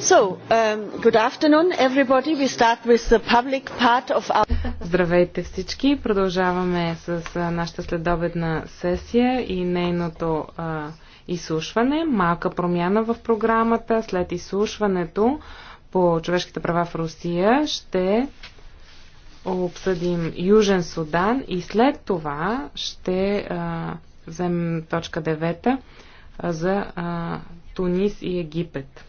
Um, Здравейте всички! Продължаваме с нашата следобедна сесия и нейното изслушване. Малка промяна в програмата. След изслушването по човешките права в Русия ще обсъдим Южен Судан и след това ще вземем точка 9 за Тунис и Египет.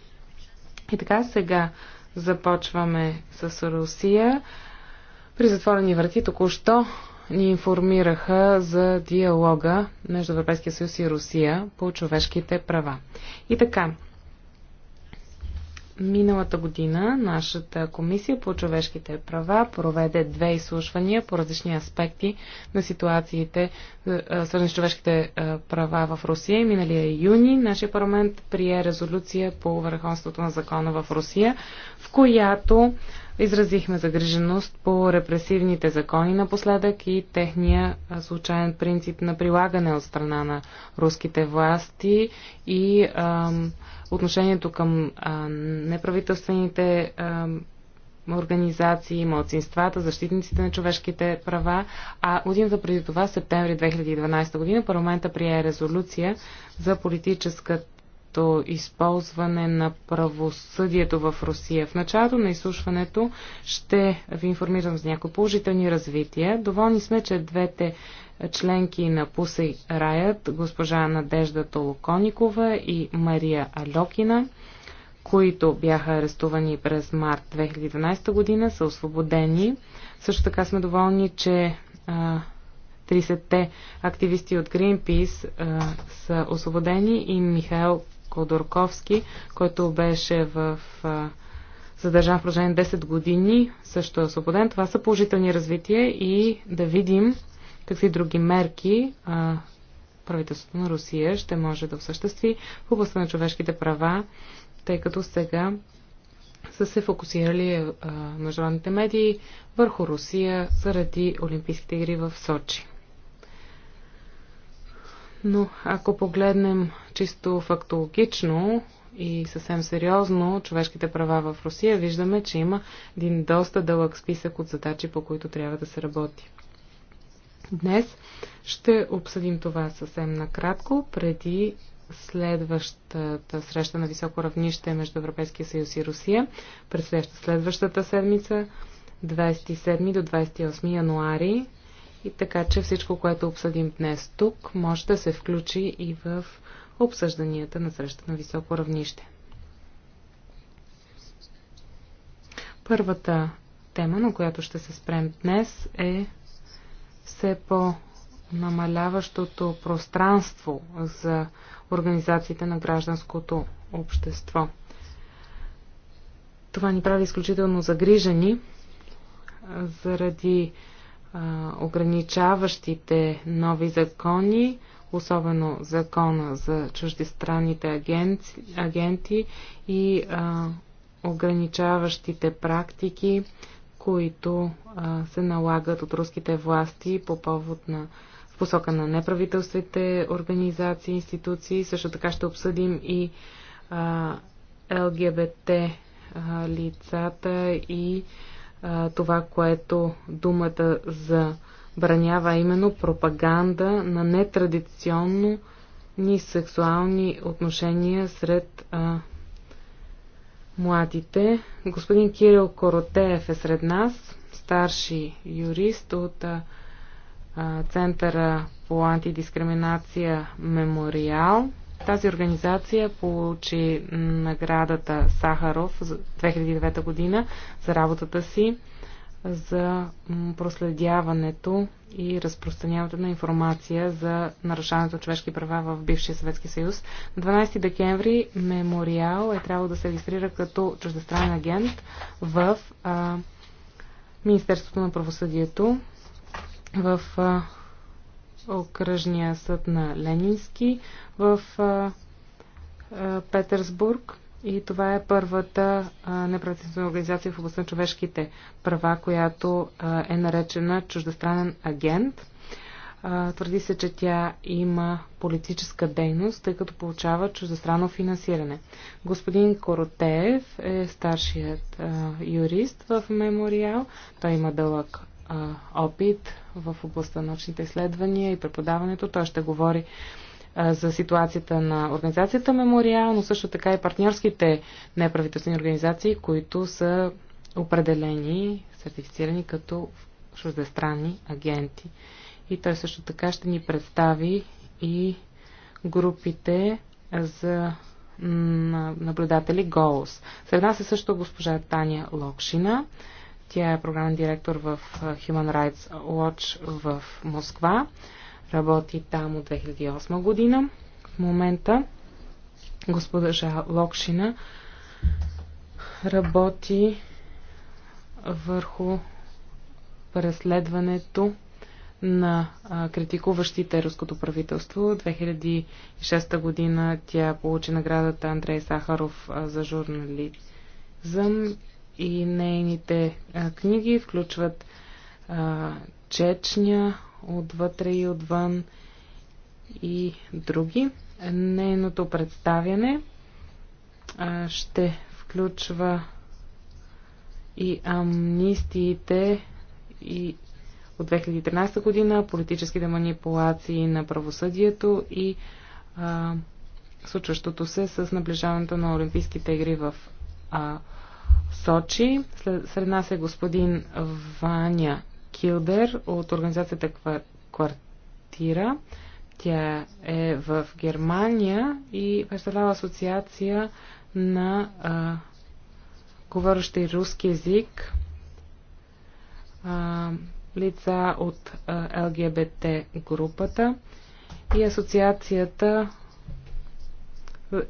И така сега започваме с Русия. При затворени врати току-що ни информираха за диалога между Европейския съюз и Русия по човешките права. И така, Миналата година нашата комисия по човешките права проведе две изслушвания по различни аспекти на ситуациите, е, е, свързани с човешките е, права в Русия. Миналия юни нашия парламент прие резолюция по върховенството на закона в Русия, в която изразихме загриженост по репресивните закони напоследък и техния случайен принцип на прилагане от страна на руските власти и ам, отношението към а, неправителствените а, организации, младсинствата, защитниците на човешките права, а годината преди това, септември 2012 година, парламента прие резолюция за политическото използване на правосъдието в Русия. В началото на изслушването ще ви информирам за някои положителни развития. Доволни сме, че двете членки на Пусей Раят, госпожа Надежда Толоконикова и Мария Алокина, които бяха арестувани през март 2012 година, са освободени. Също така сме доволни, че 30-те активисти от Greenpeace а, са освободени и Михаил Кодорковски, който беше в а, задържан в продължение 10 години, също е освободен. Това са положителни развития и да видим какви други мерки а, правителството на Русия ще може да осъществи в областта на човешките права, тъй като сега са се фокусирали а, международните медии върху Русия заради Олимпийските игри в Сочи. Но ако погледнем чисто фактологично и съвсем сериозно човешките права в Русия, виждаме, че има един доста дълъг списък от задачи, по които трябва да се работи. Днес ще обсъдим това съвсем накратко, преди следващата среща на високо равнище между Европейския съюз и Русия, през следващата седмица, 27 до 28 януари. И така, че всичко, което обсъдим днес тук, може да се включи и в обсъжданията на среща на високо равнище. Първата тема, на която ще се спрем днес е все по-намаляващото пространство за организациите на гражданското общество. Това ни прави изключително загрижени заради а, ограничаващите нови закони, особено закона за чуждестранните агенци, агенти и а, ограничаващите практики които а, се налагат от руските власти по повод на в посока на неправителствените организации, институции. Също така ще обсъдим и а, ЛГБТ а, лицата и а, това, което думата забранява, именно пропаганда на нетрадиционно ни сексуални отношения сред а, младите. Господин Кирил Коротеев е сред нас, старши юрист от Центъра по антидискриминация Мемориал. Тази организация получи наградата Сахаров за 2009 година за работата си за проследяването и разпространяването на информация за нарушаването на човешки права в бившия Съветски съюз. На 12 декември Мемориал е трябвало да се регистрира като чуждестранен агент в а, Министерството на правосъдието в а, окръжния съд на Ленински в а, а, Петерсбург и това е първата неправителствена организация в областта на човешките права, която а, е наречена чуждестранен агент. А, твърди се, че тя има политическа дейност, тъй като получава чуждестранно финансиране. Господин Коротеев е старшият а, юрист в Мемориал. Той има дълъг опит в областта на научните изследвания и преподаването. Той ще говори за ситуацията на организацията Мемориал, но също така и партньорските неправителствени организации, които са определени, сертифицирани като чуждестранни агенти. И той също така ще ни представи и групите за наблюдатели ГОЛС. Сред нас е също госпожа Таня Локшина. Тя е програмен директор в Human Rights Watch в Москва работи там от 2008 година. В момента госпожа Локшина работи върху преследването на критикуващите руското правителство. 2006 година тя получи наградата Андрей Сахаров за журнализъм и нейните книги включват Чечня, отвътре и отвън и други. Нейното представяне ще включва и амнистиите и от 2013 година, политическите манипулации на правосъдието и а, случващото се с наближаването на Олимпийските игри в а, Сочи. След, сред нас е господин Ваня Килдер от организацията Квартира. Тя е в Германия и представлява асоциация на а, говорещи руски язик а, лица от а, ЛГБТ групата и асоциацията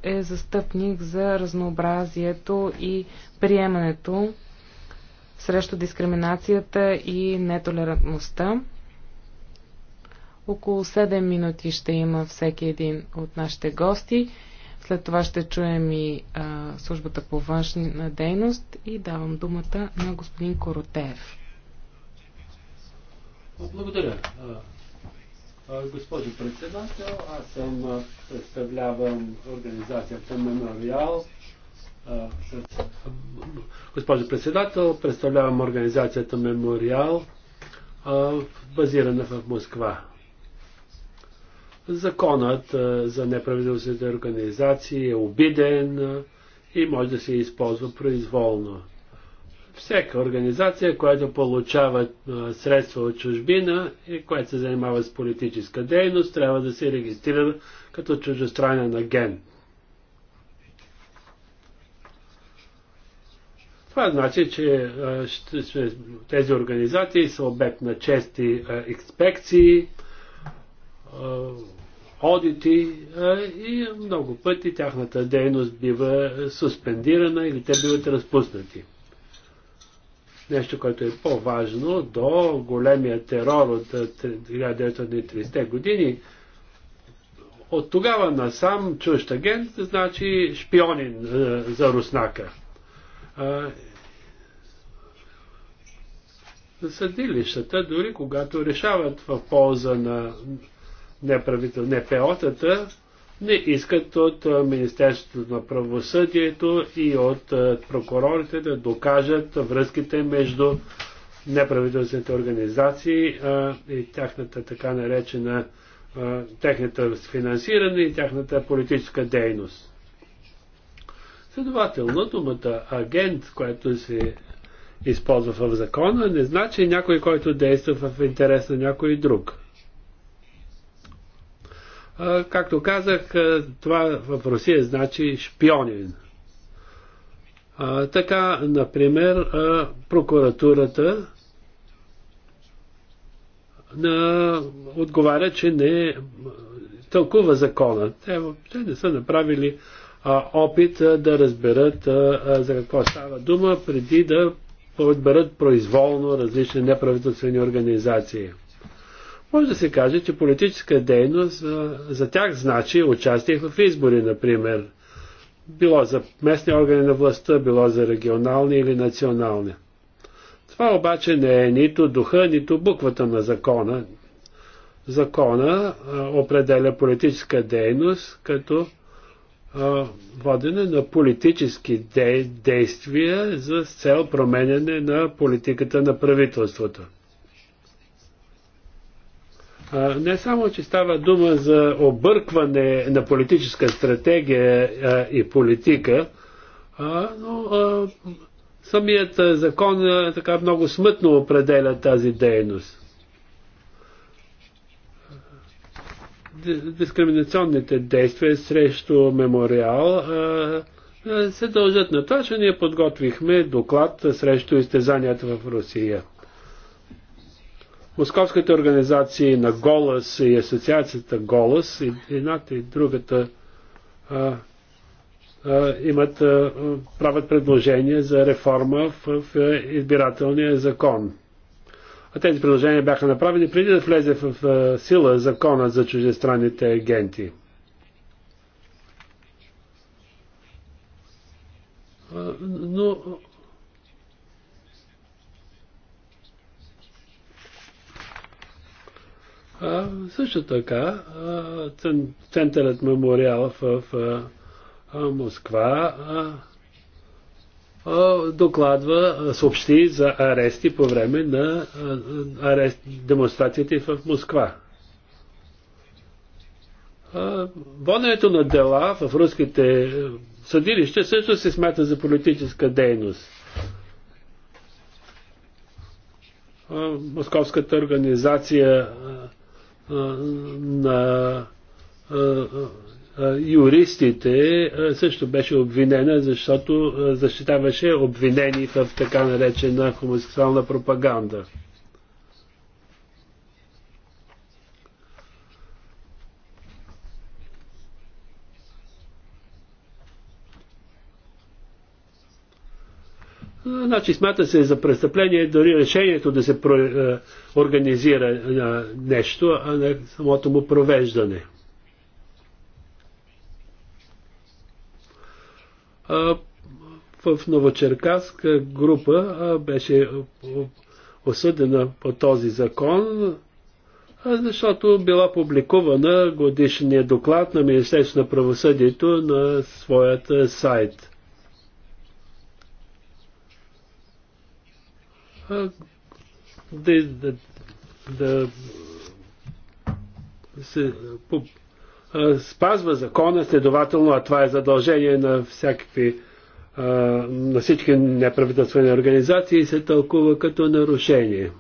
е застъпник за разнообразието и приемането срещу дискриминацията и нетолерантността. Около 7 минути ще има всеки един от нашите гости. След това ще чуем и а, службата по външна дейност и давам думата на господин Коротеев. Благодаря. Господин председател, аз съм представлявам организацията Мемориал, Госпожо председател, представлявам организацията Мемориал, базирана в Москва. Законът за неправителствените организации е обиден и може да се използва произволно. Всяка организация, която получава средства от чужбина и която се занимава с политическа дейност, трябва да се регистрира като чужестранен агент. Това значи, че тези организации са обект на чести инспекции, одити и много пъти тяхната дейност бива суспендирана или те биват разпуснати. Нещо, което е по-важно, до големия терор от 1930 години, от тогава насам чущ агент значи шпионин за руснака съдилищата, дори когато решават в полза на неправител, НПО-тата, не искат от Министерството на правосъдието и от прокурорите да докажат връзките между неправителствените организации и тяхната така наречена а, техната финансиране и тяхната политическа дейност. Следователно, думата агент, която се използва в закона, не значи някой, който действа в интерес на някой друг. Както казах, това в Русия значи шпионин. Така, например, прокуратурата на... отговаря, че не тълкува закона. Те не са направили а, опит а, да разберат а, а, за какво става дума, преди да отберат произволно различни неправителствени организации. Може да се каже, че политическа дейност за тях значи участие в избори, например. Било за местни органи на властта, било за регионални или национални. Това обаче не е нито духа, нито буквата на закона. Закона определя политическа дейност като водене на политически де, действия за цел променяне на политиката на правителството. А, не само, че става дума за объркване на политическа стратегия а, и политика, а, но а, самият закон а, така много смътно определя тази дейност. дискриминационните действия срещу мемориал се дължат на това, че ние подготвихме доклад срещу изтезанията в Русия. Московските организации на Голос и асоциацията Голос, едната и другата, а, а, имат, а, правят предложение за реформа в, в избирателния закон. Тези предложения бяха направени преди да влезе в сила закона за чуждестранните агенти. Но А, също така, а, центърът мемориал в, в а, Москва а, докладва, съобщи за арести по време на арест, демонстрациите в Москва. Воденето на дела в руските е, съдилища също се смята за политическа дейност. Московската организация на юристите също беше обвинена, защото защитаваше обвинени в така наречена хомосексуална пропаганда. Значи смята се за престъпление дори решението да се организира нещо, а не самото му провеждане. в Новочеркаска група беше осъдена по този закон, защото била публикувана годишния доклад на Министерство на правосъдието на своята сайт. Да, да, да се спазва закона, следователно, а това е задължение на всякакви на всички неправителствени организации се тълкува като нарушение.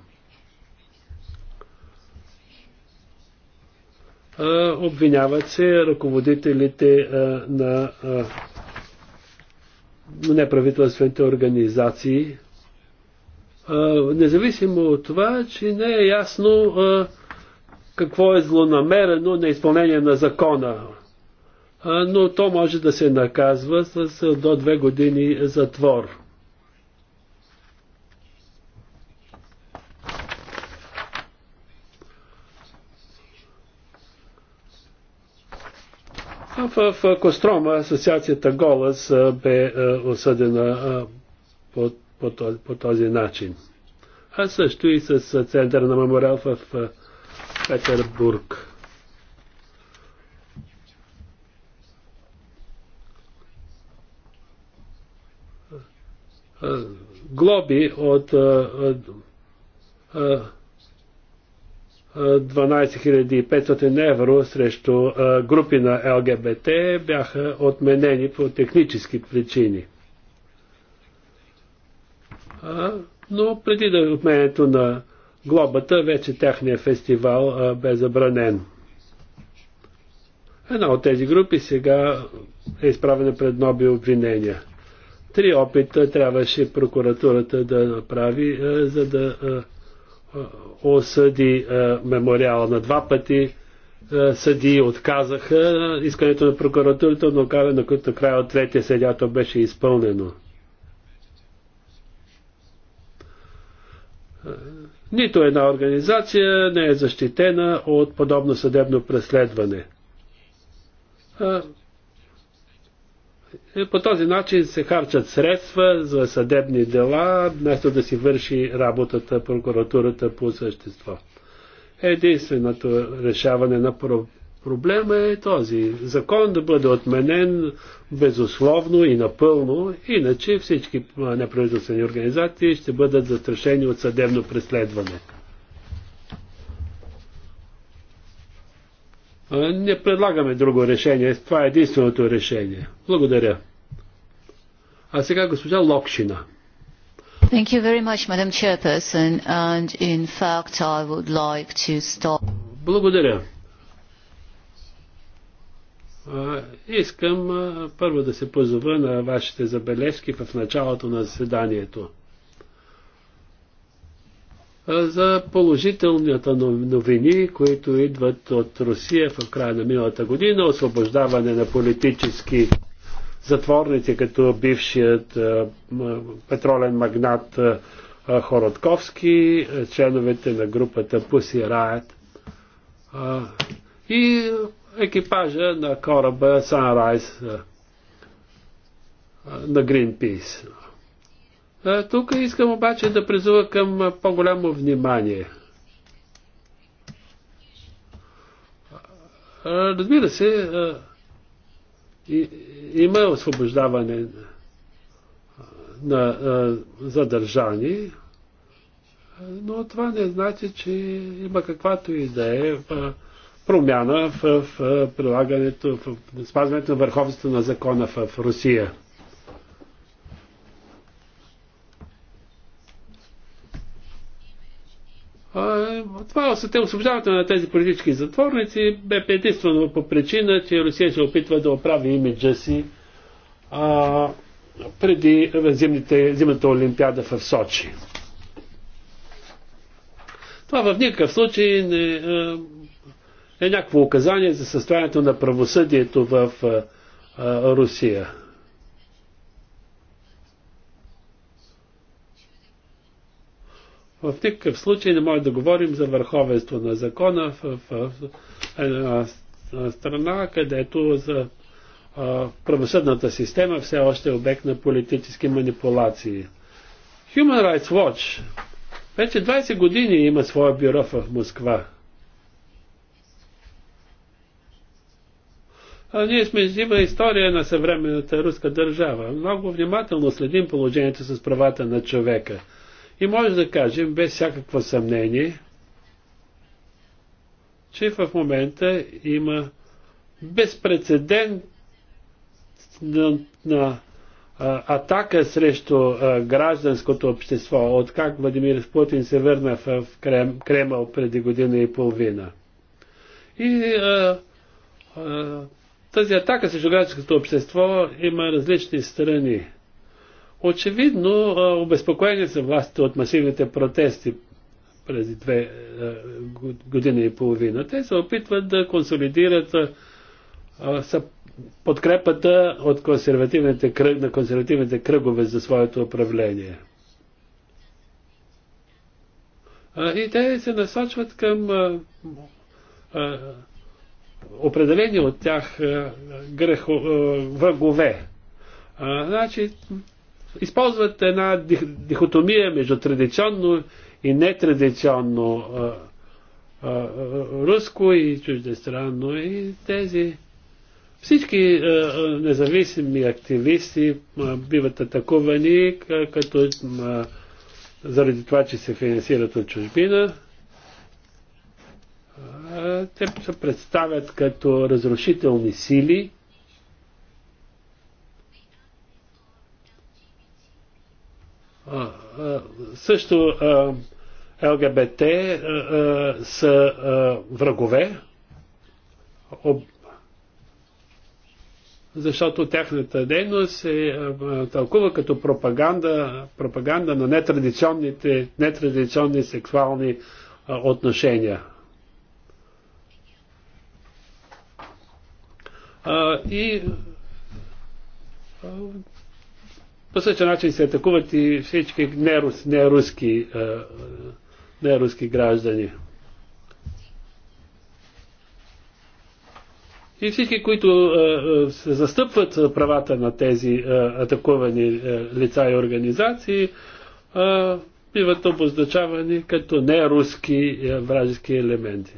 Обвиняват се ръководителите на неправителствените организации, независимо от това, че не е ясно какво е злонамерено на изпълнение на закона. Но то може да се наказва с до две години затвор. В Кострома асоциацията Голас бе осъдена по, по, по този начин. А също и с центъра на мемориал в Петербург. Глоби от 12500 евро срещу групи на ЛГБТ бяха отменени по технически причини. Но преди да е отменето на глобата, вече техния фестивал а, бе забранен. Една от тези групи сега е изправена пред нови обвинения. Три опита трябваше прокуратурата да направи, а, за да а, осъди мемориала на два пъти. съди отказаха искането на прокуратурата, но края от третия седято беше изпълнено. Нито една организация не е защитена от подобно съдебно преследване. Е, по този начин се харчат средства за съдебни дела, вместо да си върши работата прокуратурата по същество. Единственото решаване на Проблема е този. Закон да бъде отменен безусловно и напълно, иначе всички неправителствени организации ще бъдат застрашени от съдебно преследване. Не предлагаме друго решение. Това е единственото решение. Благодаря. А сега госпожа Локшина. Thank you very much, Madam Chairperson, and in fact I would like to stop. Благодаря. Искам първо да се позова на вашите забележки в началото на заседанието. За положителните новини, които идват от Русия в края на миналата година, освобождаване на политически затворници, като бившият петролен магнат Хородковски, членовете на групата Пуси Раят и екипажа на кораба Sunrise на Greenpeace. Тук искам обаче да призува към по-голямо внимание. Разбира се, има освобождаване на задържани, но това не значи, че има каквато и да е промяна в, в прилагането, в спазването на върховенството на закона в, в Русия. А, това те освобождаването на тези политически затворници бе единствено по причина, че Русия се опитва да оправи имиджа си а, преди зимните, зимната олимпиада в Сочи. Това в никакъв случай не, е някакво указание за състоянието на правосъдието в Русия. В никакъв случай не може да говорим за върховенство на закона в, в, в една страна, където за а, правосъдната система все още е обект на политически манипулации. Human Rights Watch вече 20 години има своя бюро в Москва. Ние сме взима история на съвременната руска държава. Много внимателно следим положението с правата на човека. И може да кажем, без всякакво съмнение, че в момента има безпредседент на, на а, атака срещу а, гражданското общество, от как Владимир Путин се върна в, в Крем, Кремъл преди година и половина. И а, а, тази атака срещу гражданското общество има различни страни. Очевидно, обезпокоени са властите от масивните протести през две години и половина. Те се опитват да консолидират подкрепата от консервативните кръг, на консервативните кръгове за своето управление. И те се насочват към определени от тях е, грехо, е, врагове. Значи, използват една дихотомия между традиционно и нетрадиционно е, руско и чуждестранно. И тези всички независими активисти биват атакувани като заради това, че се финансират от чужбина те се представят като разрушителни сили, също ЛГБТ са врагове, защото тяхната дейност се тълкува като пропаганда, пропаганда на нетрадиционните, нетрадиционни сексуални отношения. и по същия начин се атакуват и всички нерус, неруски, неруски граждани. И всички, които се застъпват правата на тези атакувани лица и организации, биват обозначавани като неруски вражески елементи.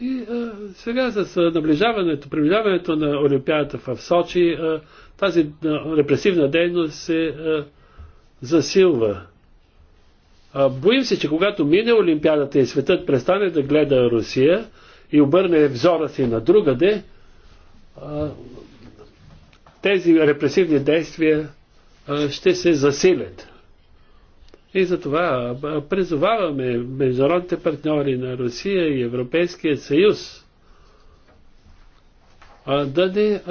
И а, сега за наближаването, приближаването на Олимпиадата в Сочи, а, тази а, репресивна дейност се а, засилва. А, боим се, че когато мине Олимпиадата и светът престане да гледа Русия и обърне взора си на другаде, а, тези репресивни действия а, ще се засилят. И затова призоваваме международните партньори на Русия и Европейския съюз да не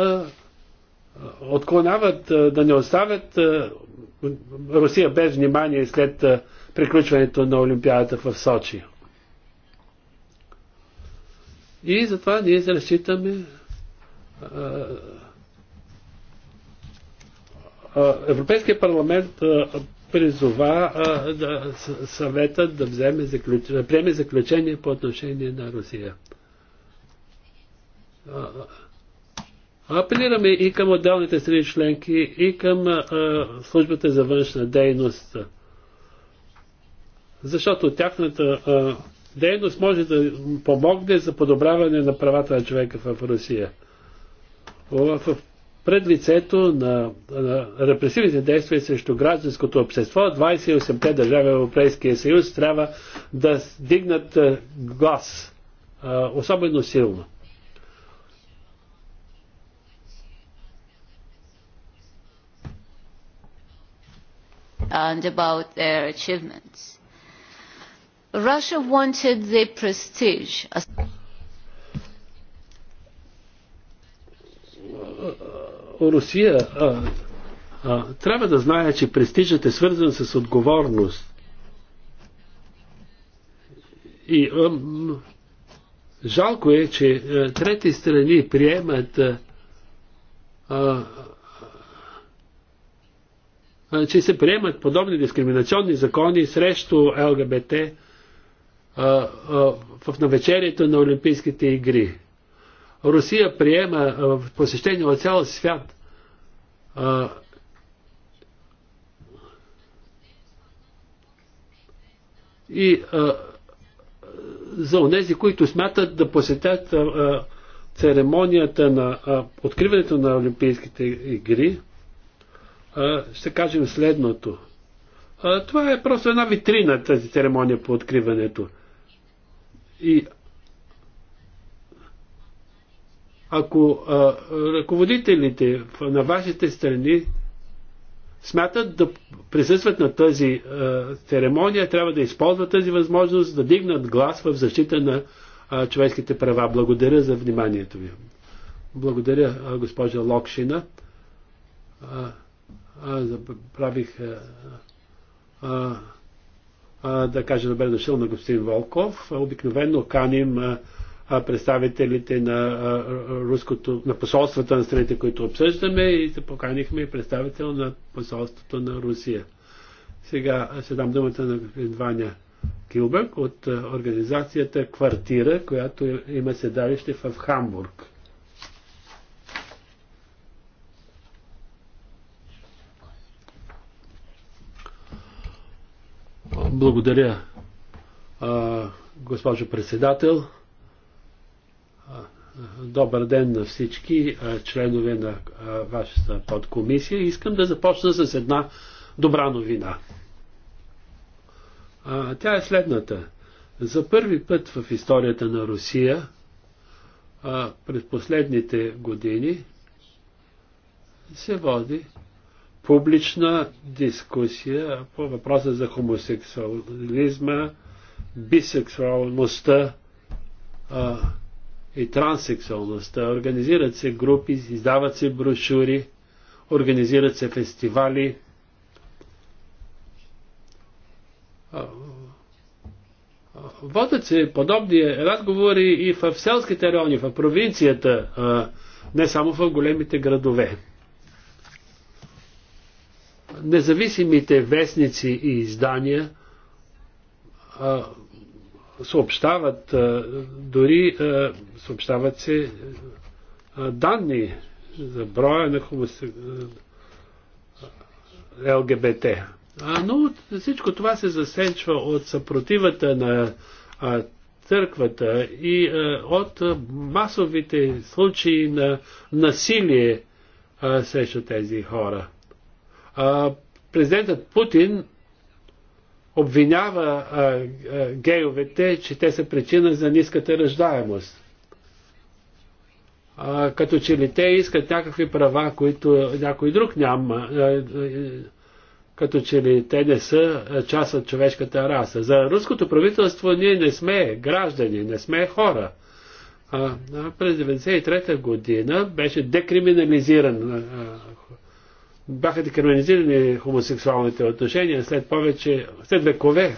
отклонават, да не оставят Русия без внимание след приключването на Олимпиадата в Сочи. И затова ние разчитаме Европейския парламент призова да, съветът да, вземе заключ... да приеме заключение по отношение на Русия. А, апелираме и към отделните страни членки, и към а, службата за външна дейност, защото тяхната а, дейност може да помогне за подобряване на правата на човека в Русия. В, в пред лицето на, на репресивните действия срещу гражданското общество. 28-те държави Европейския съюз трябва да дигнат е, глас е, особено силно. and about their achievements. Russia wanted the prestige. Е, Русия а, а, трябва да знае, че престижът е свързан с отговорност. И а, жалко е, че а, трети страни приемат, а, а, че се приемат подобни дискриминационни закони срещу ЛГБТ а, а, в навечерието на Олимпийските игри. Русия приема посещение от цял свят. И за онези, които смятат да посетят церемонията на откриването на Олимпийските игри, ще кажем следното. Това е просто една витрина, тази церемония по откриването. И ако а, ръководителите на вашите страни смятат да присъстват на тази а, церемония, трябва да използват тази възможност да дигнат глас в защита на а, човешките права. Благодаря за вниманието ви. Благодаря, а, госпожа Локшина. А, а, правих а, а, а, да кажа добре дошъл на господин Волков. Обикновено каним а, представителите на, руското, на посолствата на страните, които обсъждаме и се поканихме и представител на посолството на Русия. Сега ще дам думата на Ваня Килбек от организацията Квартира, която има седалище в Хамбург. Благодаря, госпожо председател. Добър ден на всички членове на вашата подкомисия. Искам да започна с една добра новина. Тя е следната. За първи път в историята на Русия, през последните години, се води публична дискусия по въпроса за хомосексуализма, бисексуалността, и транссексуалността. Организират се групи, издават се брошури, организират се фестивали. Водят се подобни разговори и в селските райони, в провинцията, не само в големите градове. Независимите вестници и издания съобщават, дори съобщават се данни за броя на ЛГБТ. Но всичко това се засенчва от съпротивата на църквата и от масовите случаи на насилие срещу тези хора. Президентът Путин обвинява а, а, гейовете, че те са причина за ниската ръждаемост. А, като че ли те искат някакви права, които някой друг няма, а, като че ли те не са част от човешката раса. За руското правителство ние не сме граждани, не сме хора. А, през 1993 година беше декриминализиран а, бяха декриминализирани хомосексуалните отношения след повече, след векове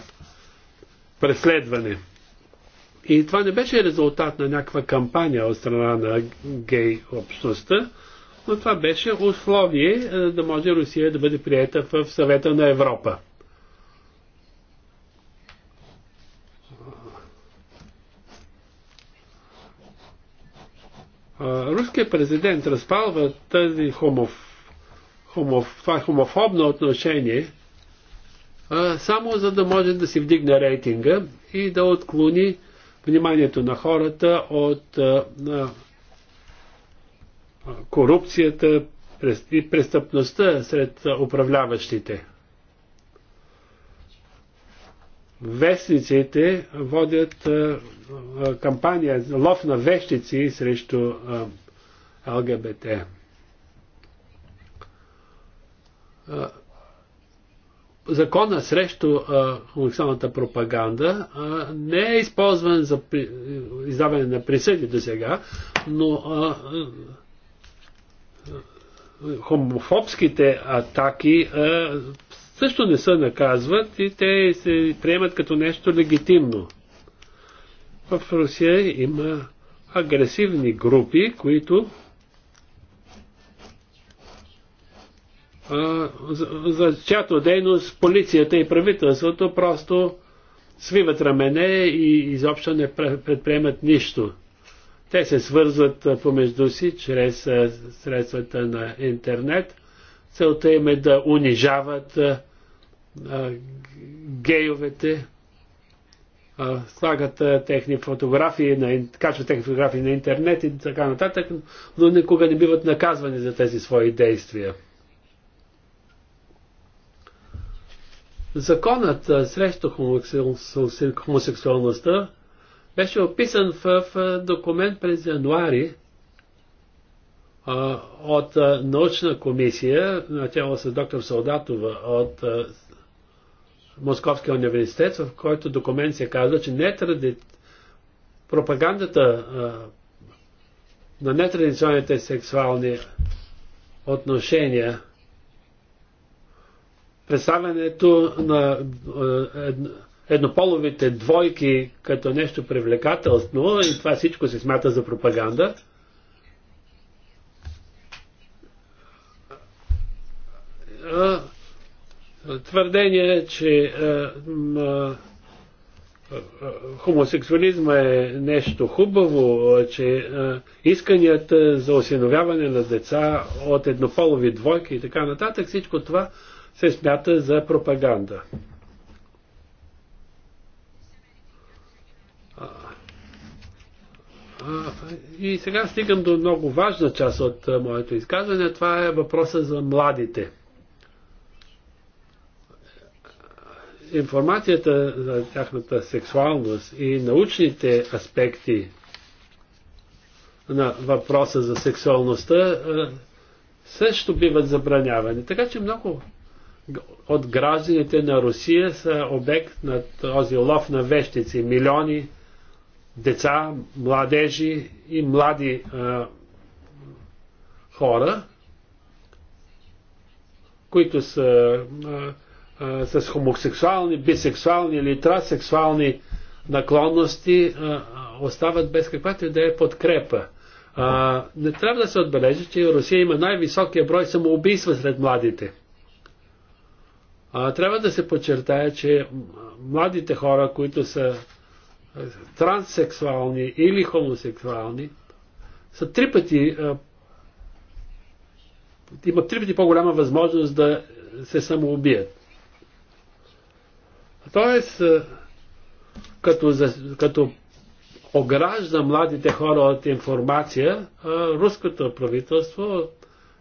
преследване. И това не беше резултат на някаква кампания от страна на гей общността, но това беше условие е, да може Русия да бъде приета в съвета на Европа. Руският президент разпалва тази хомофобия хомоф, това е хомофобно отношение, а, само за да може да си вдигне рейтинга и да отклони вниманието на хората от а, на корупцията и престъпността сред управляващите. Вестниците водят а, кампания лов на вещици срещу ЛГБТ. закона срещу хомосексуалната пропаганда а, не е използван за при, издаване на присъди до сега, но а, а, хомофобските атаки също не се наказват и те се приемат като нещо легитимно. В Русия има агресивни групи, които за, за чиято дейност полицията и правителството просто свиват рамене и изобщо не предприемат нищо. Те се свързват помежду си чрез средствата на интернет. Целта им е да унижават гейовете, слагат техни фотографии, качват техни фотографии на интернет и така нататък, но никога не биват наказвани за тези свои действия. Законът срещу хомосексуалността беше описан в документ през януари от научна комисия, начало е с доктор Солдатова от Московския университет, в който документ се казва, че нетради... пропагандата на нетрадиционните сексуални отношения представянето на е, еднополовите двойки като нещо привлекателно и това всичко се смята за пропаганда. Твърдение, че е, е, хомосексуализма е нещо хубаво, че исканията за осиновяване на деца от еднополови двойки и така нататък, всичко това се смята за пропаганда. И сега стигам до много важна част от моето изказване. Това е въпроса за младите. Информацията за тяхната сексуалност и научните аспекти на въпроса за сексуалността също биват забранявани. Така че много от гражданите на Русия са обект на този лов на вещици. Милиони деца, младежи и млади а, хора, които са а, а, с хомосексуални, бисексуални или трансексуални наклонности, а, остават без каквато и да е подкрепа. А, не трябва да се отбележи, че Русия има най-високия брой самоубийства сред младите – а, трябва да се подчертая, че младите хора, които са е, транссексуални или хомосексуални, са три пъти, а, е, имат три пъти по-голяма възможност да се самоубият. Тоест, е, като, за, като огражда младите хора от информация, руското правителство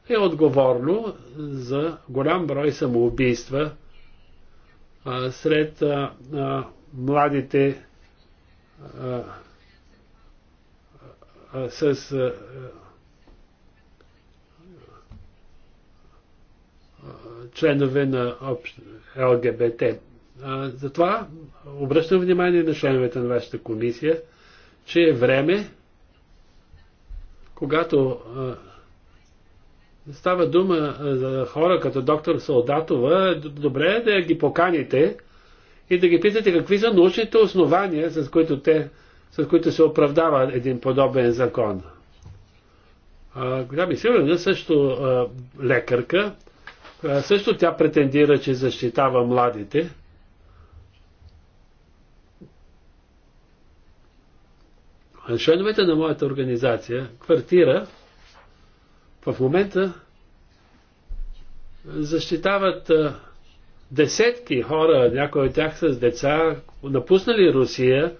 е отговорно за голям брой самоубийства а, сред а, а, младите а, а, с а, членове на общ, ЛГБТ. А, затова обръщам внимание на членовете на вашата комисия, че е време, когато а, Става дума е, за хора като доктор Солдатова. Добре е да ги поканите и да ги питате какви са научните основания, с които, те, с които се оправдава един подобен закон. Голями Силена също лекарка, също тя претендира, че защитава младите. Членовете на моята организация, квартира, в момента защитават десетки хора, някои от тях с деца, напуснали Русия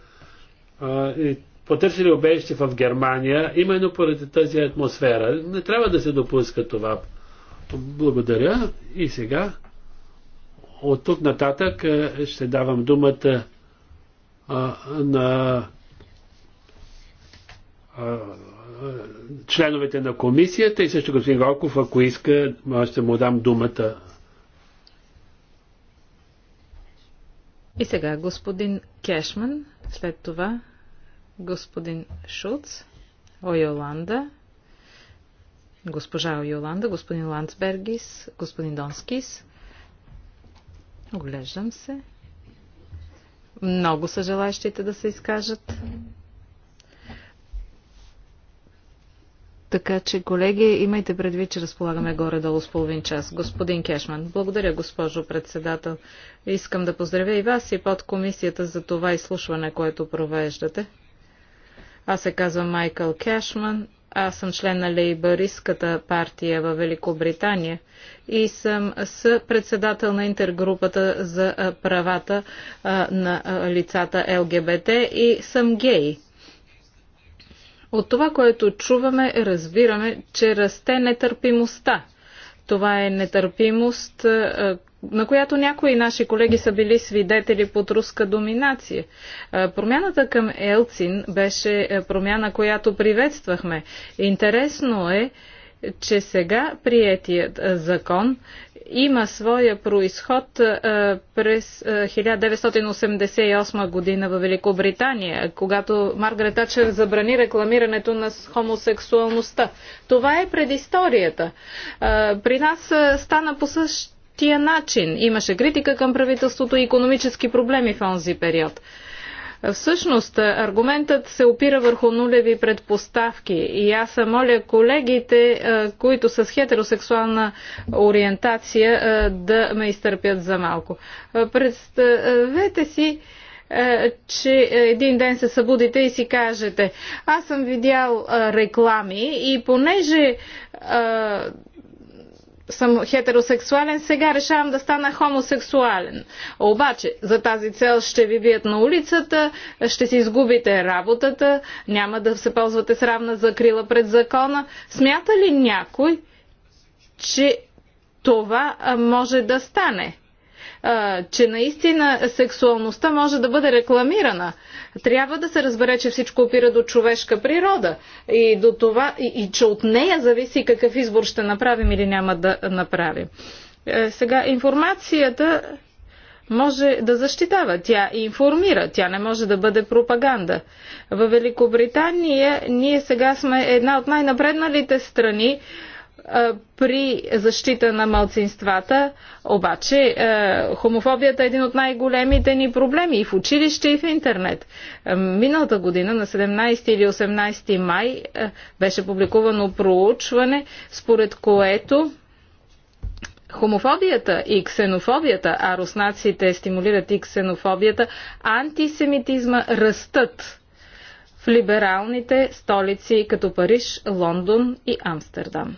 и потърсили обещи в Германия, именно поради тази атмосфера. Не трябва да се допуска това. Благодаря и сега от тук нататък ще давам думата на членовете на комисията и също господин Голков, ако иска, може ще му дам думата. И сега господин Кешман, след това господин Шуц, Ойоланда, госпожа Ойоланда, господин Ландсбергис, господин Донскис. Оглеждам се. Много са желащите да се изкажат. Така че, колеги, имайте предвид, че разполагаме горе-долу с половин час. Господин Кешман, благодаря, госпожо председател. Искам да поздравя и вас и под комисията за това изслушване, което провеждате. Аз се казвам Майкъл Кешман. Аз съм член на лейбаристската партия в Великобритания и съм с председател на интергрупата за правата на лицата ЛГБТ и съм гей. От това, което чуваме, разбираме, че расте нетърпимостта. Това е нетърпимост, е, на която някои наши колеги са били свидетели под руска доминация. Е, промяната към Елцин беше е, промяна, която приветствахме. Интересно е, че сега приетият закон има своя происход през 1988 година в Великобритания, когато Маргарет Тачер забрани рекламирането на хомосексуалността. Това е предисторията. При нас стана по същия начин. Имаше критика към правителството и економически проблеми в онзи период. Всъщност, аргументът се опира върху нулеви предпоставки и аз моля колегите, които са с хетеросексуална ориентация, да ме изтърпят за малко. Представете си, че един ден се събудите и си кажете, аз съм видял реклами и понеже съм хетеросексуален, сега решавам да стана хомосексуален. Обаче, за тази цел ще ви бият на улицата, ще си изгубите работата, няма да се ползвате с равна закрила пред закона. Смята ли някой, че това може да стане? че наистина сексуалността може да бъде рекламирана. Трябва да се разбере, че всичко опира до човешка природа и, до това, и, и че от нея зависи какъв избор ще направим или няма да направим. Е, сега информацията може да защитава, тя информира, тя не може да бъде пропаганда. В Великобритания ние сега сме една от най-напредналите страни при защита на малцинствата. Обаче хомофобията е един от най-големите ни проблеми и в училище, и в интернет. Миналата година, на 17 или 18 май, беше публикувано проучване, според което хомофобията и ксенофобията, а руснаците стимулират и ксенофобията, антисемитизма растат в либералните столици като Париж, Лондон и Амстердам.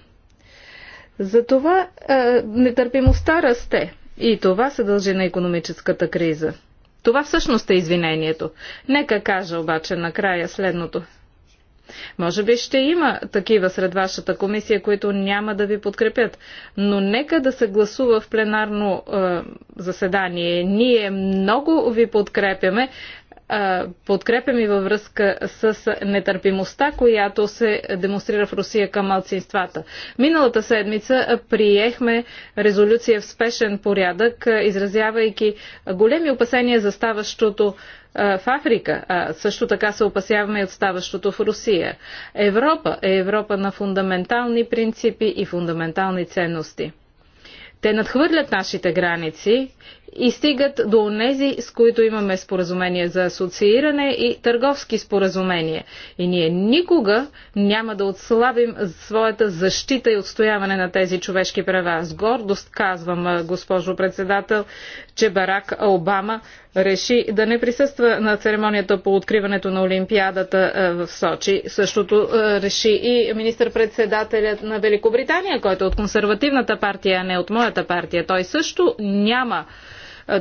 Затова е, нетърпимостта расте и това се дължи на економическата криза. Това всъщност е извинението. Нека кажа обаче накрая следното. Може би ще има такива сред вашата комисия, които няма да ви подкрепят, но нека да се гласува в пленарно е, заседание. Ние много ви подкрепяме, подкрепям и във връзка с нетърпимостта, която се демонстрира в Русия към малцинствата. Миналата седмица приехме резолюция в спешен порядък, изразявайки големи опасения за ставащото в Африка. Също така се опасяваме и от ставащото в Русия. Европа е Европа на фундаментални принципи и фундаментални ценности. Те надхвърлят нашите граници и стигат до онези, с които имаме споразумение за асоцииране и търговски споразумения. И ние никога няма да отслабим своята защита и отстояване на тези човешки права. С гордост казвам, госпожо председател, че Барак Обама реши да не присъства на церемонията по откриването на Олимпиадата в Сочи. Същото реши и министър-председателят на Великобритания, който е от консервативната партия, а не от моята партия. Той също няма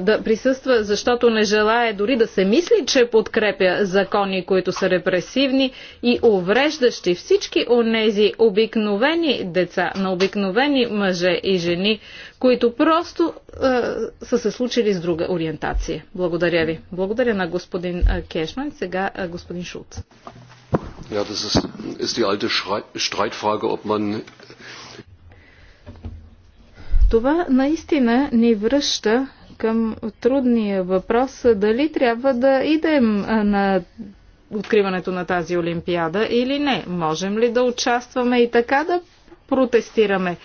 да присъства, защото не желая дори да се мисли, че подкрепя закони, които са репресивни и увреждащи всички онези обикновени деца, на обикновени мъже и жени, които просто е, са се случили с друга ориентация. Благодаря ви. Благодаря на господин Кешман. Сега господин Шулц. Ja, das ist, ist die alte Streitfrage, ob man това наистина ни връща към трудния въпрос дали трябва да идем на откриването на тази Олимпиада или не. Можем ли да участваме и така да протестираме?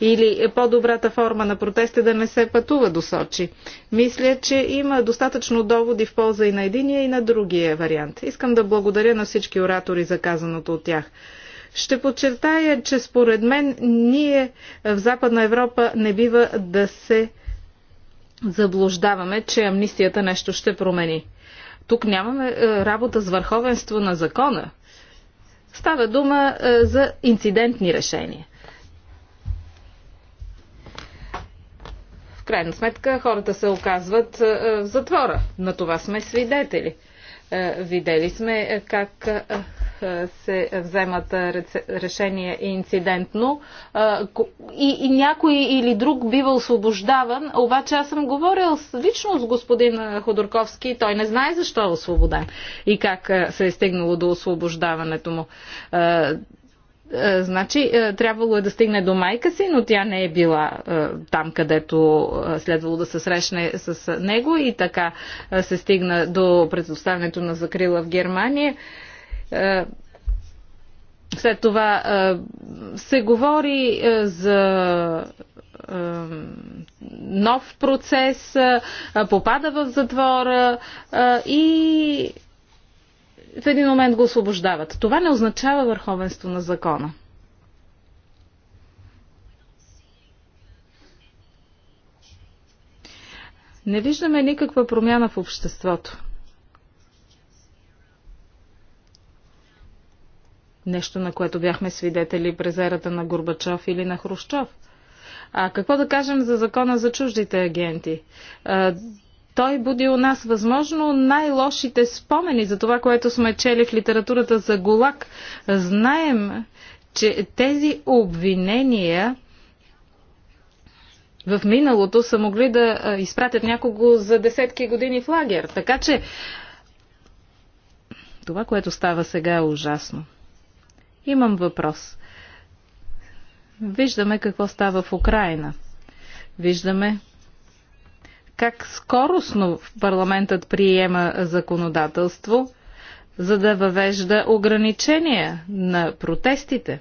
Или по-добрата форма на протест е да не се пътува до Сочи. Мисля, че има достатъчно доводи в полза и на единия и на другия вариант. Искам да благодаря на всички оратори за казаното от тях. Ще подчертая, че според мен ние в Западна Европа не бива да се заблуждаваме, че амнистията нещо ще промени. Тук нямаме е, работа с върховенство на закона. Става дума е, за инцидентни решения. В крайна сметка хората се оказват е, в затвора. На това сме свидетели. Видели сме как се вземат решения инцидентно и, и някой или друг бива освобождаван, обаче аз съм говорил лично с господин Ходорковски и той не знае защо е освободен и как се е стигнало до освобождаването му значи трябвало е да стигне до майка си, но тя не е била там, където следвало да се срещне с него и така се стигна до предоставянето на закрила в Германия. Е, след това е, се говори е, за нов процес, попада в затвора и в един момент го освобождават. Това не означава върховенство на закона. Не виждаме никаква промяна в обществото. Нещо, на което бяхме свидетели през ерата на Горбачов или на Хрущов. А какво да кажем за закона за чуждите агенти? Той буди у нас възможно най-лошите спомени за това, което сме чели в литературата за Голак. Знаем, че тези обвинения в миналото са могли да изпратят някого за десетки години в лагер. Така че това, което става сега е ужасно. Имам въпрос. Виждаме какво става в Украина. Виждаме как скоростно парламентът приема законодателство, за да въвежда ограничения на протестите,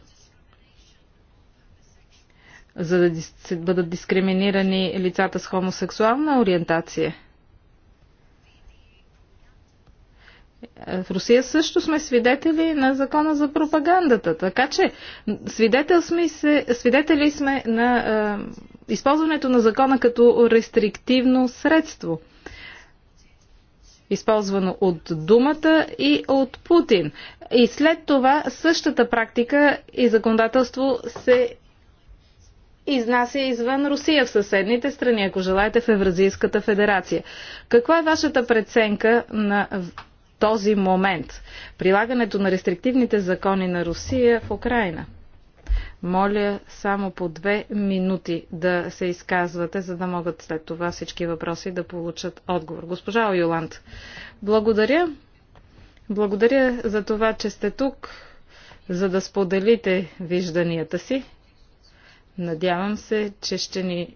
за да бъдат дискриминирани лицата с хомосексуална ориентация – в Русия също сме свидетели на закона за пропагандата. Така че свидетел сме, свидетели сме на е, използването на закона като рестриктивно средство, използвано от думата и от Путин. И след това същата практика и законодателство се изнася извън Русия в съседните страни, ако желаете в Евразийската федерация. Каква е вашата преценка на този момент. Прилагането на рестриктивните закони на Русия в Украина. Моля само по две минути да се изказвате, за да могат след това всички въпроси да получат отговор. Госпожа Ойоланд, благодаря. Благодаря за това, че сте тук, за да споделите вижданията си. Надявам се, че ще ни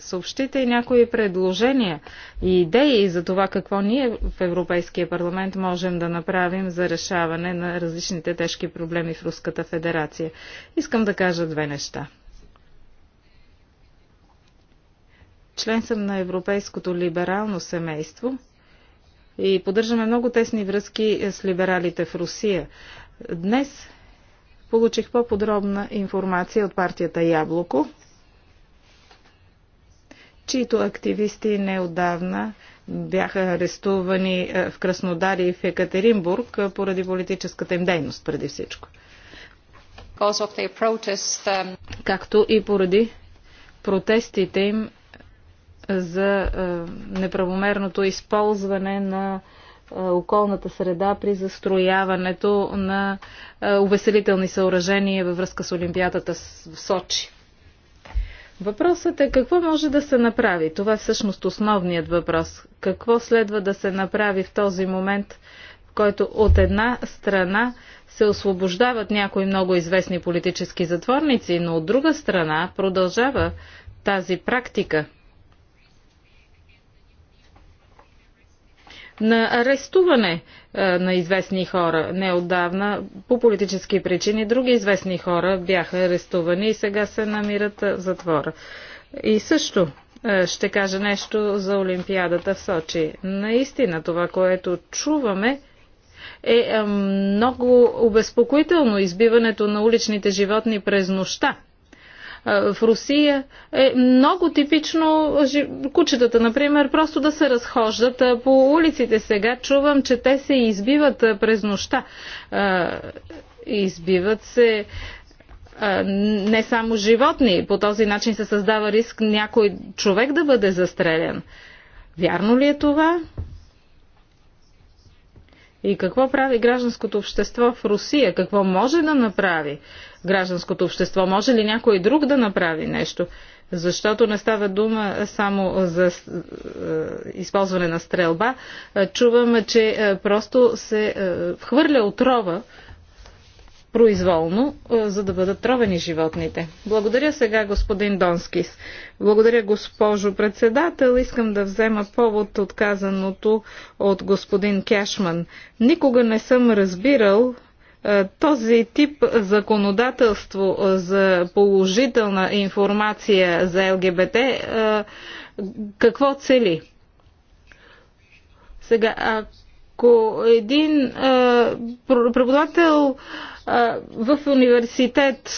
съобщите и някои предложения и идеи за това какво ние в Европейския парламент можем да направим за решаване на различните тежки проблеми в Руската федерация. Искам да кажа две неща. Член съм на Европейското либерално семейство и поддържаме много тесни връзки с либералите в Русия. Днес получих по-подробна информация от партията Яблоко, чието активисти неодавна бяха арестувани е, в Краснодар и в Екатеринбург е, поради политическата им дейност преди всичко. Um, Както и поради протестите им е, за неправомерното използване на околната среда при застрояването на увеселителни съоръжения във връзка с Олимпиадата в Сочи. Въпросът е какво може да се направи. Това е всъщност основният въпрос. Какво следва да се направи в този момент, в който от една страна се освобождават някои много известни политически затворници, но от друга страна продължава тази практика – на арестуване е, на известни хора. Неодавна по политически причини други известни хора бяха арестувани и сега се намират е, в затвора. И също е, ще кажа нещо за Олимпиадата в Сочи. Наистина това, което чуваме, е много обезпокоително избиването на уличните животни през нощта в Русия е много типично кучетата, например, просто да се разхождат по улиците. Сега чувам, че те се избиват през нощта. Избиват се не само животни. По този начин се създава риск някой човек да бъде застрелян. Вярно ли е това? И какво прави гражданското общество в Русия? Какво може да направи? гражданското общество. Може ли някой друг да направи нещо? Защото не става дума само за е, използване на стрелба. Е, чуваме, че е, просто се хвърля отрова произволно, за да бъдат тровени животните. Благодаря сега господин Донскис. Благодаря госпожо председател. Искам да взема повод отказаното от господин Кешман. Никога не съм разбирал е, този тип законодателство е, за положителна информация за ЛГБТ е, какво цели? Сега, ако един преподавател в университет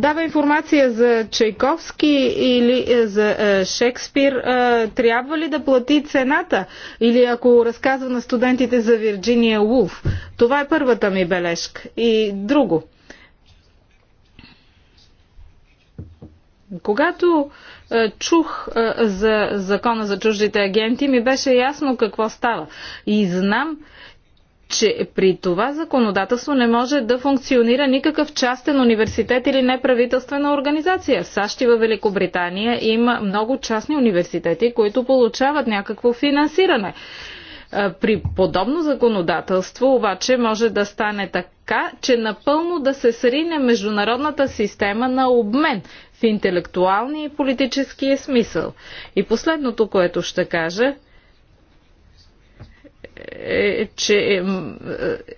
дава информация за Чайковски или е, за е, Шекспир, е, трябва ли да плати цената? Или ако разказва на студентите за Вирджиния Улф? Това е първата ми бележка. И друго. Когато чух за закона за чуждите агенти, ми беше ясно какво става. И знам, че при това законодателство не може да функционира никакъв частен университет или неправителствена организация. В САЩ и във Великобритания има много частни университети, които получават някакво финансиране. Е, при подобно законодателство обаче може да стане така, че напълно да се срине международната система на обмен в интелектуалния и политическия смисъл. И последното, което ще кажа, е, че е, е,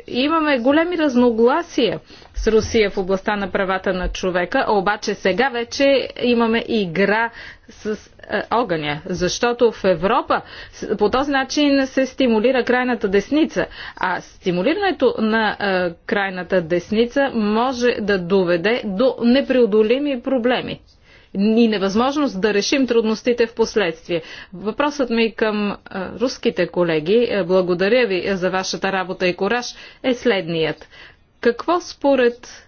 имаме големи разногласия с Русия в областта на правата на човека, обаче сега вече имаме игра с е, огъня, защото в Европа по този начин се стимулира крайната десница, а стимулирането на е, крайната десница може да доведе до непреодолими проблеми и невъзможност да решим трудностите в последствие. Въпросът ми към руските колеги, е, благодаря ви за вашата работа и кораж, е следният. Какво според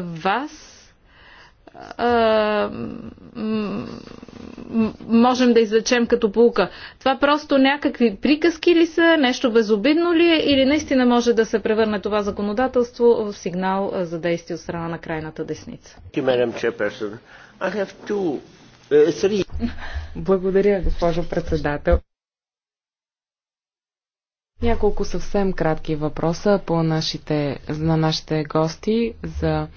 вас можем да извлечем като полука. Това просто някакви приказки ли са, нещо безобидно ли е или наистина може да се превърне това законодателство в сигнал за действие от страна на крайната десница? I have two, uh, three. Благодаря, госпожо председател. Няколко съвсем кратки въпроса по нашите, на нашите гости за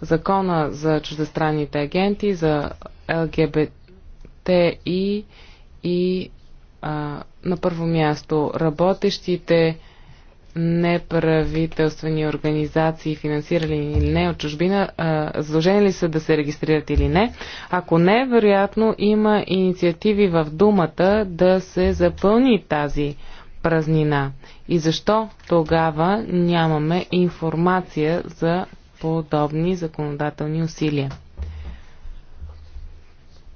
закона за чуждестранните агенти, за ЛГБТИ и а, на първо място работещите неправителствени организации, финансирали или не от чужбина, задължени ли са да се регистрират или не. Ако не, вероятно има инициативи в думата да се запълни тази празнина. И защо тогава нямаме информация за подобни законодателни усилия?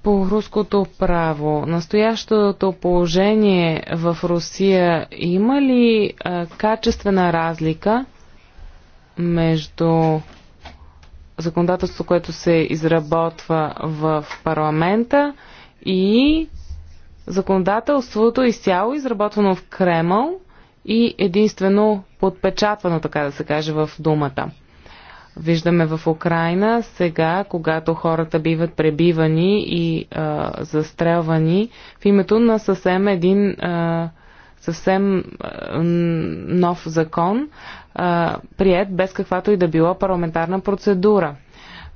по руското право. Настоящото положение в Русия има ли а, качествена разлика между законодателството, което се изработва в парламента и законодателството изцяло изработвано в Кремъл и единствено подпечатвано, така да се каже, в думата виждаме в Украина. Сега, когато хората биват пребивани и а, застрелвани в името на съвсем един а, съвсем а, нов закон, а, прият без каквато и да било парламентарна процедура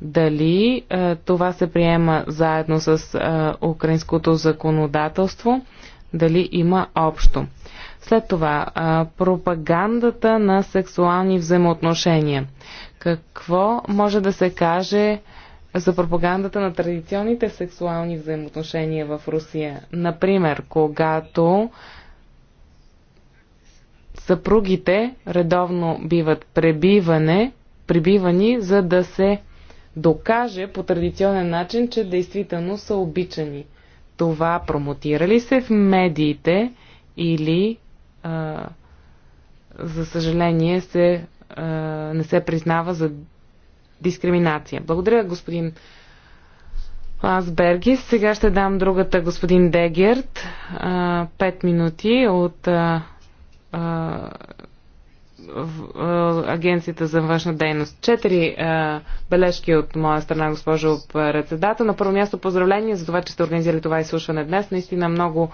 дали а, това се приема заедно с а, украинското законодателство, дали има общо. След това, а, пропагандата на сексуални взаимоотношения. Какво може да се каже за пропагандата на традиционните сексуални взаимоотношения в Русия? Например, когато съпругите редовно биват пребиване, прибивани, за да се докаже по традиционен начин, че действително са обичани. Това промотира ли се в медиите или, а, за съжаление, се а, не се признава за дискриминация. Благодаря, господин Ласбергис. Сега ще дам другата господин Дегерт. Пет минути от а, а, Агенцията за външна дейност. Четири бележки от моя страна, госпожо председател. На първо място поздравление за това, че сте организирали това изслушване днес. Наистина много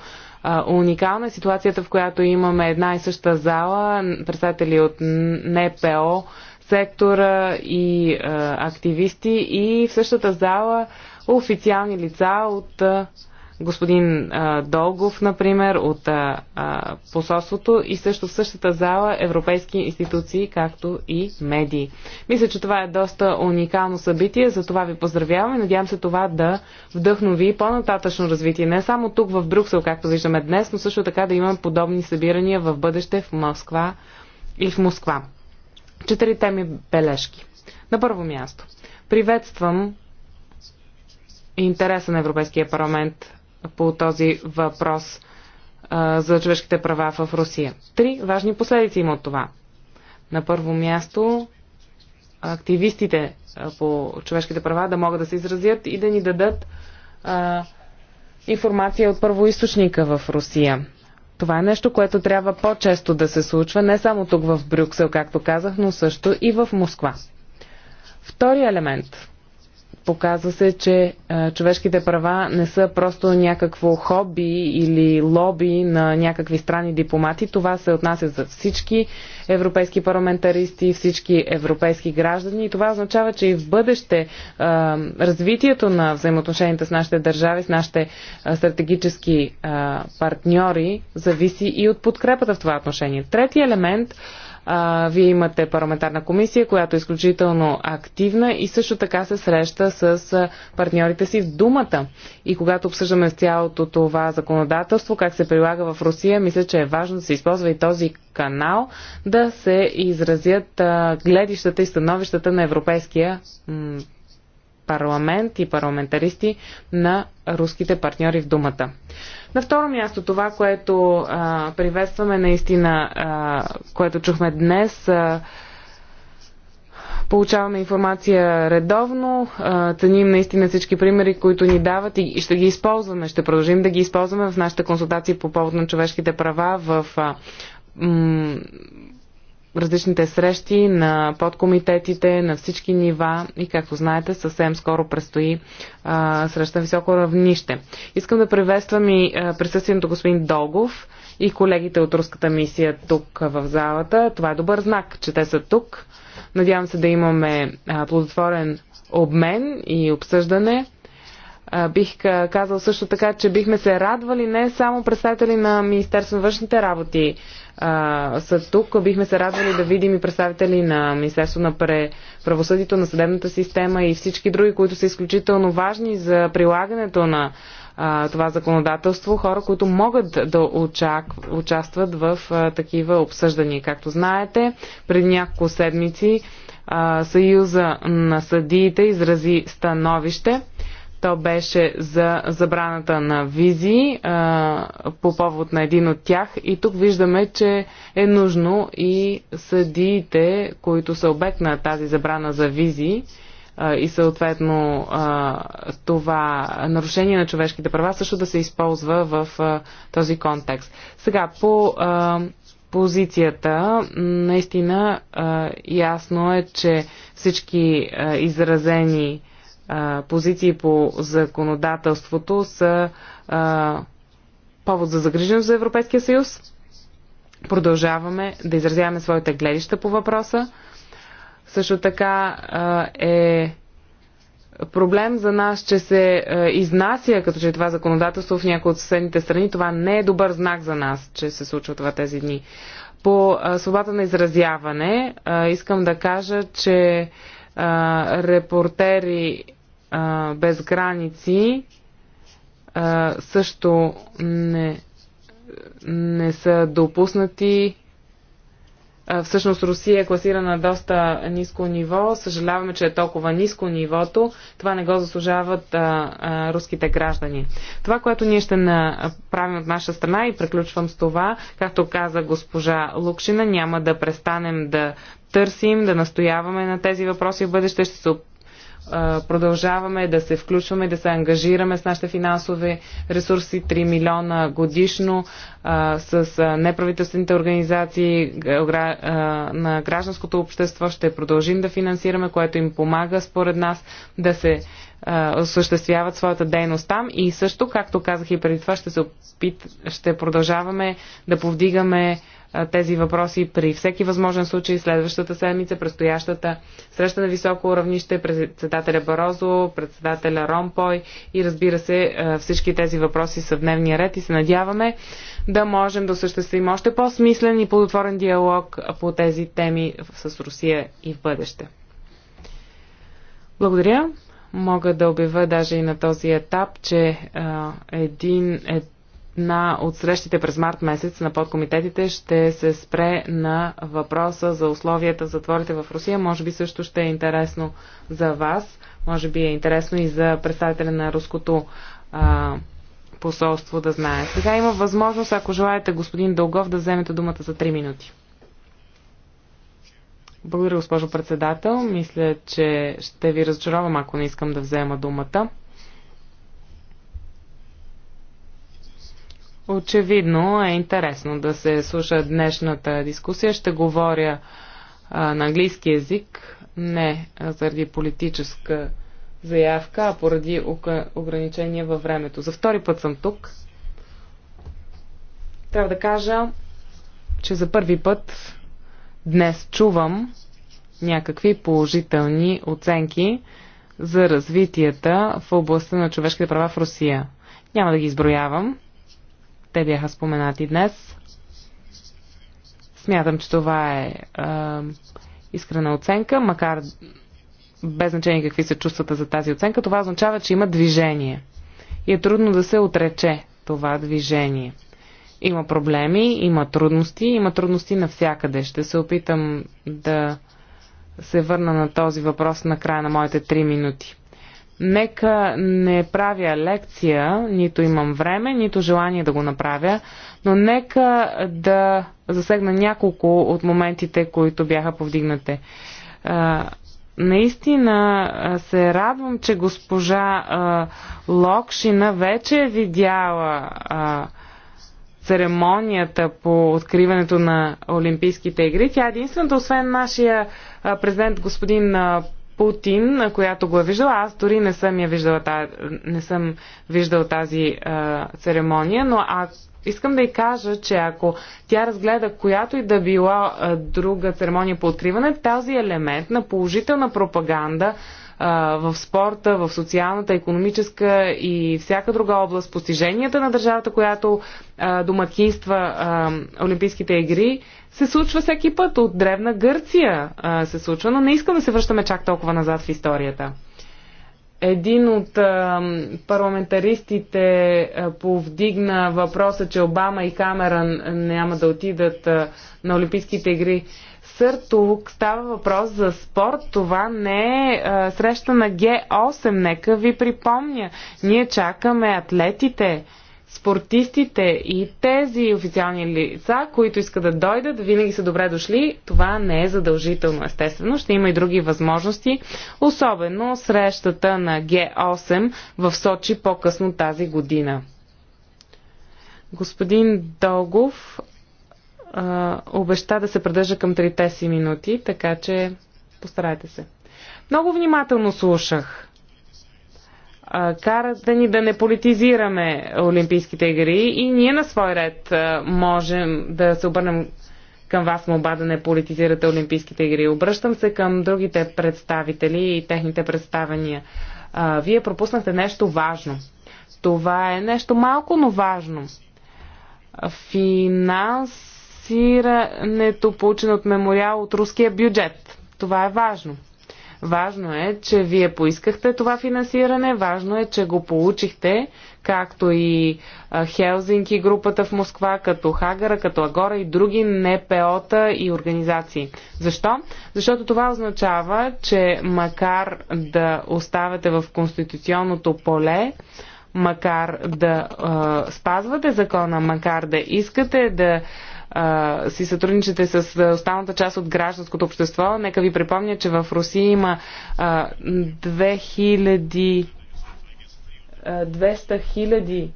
уникална е ситуацията, в която имаме една и съща зала, представители от НПО, сектора и активисти и в същата зала официални лица от господин а, Долгов, например, от а, а, посолството и също в същата зала европейски институции, както и медии. Мисля, че това е доста уникално събитие, за това ви поздравявам и надявам се това да вдъхнови по-нататъчно развитие. Не само тук в Брюксел, както виждаме днес, но също така да имаме подобни събирания в бъдеще в Москва и в Москва. Четирите ми бележки. На първо място. Приветствам интереса на Европейския парламент по този въпрос а, за човешките права в Русия. Три важни последици има от това. На първо място, активистите по човешките права да могат да се изразят и да ни дадат а, информация от първоисточника в Русия. Това е нещо, което трябва по-често да се случва, не само тук в Брюксел, както казах, но също и в Москва. Втори елемент Показва се, че а, човешките права не са просто някакво хоби или лоби на някакви страни дипломати. Това се отнася за всички европейски парламентаристи, всички европейски граждани. И това означава, че и в бъдеще а, развитието на взаимоотношенията с нашите държави, с нашите а, стратегически а, партньори, зависи и от подкрепата в това отношение. Трети елемент а, вие имате парламентарна комисия, която е изключително активна и също така се среща с партньорите си в думата. И когато обсъждаме цялото това законодателство, как се прилага в Русия, мисля, че е важно да се използва и този канал да се изразят а, гледищата и становищата на Европейския парламент и парламентаристи на руските партньори в думата. На второ място това, което а, приветстваме наистина, а, което чухме днес, а, получаваме информация редовно, а, ценим наистина всички примери, които ни дават и ще ги използваме, ще продължим да ги използваме в нашите консултации по повод на човешките права в а, различните срещи на подкомитетите на всички нива и както знаете съвсем скоро предстои а, среща високо равнище. Искам да приветствам и присъствието господин Долгов и колегите от руската мисия тук в залата. Това е добър знак, че те са тук. Надявам се да имаме а, плодотворен обмен и обсъждане. А, бих казал също така, че бихме се радвали не само представители на Министерство на външните работи, а, са тук. Бихме се радвали да видим и представители на Министерство на правосъдието, на съдебната система и всички други, които са изключително важни за прилагането на а, това законодателство, хора, които могат да очак, участват в а, такива обсъждания. Както знаете, преди няколко седмици а, Съюза на съдиите изрази становище то беше за забраната на визи а, по повод на един от тях. И тук виждаме, че е нужно и съдиите, които са обект на тази забрана за визи, и съответно това нарушение на човешките права също да се използва в този контекст. Сега, по позицията, наистина ясно е, че всички изразени а, позиции по законодателството са а, повод за загриженост за Европейския съюз. Продължаваме да изразяваме своите гледища по въпроса. Също така а, е проблем за нас, че се а, изнася като че това законодателство в някои от съседните страни. Това не е добър знак за нас, че се случва това тези дни. По свобода свободата на изразяване а, искам да кажа, че репортери а, без граници а, също не, не са допуснати. А, всъщност Русия е класирана на доста ниско ниво. Съжаляваме, че е толкова ниско нивото. Това не го заслужават а, а, руските граждани. Това, което ние ще направим от наша страна и преключвам с това, както каза госпожа Лукшина, няма да престанем да търсим, да настояваме на тези въпроси в бъдеще. Ще се продължаваме да се включваме, да се ангажираме с нашите финансови ресурси 3 милиона годишно с неправителствените организации на гражданското общество. Ще продължим да финансираме, което им помага според нас да се осъществяват своята дейност там и също, както казах и преди това, ще, се опит, ще продължаваме да повдигаме тези въпроси при всеки възможен случай следващата седмица, предстоящата среща на високо равнище, председателя Барозо, председателя Ромпой и разбира се всички тези въпроси са в дневния ред и се надяваме да можем да осъществим още по-смислен и плодотворен диалог по тези теми с Русия и в бъдеще. Благодаря. Мога да обявя даже и на този етап, че а, един, е, на от срещите през март месец на подкомитетите ще се спре на въпроса за условията за затворите в Русия. Може би също ще е интересно за вас, може би е интересно и за представителя на руското а, посолство да знае. Сега има възможност, ако желаете, господин Дългов, да вземете думата за 3 минути. Благодаря, госпожо председател. Мисля, че ще ви разочаровам, ако не искам да взема думата. Очевидно е интересно да се слуша днешната дискусия. Ще говоря а, на английски язик, не заради политическа заявка, а поради ограничения във времето. За втори път съм тук. Трябва да кажа, че за първи път днес чувам някакви положителни оценки за развитията в областта на човешките права в Русия. Няма да ги изброявам, те бяха споменати днес. Смятам, че това е, е искрена оценка, макар без значение какви са чувствата за тази оценка, това означава, че има движение. И е трудно да се отрече това движение. Има проблеми, има трудности, има трудности навсякъде. Ще се опитам да се върна на този въпрос на края на моите три минути. Нека не правя лекция, нито имам време, нито желание да го направя, но нека да засегна няколко от моментите, които бяха повдигнате. Наистина се радвам, че госпожа Локшина вече е видяла церемонията по откриването на Олимпийските игри. Тя е единствената, освен нашия президент господин Путин, която го е виждала. Аз дори не съм, я виждала, не съм виждал тази а, церемония, но а, искам да й кажа, че ако тя разгледа която и да била а, друга церемония по откриване, тази елемент на положителна пропаганда в спорта, в социалната, економическа и всяка друга област, постиженията на държавата, която а, домакинства а, Олимпийските игри, се случва всеки път. От древна Гърция а, се случва, но не искам да се връщаме чак толкова назад в историята. Един от а, парламентаристите а, повдигна въпроса, че Обама и Камерън няма да отидат а, на Олимпийските игри. Сър, тук става въпрос за спорт. Това не е а, среща на Г8. Нека ви припомня. Ние чакаме атлетите спортистите и тези официални лица, които искат да дойдат, винаги са добре дошли. Това не е задължително, естествено. Ще има и други възможности, особено срещата на Г8 в Сочи по-късно тази година. Господин Дългов а, обеща да се придържа към трите си минути, така че постарайте се. Много внимателно слушах карат да ни да не политизираме Олимпийските игри и ние на свой ред можем да се обърнем към вас молба да не политизирате Олимпийските игри. Обръщам се към другите представители и техните представения. Вие пропуснахте нещо важно. Това е нещо малко, но важно. Финансирането получено от мемориал от руския бюджет. Това е важно. Важно е, че вие поискахте това финансиране, важно е, че го получихте, както и Хелзинки групата в Москва, като Хагара, като Агора и други НПО-та и организации. Защо? Защото това означава, че макар да оставате в конституционното поле, макар да е, спазвате закона, макар да искате да си сътрудничате с останалата част от гражданското общество. Нека ви припомня, че в Русия има 2000 200 хиляди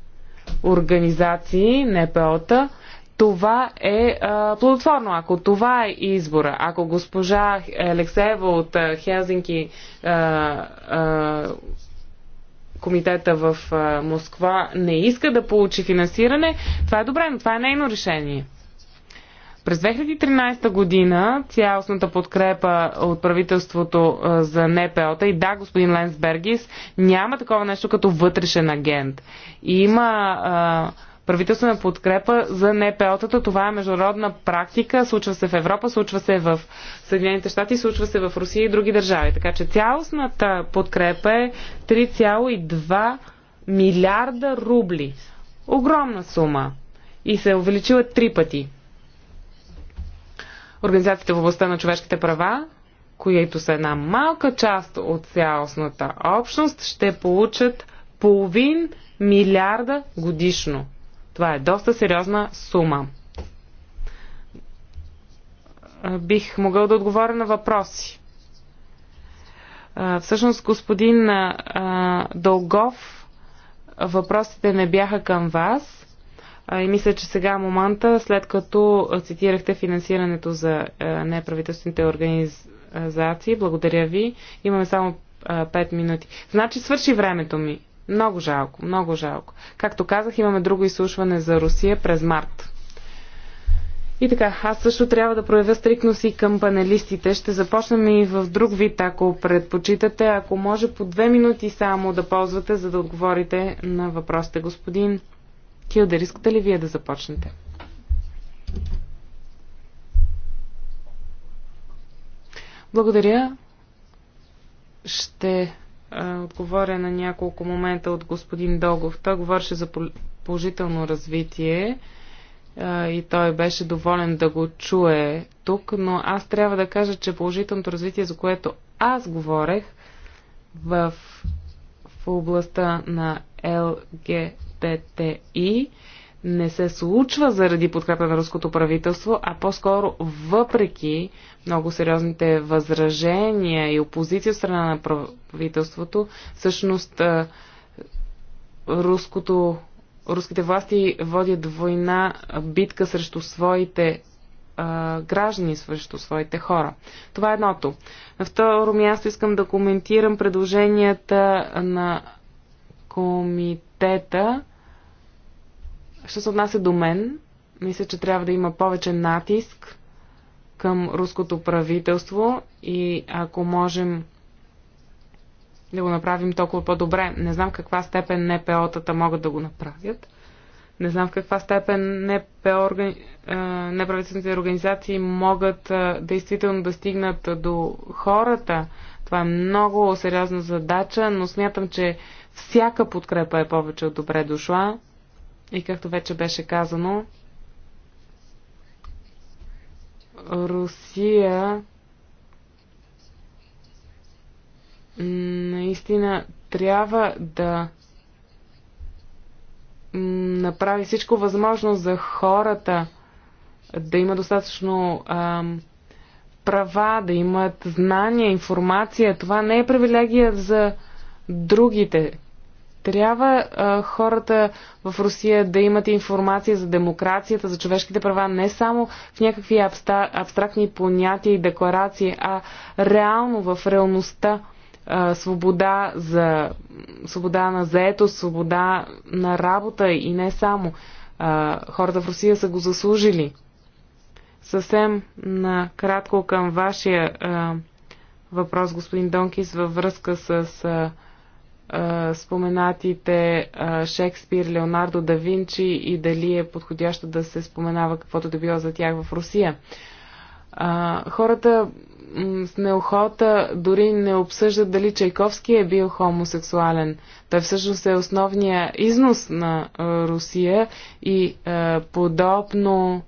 организации, НПО-та, това е а, плодотворно. Ако това е избора, ако госпожа Алексеева от а, Хелзинки а, а, комитета в а, Москва не иска да получи финансиране, това е добре, но това е нейно решение. През 2013 година цялостната подкрепа от правителството за нпо и да, господин Бергис, няма такова нещо като вътрешен агент. Има а, правителствена подкрепа за НПО-тата. Това е международна практика. Случва се в Европа, случва се в Съединените щати, случва се в Русия и други държави. Така че цялостната подкрепа е 3,2 милиарда рубли. Огромна сума. И се е увеличила три пъти организациите в областта на човешките права, които са една малка част от цялостната общност, ще получат половин милиарда годишно. Това е доста сериозна сума. Бих могъл да отговоря на въпроси. Всъщност, господин Дългов, въпросите не бяха към вас, и мисля, че сега е момента, след като цитирахте финансирането за неправителствените организации, благодаря ви. Имаме само 5 минути. Значи свърши времето ми. Много жалко, много жалко. Както казах, имаме друго изслушване за Русия през март. И така, аз също трябва да проявя стрикност и към панелистите. Ще започнем и в друг вид, ако предпочитате. Ако може по две минути само да ползвате, за да отговорите на въпросите, господин Хилда, искате ли вие да започнете? Благодаря. Ще а, отговоря на няколко момента от господин Догов. Той говореше за положително развитие а, и той беше доволен да го чуе тук, но аз трябва да кажа, че положителното развитие, за което аз говорех в, в областта на ЛГ ЛГБТИ не се случва заради подкрепа на руското правителство, а по-скоро въпреки много сериозните възражения и опозиция от страна на правителството, всъщност руското, руските власти водят война, битка срещу своите граждани, срещу своите хора. Това е едното. На второ място искам да коментирам предложенията на комитета Що се отнася до мен, мисля, че трябва да има повече натиск към руското правителство и ако можем да го направим толкова по-добре. Не знам каква степен НПО-тата могат да го направят. Не знам в каква степен неправителствените организации могат действително да стигнат до хората. Това е много сериозна задача, но смятам, че всяка подкрепа е повече от добре дошла. И както вече беше казано, Русия наистина трябва да направи всичко възможно за хората да има достатъчно ам, права, да имат знания, информация. Това не е привилегия за другите трябва а, хората в Русия да имат информация за демокрацията, за човешките права, не само в някакви абстрактни понятия и декларации, а реално в реалността а, свобода за свобода на заето, свобода на работа и не само. А, хората в Русия са го заслужили. Съвсем накратко към вашия а, въпрос, господин Донкис, във връзка с. А, споменатите Шекспир, Леонардо да Винчи и дали е подходящо да се споменава каквото да било за тях в Русия. Хората с неохота дори не обсъждат дали Чайковски е бил хомосексуален. Той всъщност е основният износ на Русия и подобно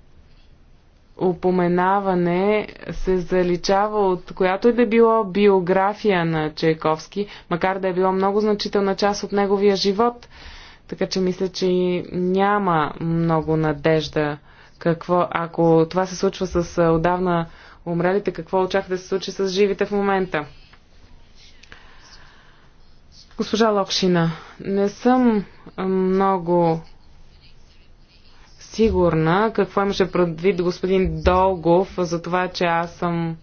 упоменаване се заличава от която и да било биография на Чайковски, макар да е била много значителна част от неговия живот. Така че мисля, че няма много надежда какво, ако това се случва с отдавна умрелите, какво очаква да се случи с живите в момента. Госпожа Локшина, не съм много сигурна какво имаше предвид господин Долгов за това, че аз съм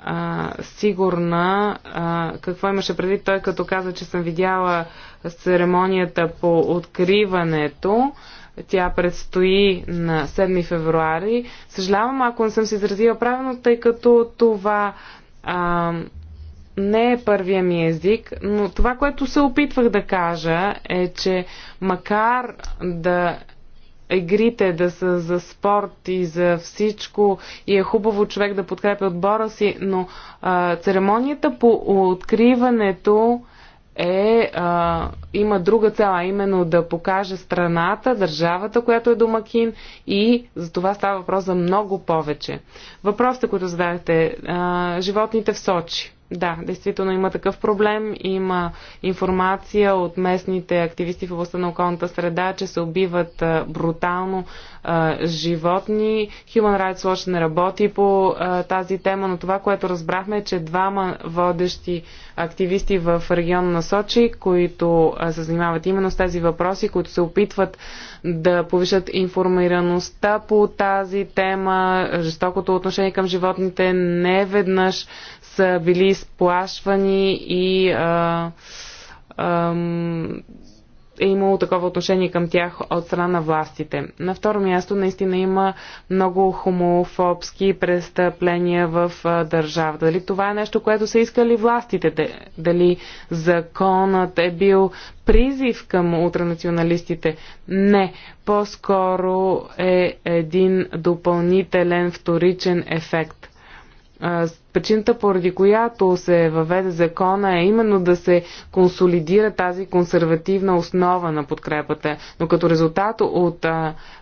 а, сигурна а, какво имаше предвид той, като каза, че съм видяла церемонията по откриването. Тя предстои на 7 февруари. Съжалявам, ако не съм се изразила правилно, тъй като това а, не е първия ми език, но това, което се опитвах да кажа е, че макар да игрите да са за спорт и за всичко и е хубаво човек да подкрепя отбора си, но а, церемонията по откриването е, а, има друга цел, а именно да покаже страната, държавата, която е домакин и за това става въпрос за много повече. Въпросите, които зададете, а, животните в Сочи. Да, действително има такъв проблем. Има информация от местните активисти в областта на околната среда, че се убиват брутално а, животни. Human Rights Watch не работи по а, тази тема, но това, което разбрахме е, че двама водещи активисти в региона на Сочи, които а, се занимават именно с тези въпроси, които се опитват да повишат информираността по тази тема, жестокото отношение към животните, не веднъж са били изплашвани и а, а, е имало такова отношение към тях от страна на властите. На второ място, наистина има много хомофобски престъпления в държавата. Дали това е нещо, което са искали властите? Дали законът е бил призив към ултранационалистите? Не. По-скоро е един допълнителен вторичен ефект. Причината, поради която се въведе закона е именно да се консолидира тази консервативна основа на подкрепата. Но като резултат от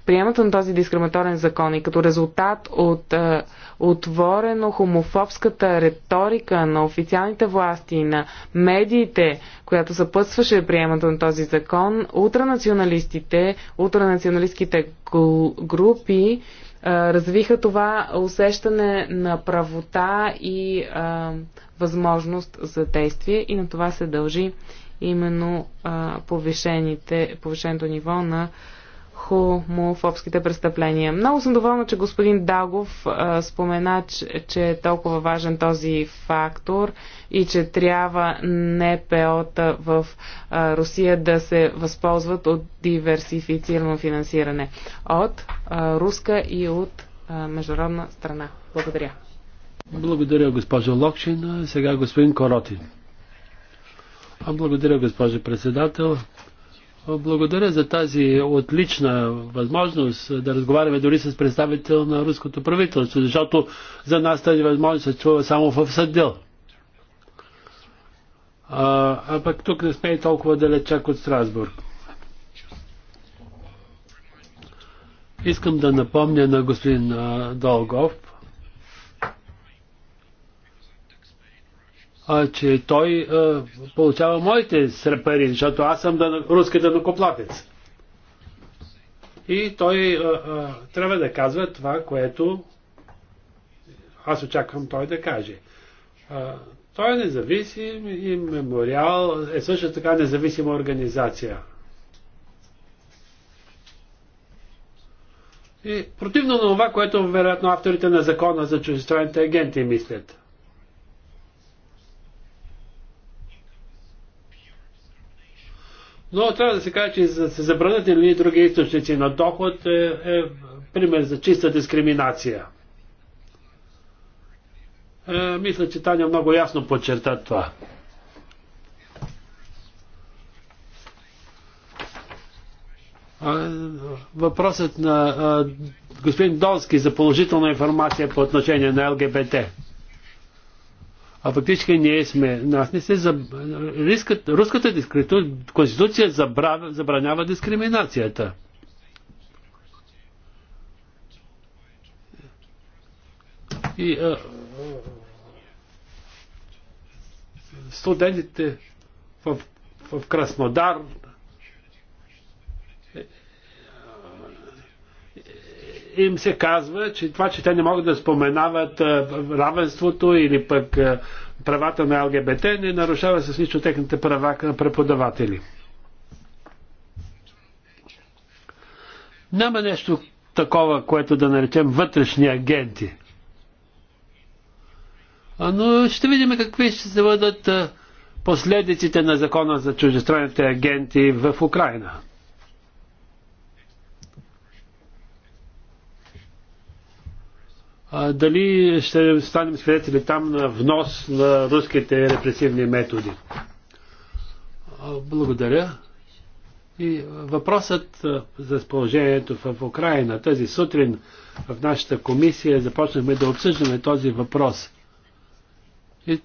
приемата на този дискриминаторен закон и като резултат от а, отворено хомофобската риторика на официалните власти, и на медиите, която съпътстваше приемата на този закон, ултранационалистите, утранационалистските групи развиха това усещане на правота и а, възможност за действие и на това се дължи именно а, повишените, повишеното ниво на хомофобските престъпления. Много съм доволна, че господин Дагов а, спомена, че, че е толкова важен този фактор и че трябва НПО-та в а, Русия да се възползват от диверсифицирано финансиране от а, руска и от а, международна страна. Благодаря. Благодаря, госпожо Локшин. Сега господин Коротин. А благодаря, госпожо председател. Благодаря за тази отлична възможност да разговаряме дори с представител на руското правителство, защото за нас тази възможност се чува само в съддел. А, а пък тук не сме и толкова далеч чак от Страсбург. Искам да напомня на господин Долгов, а, че той а, получава моите пари, защото аз съм да, руски данокоплатец. И той а, а, трябва да казва това, което аз очаквам той да каже. А, той е независим и мемориал е също така независима организация. И противно на това, което вероятно авторите на закона за чуждестранните агенти мислят. Но трябва да се каже, че за да се забранят или други източници на доход е, е пример за чиста дискриминация. Е, мисля, че Таня много ясно подчерта това. Въпросът на господин Донски за положителна информация по отношение на ЛГБТ. А фактически ние сме, нас не се заб... Рискът, руската дискриминация, конституция забрав... забранява дискриминацията. И а, студентите в, в Краснодар им се казва, че това, че те не могат да споменават равенството или пък правата на ЛГБТ, не нарушава с нищо техните права на преподаватели. Няма нещо такова, което да наречем вътрешни агенти. Но ще видим какви ще бъдат последиците на закона за чуждестранните агенти в Украина. дали ще станем свидетели там на внос на руските репресивни методи. благодаря. И въпросът за положението в Украина. Тази сутрин в нашата комисия започнахме да обсъждаме този въпрос. И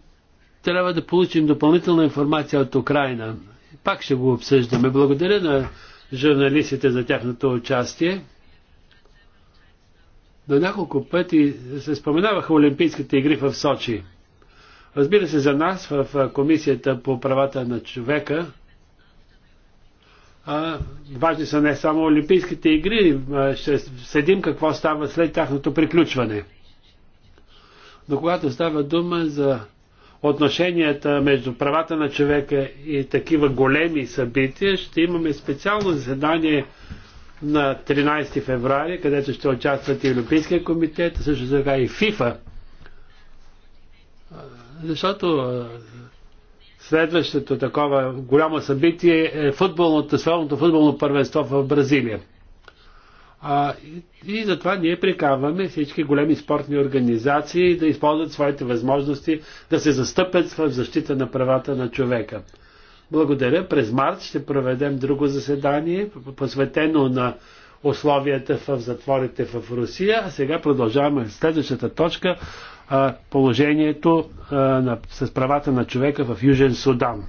трябва да получим допълнителна информация от Украина. Пак ще го обсъждаме. Благодаря на журналистите за тяхното участие. На няколко пъти се споменаваха Олимпийските игри в Сочи. Разбира се, за нас в Комисията по правата на човека а, важни са не само Олимпийските игри, а, ще следим какво става след тяхното приключване. Но когато става дума за отношенията между правата на човека и такива големи събития, ще имаме специално заседание на 13 феврари, където ще участват и Олимпийския комитет, също така и ФИФА. Защото следващото такова голямо събитие е футболното, световното футболно първенство в Бразилия. А, и, и затова ние прикарваме всички големи спортни организации да използват своите възможности да се застъпят в защита на правата на човека. Благодаря. През март ще проведем друго заседание, посветено на условията в затворите в Русия. А сега продължаваме следващата точка положението с правата на човека в Южен Судан.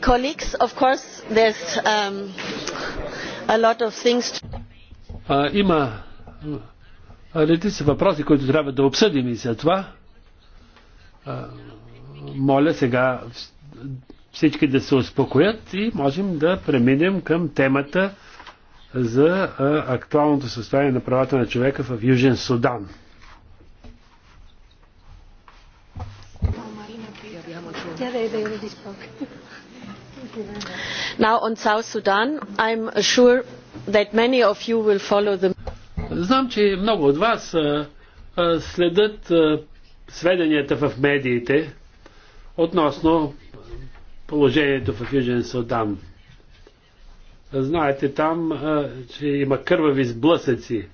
colleagues, of course there's um, a lot of things to... има редица въпроси, които трябва да обсъдим и за това. моля сега всички да се успокоят и можем да преминем към темата за актуалното състояние на правата на човека в Южен Судан. on South Sudan. I'm sure that many of you will follow the... Знам, че много от вас а, а, следят а, сведенията в медиите относно положението в Южен Судан. Знаете там, а, че има кървави сблъсъци.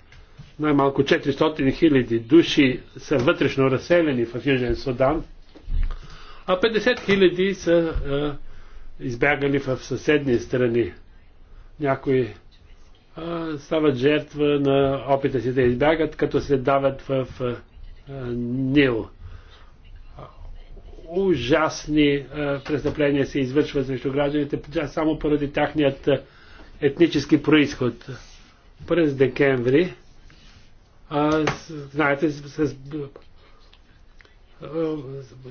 Най-малко 400 хиляди души са вътрешно разселени в Южен Судан, а 50 хиляди са а, избягали в съседни страни. Някои а, стават жертва на опита си да избягат, като се дават в а, Нил. Ужасни а, престъпления се извършват срещу гражданите, само поради тяхният етнически происход. През декември а, знаете, с, с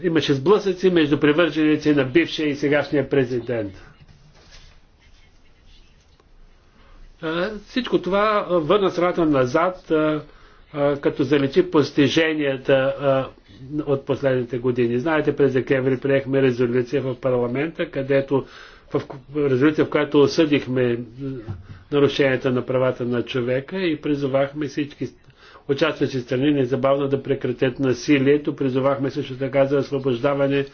имаше сблъсъци между привърженици на бившия и сегашния президент. Всичко това върна страната назад, като заличи постиженията от последните години. Знаете, през декември приехме резолюция в парламента, където в резолюция, в която осъдихме нарушенията на правата на човека и призовахме всички участващи страни незабавно да прекратят насилието. Призовахме също така за освобождаване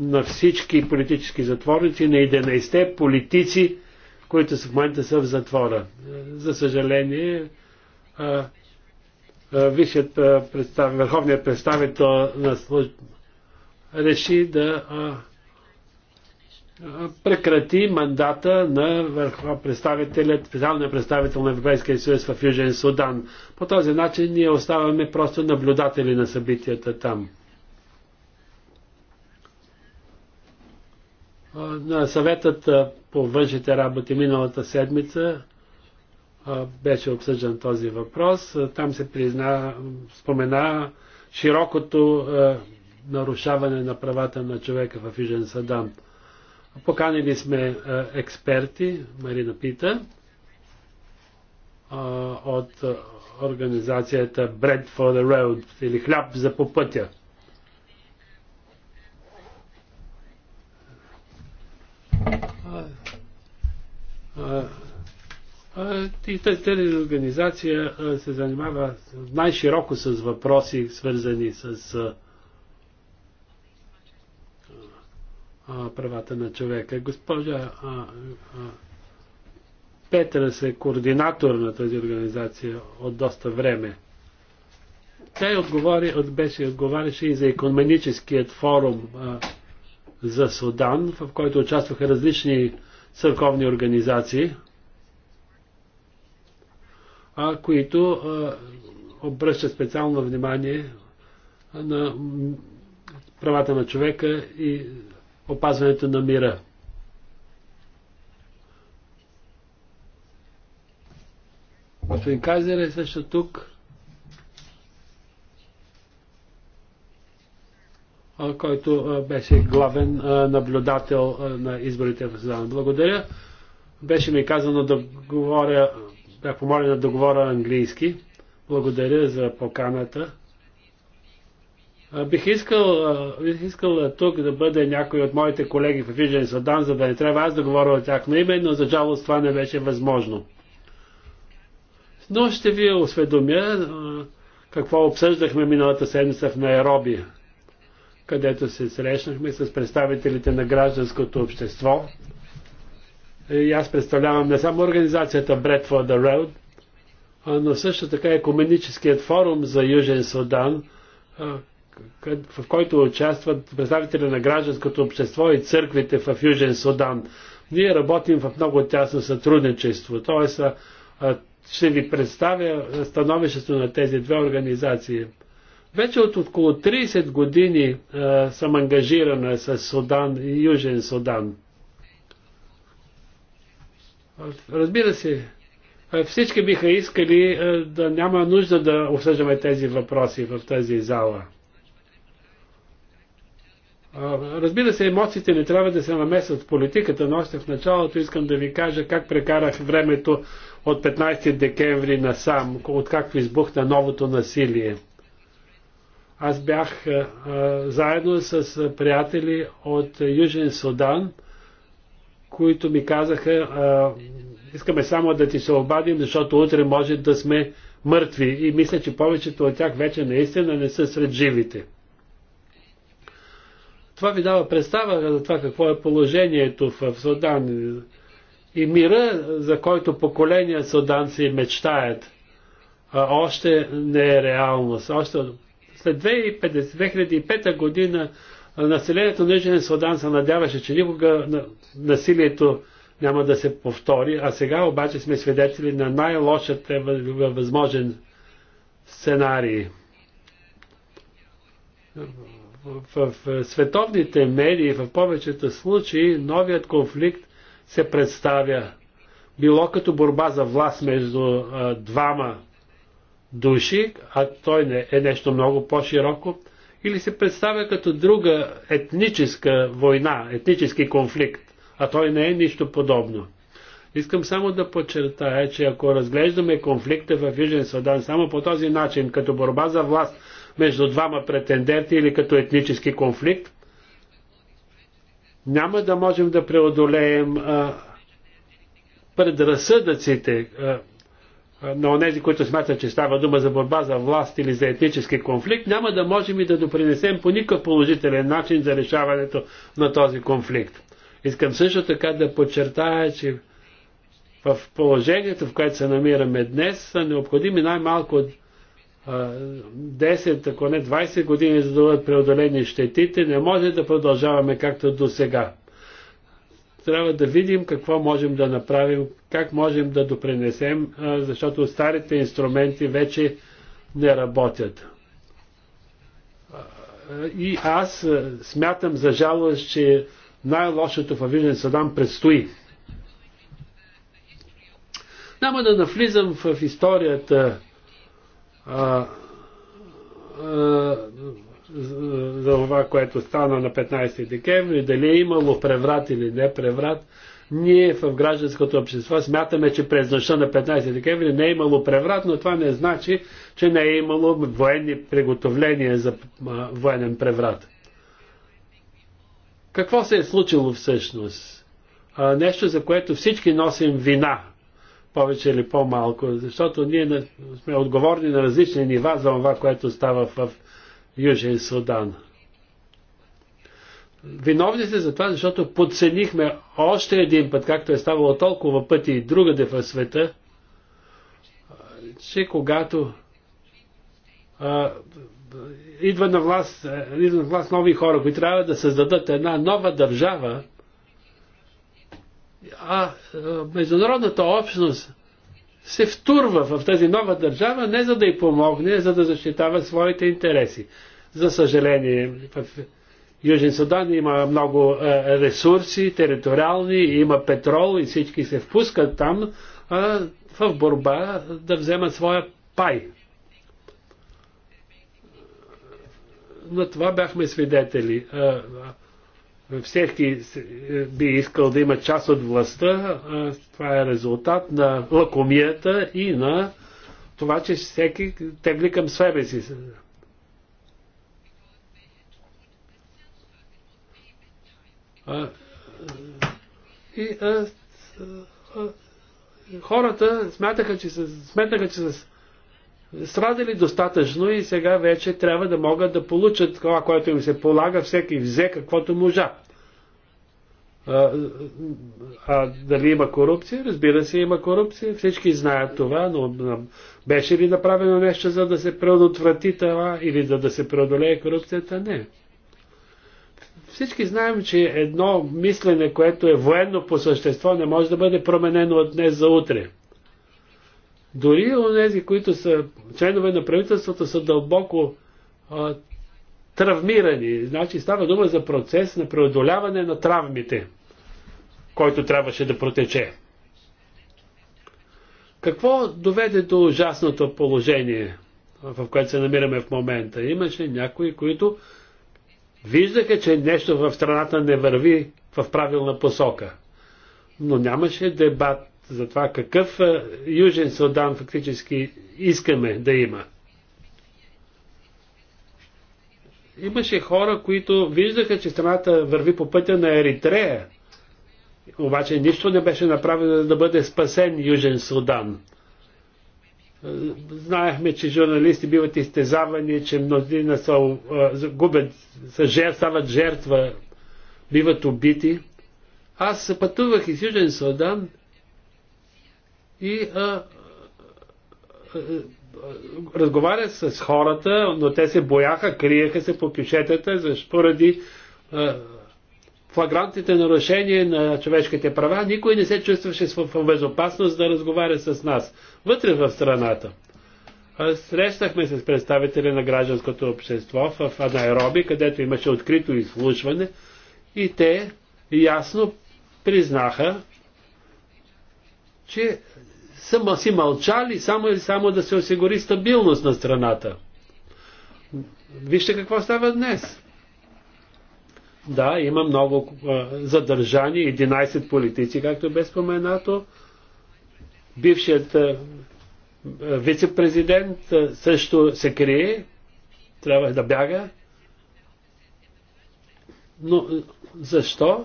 на всички политически затворници, на 11-те политици, които в момента са в затвора. За съжаление, висшият върховният представител на служба реши да прекрати мандата на специалния представител на Европейския съюз в Южен Судан. По този начин ние оставаме просто наблюдатели на събитията там. На съветът по външните работи миналата седмица беше обсъждан този въпрос. Там се призна, спомена широкото нарушаване на правата на човека в Южен Садан. Поканили сме е, експерти, Марина Пита, е, от организацията Bread for the Road или Хляб за по пътя. Е, тази организация се занимава най-широко с въпроси, свързани с правата на човека. Госпожа Петрес е координатор на тази организация от доста време. Тя отговори, беше, отговаряше и за економическият форум а, за Судан, в който участваха различни църковни организации, а, които а, обръщат специално внимание на правата на човека и опазването на мира. Господин Кайзер е също тук. който беше главен наблюдател на изборите в Судан. Благодаря. Беше ми казано да говоря, бях помолен да говоря английски. Благодаря за поканата. Бих искал, бих искал тук да бъде някой от моите колеги в Вижден Судан, за да не трябва аз да говоря от тяхно име, но за жалост това не беше възможно. Но ще ви осведомя какво обсъждахме миналата седмица в Найроби, където се срещнахме с представителите на гражданското общество. И аз представлявам не само организацията Bread for the Road, но също така Коменическият форум за Южен Судан – в който участват представители на гражданското общество и църквите в Южен Судан. Ние работим в много тясно сътрудничество. Тоест, ще ви представя становището на тези две организации. Вече от около 30 години съм ангажирана с Судан и Южен Судан. Разбира се, всички биха искали да няма нужда да обсъждаме тези въпроси в тази зала. Разбира се, емоциите не трябва да се намесват в политиката, но още в началото искам да ви кажа как прекарах времето от 15 декември насам, откакто избухна новото насилие. Аз бях а, заедно с приятели от Южен Судан, които ми казаха, а, искаме само да ти се обадим, защото утре може да сме мъртви. И мисля, че повечето от тях вече наистина не са сред живите. Това ви дава представа за това какво е положението в Судан и мира, за който поколения суданци мечтаят, а още не е реалност. Още след 2005, година населението на Южен Судан се надяваше, че никога насилието няма да се повтори, а сега обаче сме свидетели на най-лошият възможен сценарий в световните медии в повечето случаи новият конфликт се представя било като борба за власт между а, двама души, а той не е нещо много по-широко, или се представя като друга етническа война, етнически конфликт, а той не е нищо подобно. Искам само да подчертая, че ако разглеждаме конфликта в Южен Судан само по този начин, като борба за власт между двама претенденти или като етнически конфликт, няма да можем да преодолеем а, предразсъдъците а, на онези, които смятат, че става дума за борба за власт или за етнически конфликт, няма да можем и да допринесем по никакъв положителен начин за решаването на този конфликт. Искам също така да подчертая, че в положението, в което се намираме днес, са необходими най-малко 10, ако не 20 години, за да бъдат преодолени щетите, не може да продължаваме както до сега. Трябва да видим какво можем да направим, как можем да допренесем, защото старите инструменти вече не работят. И аз смятам за жалост, че най-лошото във Вижден Садам предстои. Няма да навлизам в историята а, а, за това, което стана на 15 декември, дали е имало преврат или не преврат, ние в гражданското общество смятаме, че през нощта на 15 декември не е имало преврат, но това не значи, че не е имало военни приготовления за а, военен преврат. Какво се е случило всъщност? А, нещо, за което всички носим вина – повече или по-малко, защото ние сме отговорни на различни нива за това, което става в Южен Судан. Виновни сте за това, защото подценихме още един път, както е ставало толкова пъти и другаде в света, че когато а, идва на власт, е, идва на власт нови хора, които трябва да създадат една нова държава, а е, международната общност се втурва в тази нова държава не за да й помогне, а за да защитава своите интереси. За съжаление, в Южен Судан има много е, ресурси, териториални, има петрол и всички се впускат там а, е, в борба да вземат своя пай. На това бяхме свидетели всеки е, би искал да има част от властта. Това е резултат на лакомията и на това, че всеки тегли към себе си. и а, а, хората смятаха, че са, смятаха, че са страдали достатъчно и сега вече трябва да могат да получат това, което им се полага, всеки взе каквото можа. А, а дали има корупция? Разбира се, има корупция. Всички знаят това, но беше ли направено нещо, за да се предотврати това или за да се преодолее корупцията? Не. Всички знаем, че едно мислене, което е военно по същество, не може да бъде променено от днес за утре. Дори нези, които са членове на правителството, са дълбоко а, травмирани. Значи става дума за процес на преодоляване на травмите, който трябваше да протече. Какво доведе до ужасното положение, в което се намираме в момента? Имаше някои, които виждаха, че нещо в страната не върви в правилна посока. Но нямаше дебат за това какъв е, Южен Судан фактически искаме да има. Имаше хора, които виждаха, че страната върви по пътя на Еритрея. Обаче нищо не беше направено за да бъде спасен Южен Судан. Знаехме, че журналисти биват изтезавани, че мнозина са, губят, са жертв, стават жертва, биват убити. Аз пътувах из Южен Судан и а, разговаря с хората, но те се бояха, криеха се по кюшетата, защото поради флагрантите нарушения на човешките права, никой не се чувстваше в безопасност да разговаря с нас, вътре в страната. Срещахме се с представители на гражданското общество в Анайроби, където имаше открито изслушване и те ясно признаха, че са си мълчали само или само да се осигури стабилност на страната. Вижте какво става днес. Да, има много а, задържани, 11 политици, както бе споменато. Бившият вице-президент също се крие, трябва да бяга. Но защо?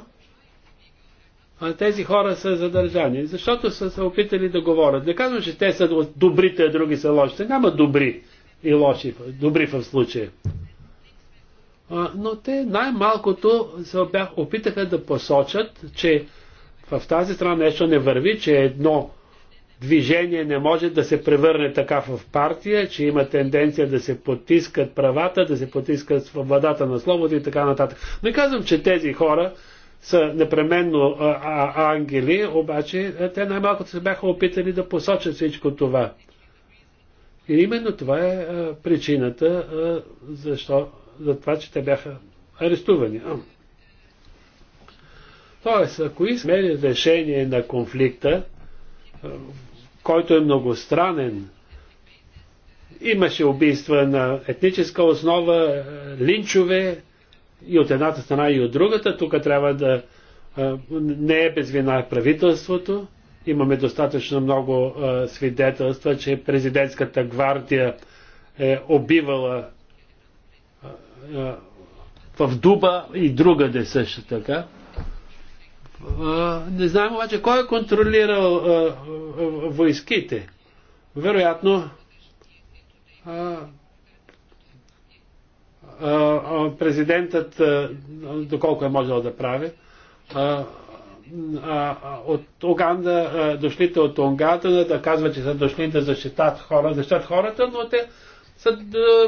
тези хора са задържани, защото са се опитали да говорят. Не казвам, че те са добрите, а други са лошите. Няма добри и лоши, добри в случая. Но те най-малкото се опитаха да посочат, че в тази страна нещо не върви, че едно движение не може да се превърне така в партия, че има тенденция да се потискат правата, да се потискат свободата на словото и така нататък. Не казвам, че тези хора са непременно а, а, ангели, обаче те най-малкото се бяха опитали да посочат всичко това. И именно това е а, причината а, защо, за това, че те бяха арестувани. А. Тоест, ако искаме решение на конфликта, а, който е многостранен, имаше убийства на етническа основа, линчове, и от едната страна, и от другата. Тук трябва да не е без вина правителството. Имаме достатъчно много свидетелства, че президентската гвардия е убивала в Дуба и другаде също така. Не знаем обаче кой е контролирал войските. Вероятно, президентът, доколко е можел да прави, от Уганда, дошлите от Унгата, да казват, че са дошли да защитат хора, защитат хората, но те са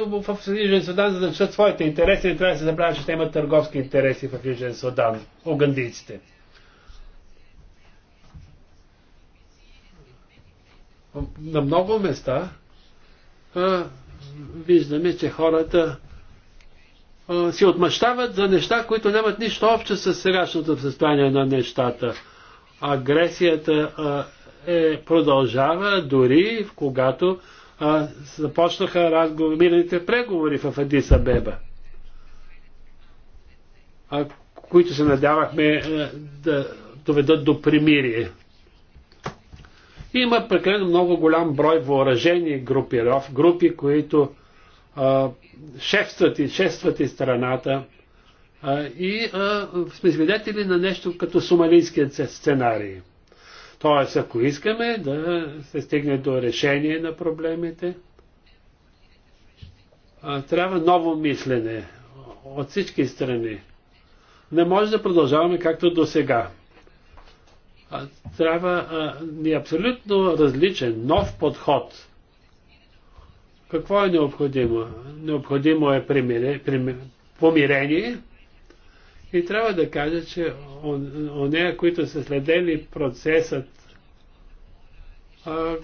в Южен Судан, за да защитат своите интереси. Не трябва да се забравя, че те имат търговски интереси в Южен Судан, угандийците. На много места виждаме, че хората се отмъщават за неща, които нямат нищо общо с сегашното състояние на нещата. Агресията е, продължава дори когато а, започнаха разговор, мирните преговори в Адиса Беба, а, които се надявахме а, да доведат до примирие. Има прекалено много голям брой въоръжени групи, групи които шефстват и шефстват и страната. И сме свидетели на нещо като сомалийският сценарий. Тоест, ако искаме да се стигне до решение на проблемите, трябва ново мислене от всички страни. Не може да продължаваме както до сега. Трябва ни е абсолютно различен, нов подход какво е необходимо? Необходимо е помирение и трябва да кажа, че онея, които са следели процесът, а,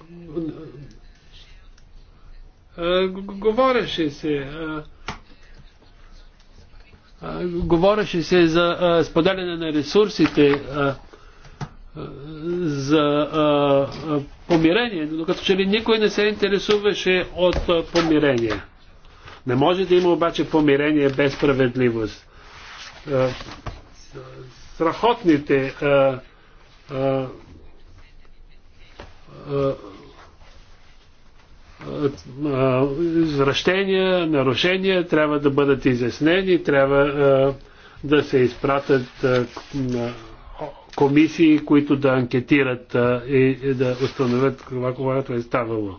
говореше се а, говореше се за споделяне на ресурсите, за помирение, но като че ли никой не се интересуваше от помирение. Не може да има обаче помирение без справедливост. Страхотните извращения, нарушения трябва да бъдат изяснени, трябва да се изпратят комисии, които да анкетират а, и, и да установят това, което е ставало.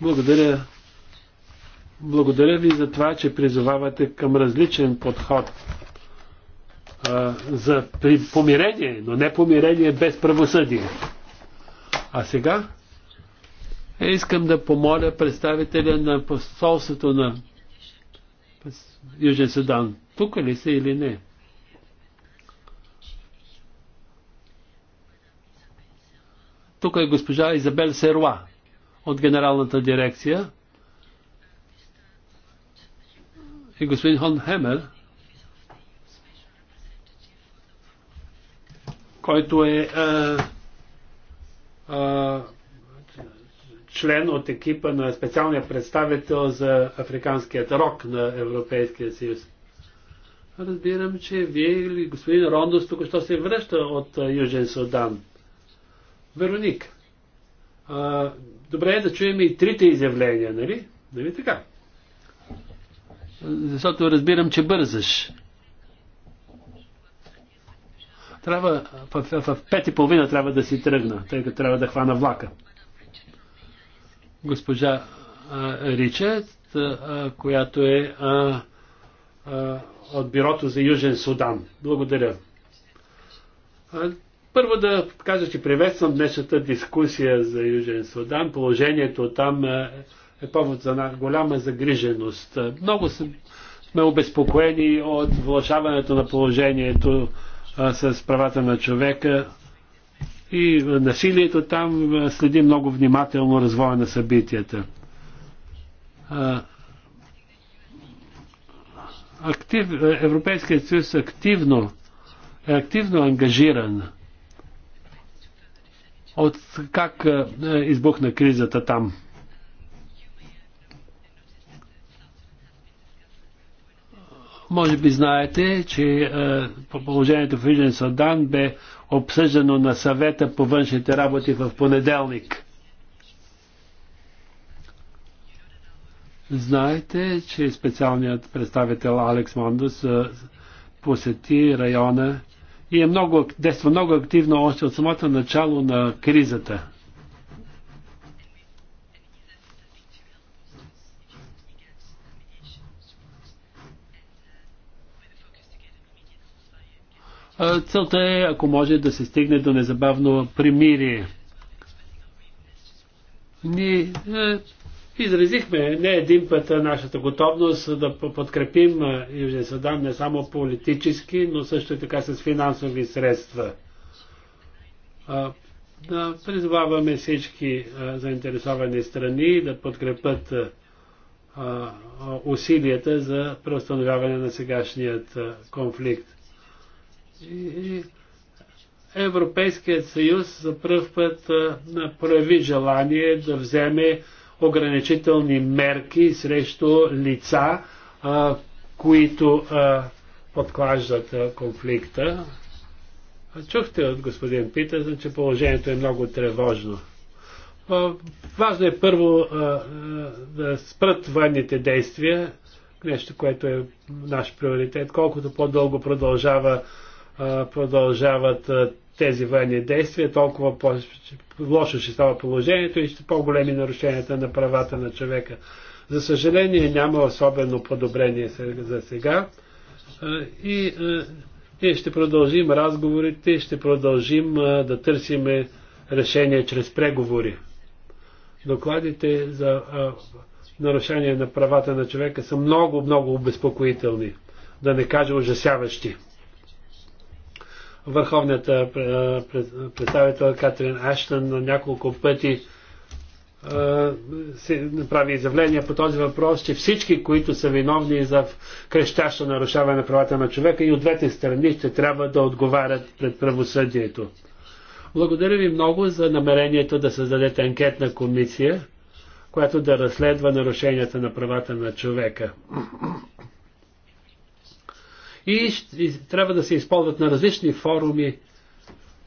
Благодаря. Благодаря ви за това, че призовавате към различен подход а, за при, помирение, но не помирение без правосъдие. А сега е, искам да помоля представителя на посолството на Южен Судан. Тук ли са или не? Тук е госпожа Изабел Серуа от Генералната дирекция и господин Хон Хемер, който е а, е, а, е, член от екипа на специалния представител за африканският рок на Европейския съюз. Разбирам, че вие или господин Рондос тук що се връща от е, Южен Судан. Вероник, а, добре е да чуем и трите изявления, нали? Нали така? Защото разбирам, че бързаш. Трябва, в, в, в пет и половина трябва да си тръгна, тъй като трябва да хвана влака. Госпожа а, Ричард, а, която е а, а, от Бюрото за Южен Судан. Благодаря. Първо да кажа, че приветствам днешната дискусия за Южен Судан. Положението там е, е повод за голяма загриженост. Много сме обезпокоени от влашаването на положението с правата на човека и насилието там следи много внимателно развоя на събитията. Актив, Европейският съюз активно е активно ангажиран от как е, е, избухна кризата там. Може би знаете, че е, по положението в Южен Судан бе обсъждано на съвета по външните работи в понеделник. Знаете, че специалният представител Алекс Мандус посети района и е много, действа много активно още от самото начало на кризата. Целта е, ако може, да се стигне до незабавно примирие. Ние е, Изразихме не един път нашата готовност да подкрепим Южния Судан не само политически, но също и така с финансови средства. Да призваваме всички заинтересовани страни да подкрепят усилията за преустановяване на сегашният конфликт. И Европейският съюз за първ път прояви желание да вземе ограничителни мерки срещу лица, а, които а, подклаждат а, конфликта. Чухте от господин Питърсън, че положението е много тревожно. Важно е първо да спрат военните действия, нещо, което е наш приоритет. Колкото по-дълго продължава, продължават тези военни действия, толкова по-лошо ще става положението и ще по-големи нарушенията на правата на човека. За съжаление няма особено подобрение за сега и ние ще продължим разговорите, ще продължим да търсиме решение чрез преговори. Докладите за нарушение на правата на човека са много, много обезпокоителни, да не кажа ужасяващи върховната представител Катрин Аштън на няколко пъти се направи изявление по този въпрос, че всички, които са виновни за крещящо нарушаване на правата на човека и от двете страни ще трябва да отговарят пред правосъдието. Благодаря ви много за намерението да създадете анкетна комисия, която да разследва нарушенията на правата на човека и, и трябва да се използват на различни форуми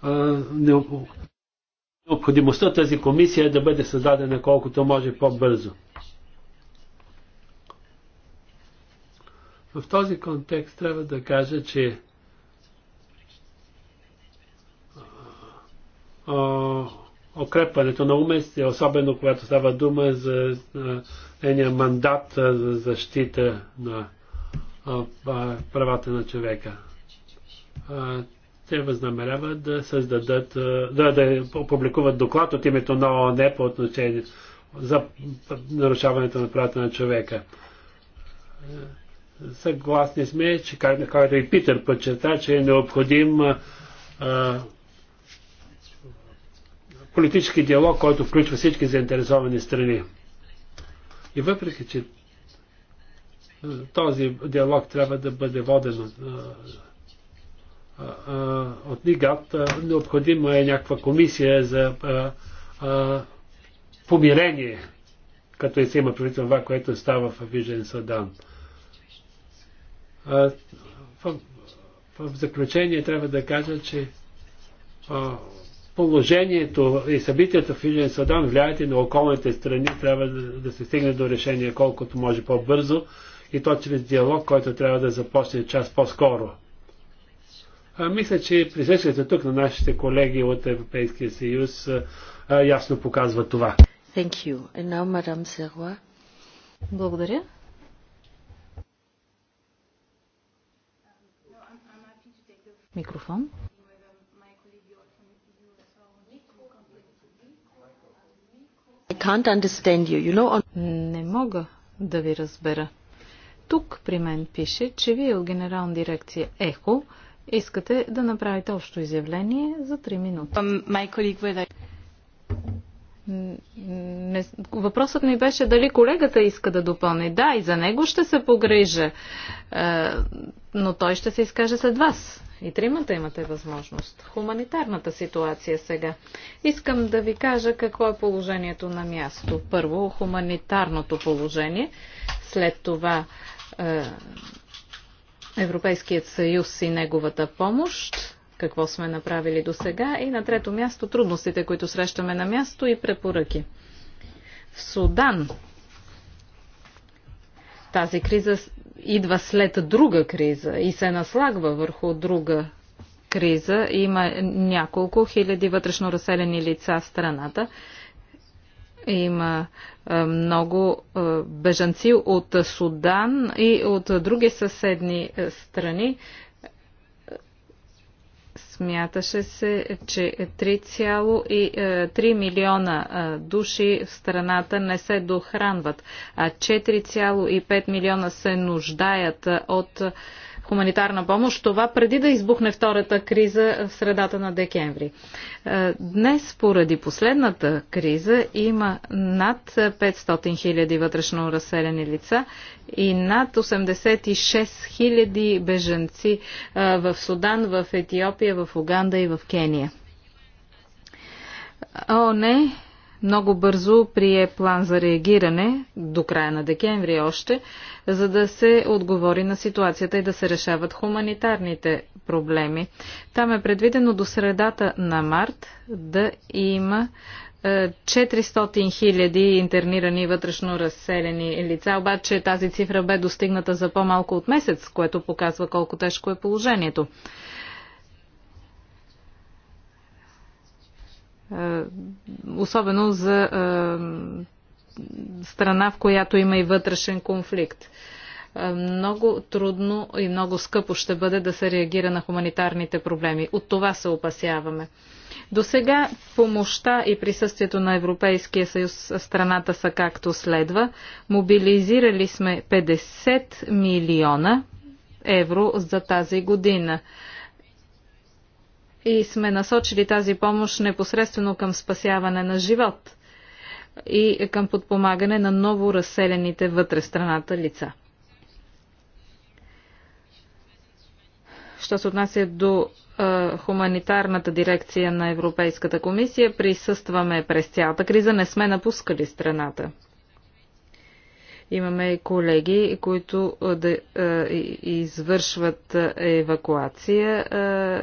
а, необходимостта тази комисия е да бъде създадена колкото може по-бързо. В този контекст трябва да кажа, че Окрепването укрепването на умест, особено когато става дума за нейния мандат за защита на правата на човека. Те възнамеряват да създадат, да, да опубликуват доклад от името на ООН по отношение за нарушаването на правата на човека. Съгласни сме, че както и Питър подчерта, че е необходим а, политически диалог, който включва всички заинтересовани страни. И въпреки, че този диалог трябва да бъде воден от, от Нигат. Необходима е някаква комисия за помирение, като и се има предвид това, което става в Южен Садан. В, в заключение трябва да кажа, че положението и събитията в Южен Садан влияят и на околните страни. Трябва да, да се стигне до решение колкото може по-бързо, и то чрез диалог, който трябва да започне час по-скоро. мисля, че присъствието тук на нашите колеги от Европейския съюз а, ясно показва това. Thank you. And now, Madame Serrois. Благодаря. Микрофон. I can't understand you. You know, on... Не мога да ви разбера. Тук при мен пише, че вие от генерална дирекция ЕХО искате да направите общо изявление за 3 минути. Um, въпросът ми беше дали колегата иска да допълни. Да, и за него ще се погрижа, е, но той ще се изкаже след вас. И тримата имате възможност. Хуманитарната ситуация сега. Искам да ви кажа какво е положението на място. Първо, хуманитарното положение, след това е, Европейският съюз и неговата помощ, какво сме направили до сега и на трето място трудностите, които срещаме на място и препоръки. В Судан тази криза идва след друга криза и се наслагва върху друга криза. Има няколко хиляди вътрешно разселени лица в страната. Има е, много е, бежанци от Судан и от други съседни е, страни. Смяташе се, че 3,3 милиона души в страната не се дохранват, а 4,5 милиона се нуждаят от хуманитарна помощ. Това преди да избухне втората криза в средата на декември. Е, днес, поради последната криза, има над 500 000 вътрешно разселени лица и над 86 000 беженци в Судан, в Етиопия, в Уганда и в Кения. О, не, много бързо прие план за реагиране, до края на декември още, за да се отговори на ситуацията и да се решават хуманитарните проблеми. Там е предвидено до средата на март да има 400 е, 000 интернирани вътрешно разселени лица, обаче тази цифра бе достигната за по-малко от месец, което показва колко тежко е положението. Е, особено за е, страна, в която има и вътрешен конфликт. Е, много трудно и много скъпо ще бъде да се реагира на хуманитарните проблеми. От това се опасяваме. До сега помощта и присъствието на Европейския съюз страната са както следва. Мобилизирали сме 50 милиона евро за тази година и сме насочили тази помощ непосредствено към спасяване на живот и към подпомагане на ново разселените вътре страната лица. Що се отнася до е, хуманитарната дирекция на Европейската комисия, присъстваме през цялата криза, не сме напускали страната. Имаме колеги, които да извършват евакуация.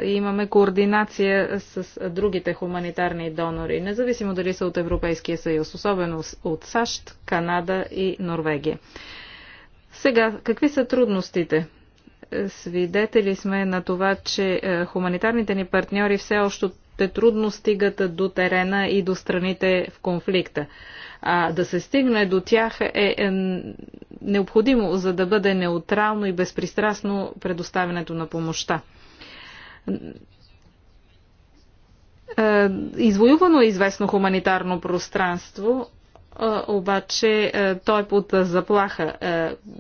Имаме координация с другите хуманитарни донори, независимо дали са от Европейския съюз, особено от САЩ, Канада и Норвегия. Сега, какви са трудностите? Свидетели сме на това, че хуманитарните ни партньори все още те трудно стигат до терена и до страните в конфликта а да се стигне до тях е, е необходимо, за да бъде неутрално и безпристрастно предоставянето на помощта. Извоювано е известно хуманитарно пространство, обаче той под заплаха.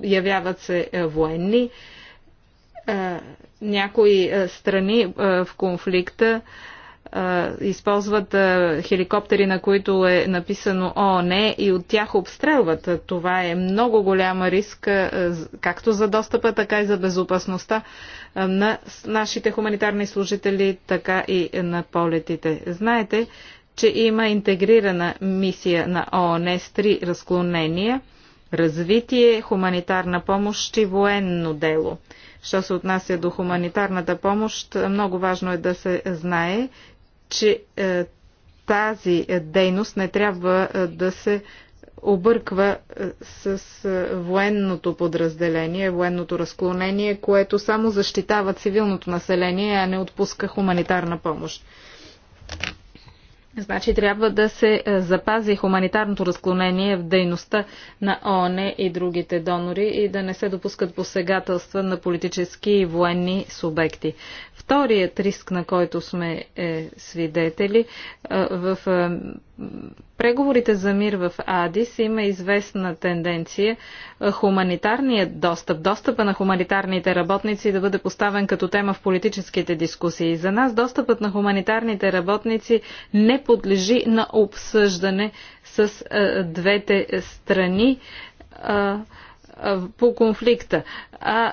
Явяват се военни. Някои страни в конфликта използват а, хеликоптери, на които е написано ООН и от тях обстрелват. Това е много голяма риск а, както за достъпа, така и за безопасността а, на нашите хуманитарни служители, така и на полетите. Знаете, че има интегрирана мисия на ООН с три разклонения развитие, хуманитарна помощ и военно дело. Що се отнася до хуманитарната помощ, много важно е да се знае, че е, тази е, дейност не трябва е, да се обърква с военното подразделение, военното разклонение, което само защитава цивилното население, а не отпуска хуманитарна помощ. Значи трябва да се е, запази хуманитарното разклонение в дейността на ООН и другите донори и да не се допускат посегателства на политически и военни субекти. Вторият риск, на който сме е, свидетели е, в преговорите за мир в Адис има известна тенденция хуманитарният достъп, достъпа на хуманитарните работници да бъде поставен като тема в политическите дискусии. За нас достъпът на хуманитарните работници не подлежи на обсъждане с двете страни по конфликта, а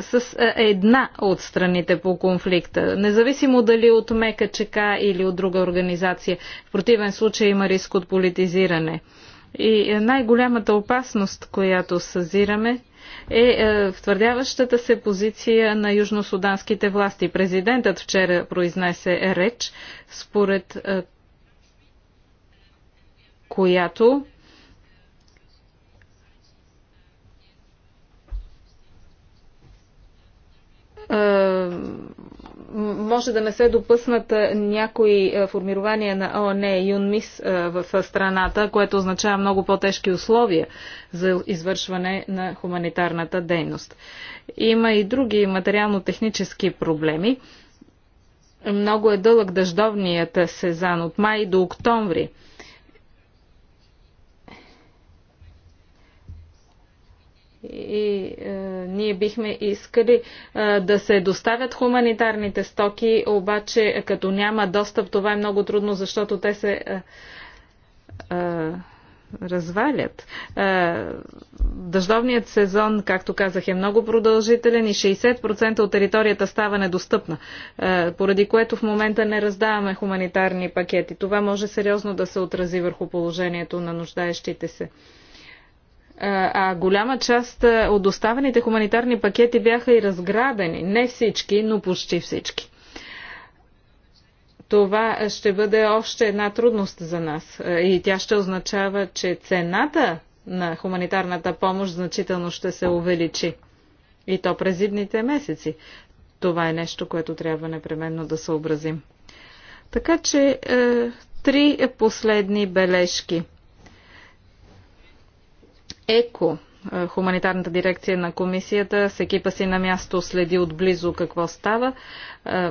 с една от страните по конфликта, независимо дали от Мека Чека или от друга организация. В противен случай има риск от политизиране. И е, най-голямата опасност, която съзираме, е, е втвърдяващата се позиция на южносуданските власти. Президентът вчера произнесе реч, според е, която Е, може да не се допуснат е, някои е, формирования на ООН и ЮНМИС в страната, което означава много по-тежки условия за извършване на хуманитарната дейност. Има и други материално-технически проблеми. Много е дълъг дъждовният сезан от май до октомври. и е, ние бихме искали е, да се доставят хуманитарните стоки, обаче като няма достъп, това е много трудно, защото те се е, е, развалят. Е, дъждовният сезон, както казах, е много продължителен и 60% от територията става недостъпна, е, поради което в момента не раздаваме хуманитарни пакети. Това може сериозно да се отрази върху положението на нуждаещите се а голяма част от доставените хуманитарни пакети бяха и разграбени. Не всички, но почти всички. Това ще бъде още една трудност за нас и тя ще означава, че цената на хуманитарната помощ значително ще се увеличи. И то през зимните месеци. Това е нещо, което трябва непременно да съобразим. Така че е, три последни бележки – ЕКО, е, хуманитарната дирекция на комисията, с екипа си на място следи отблизо какво става. Е,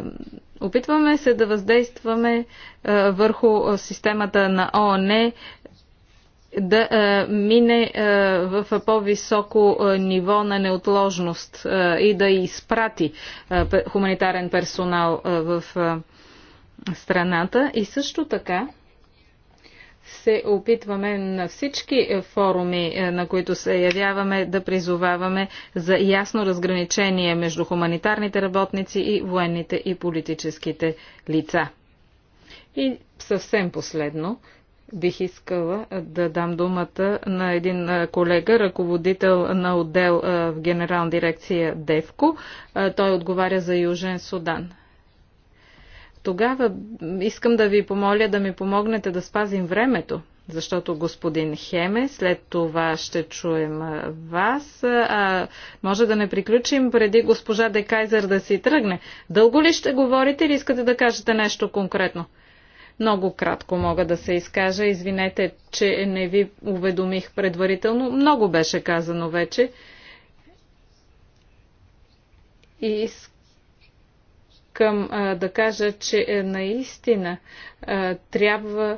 опитваме се да въздействаме е, върху системата на ООН да мине в по-високо ниво на неотложност и да изпрати хуманитарен персонал в страната. И също така се опитваме на всички форуми, е, на които се явяваме, да призоваваме за ясно разграничение между хуманитарните работници и военните и политическите лица. И съвсем последно, бих искала да дам думата на един е, колега, ръководител на отдел е, в Генерална дирекция ДЕВКО. Той отговаря за Южен Судан. Тогава искам да ви помоля да ми помогнете да спазим времето, защото господин Хеме, след това ще чуем вас. А, може да не приключим преди госпожа Декайзер да си тръгне. Дълго ли ще говорите или искате да кажете нещо конкретно? Много кратко мога да се изкажа. Извинете, че не ви уведомих предварително. Много беше казано вече. И към да кажа, че е, наистина трябва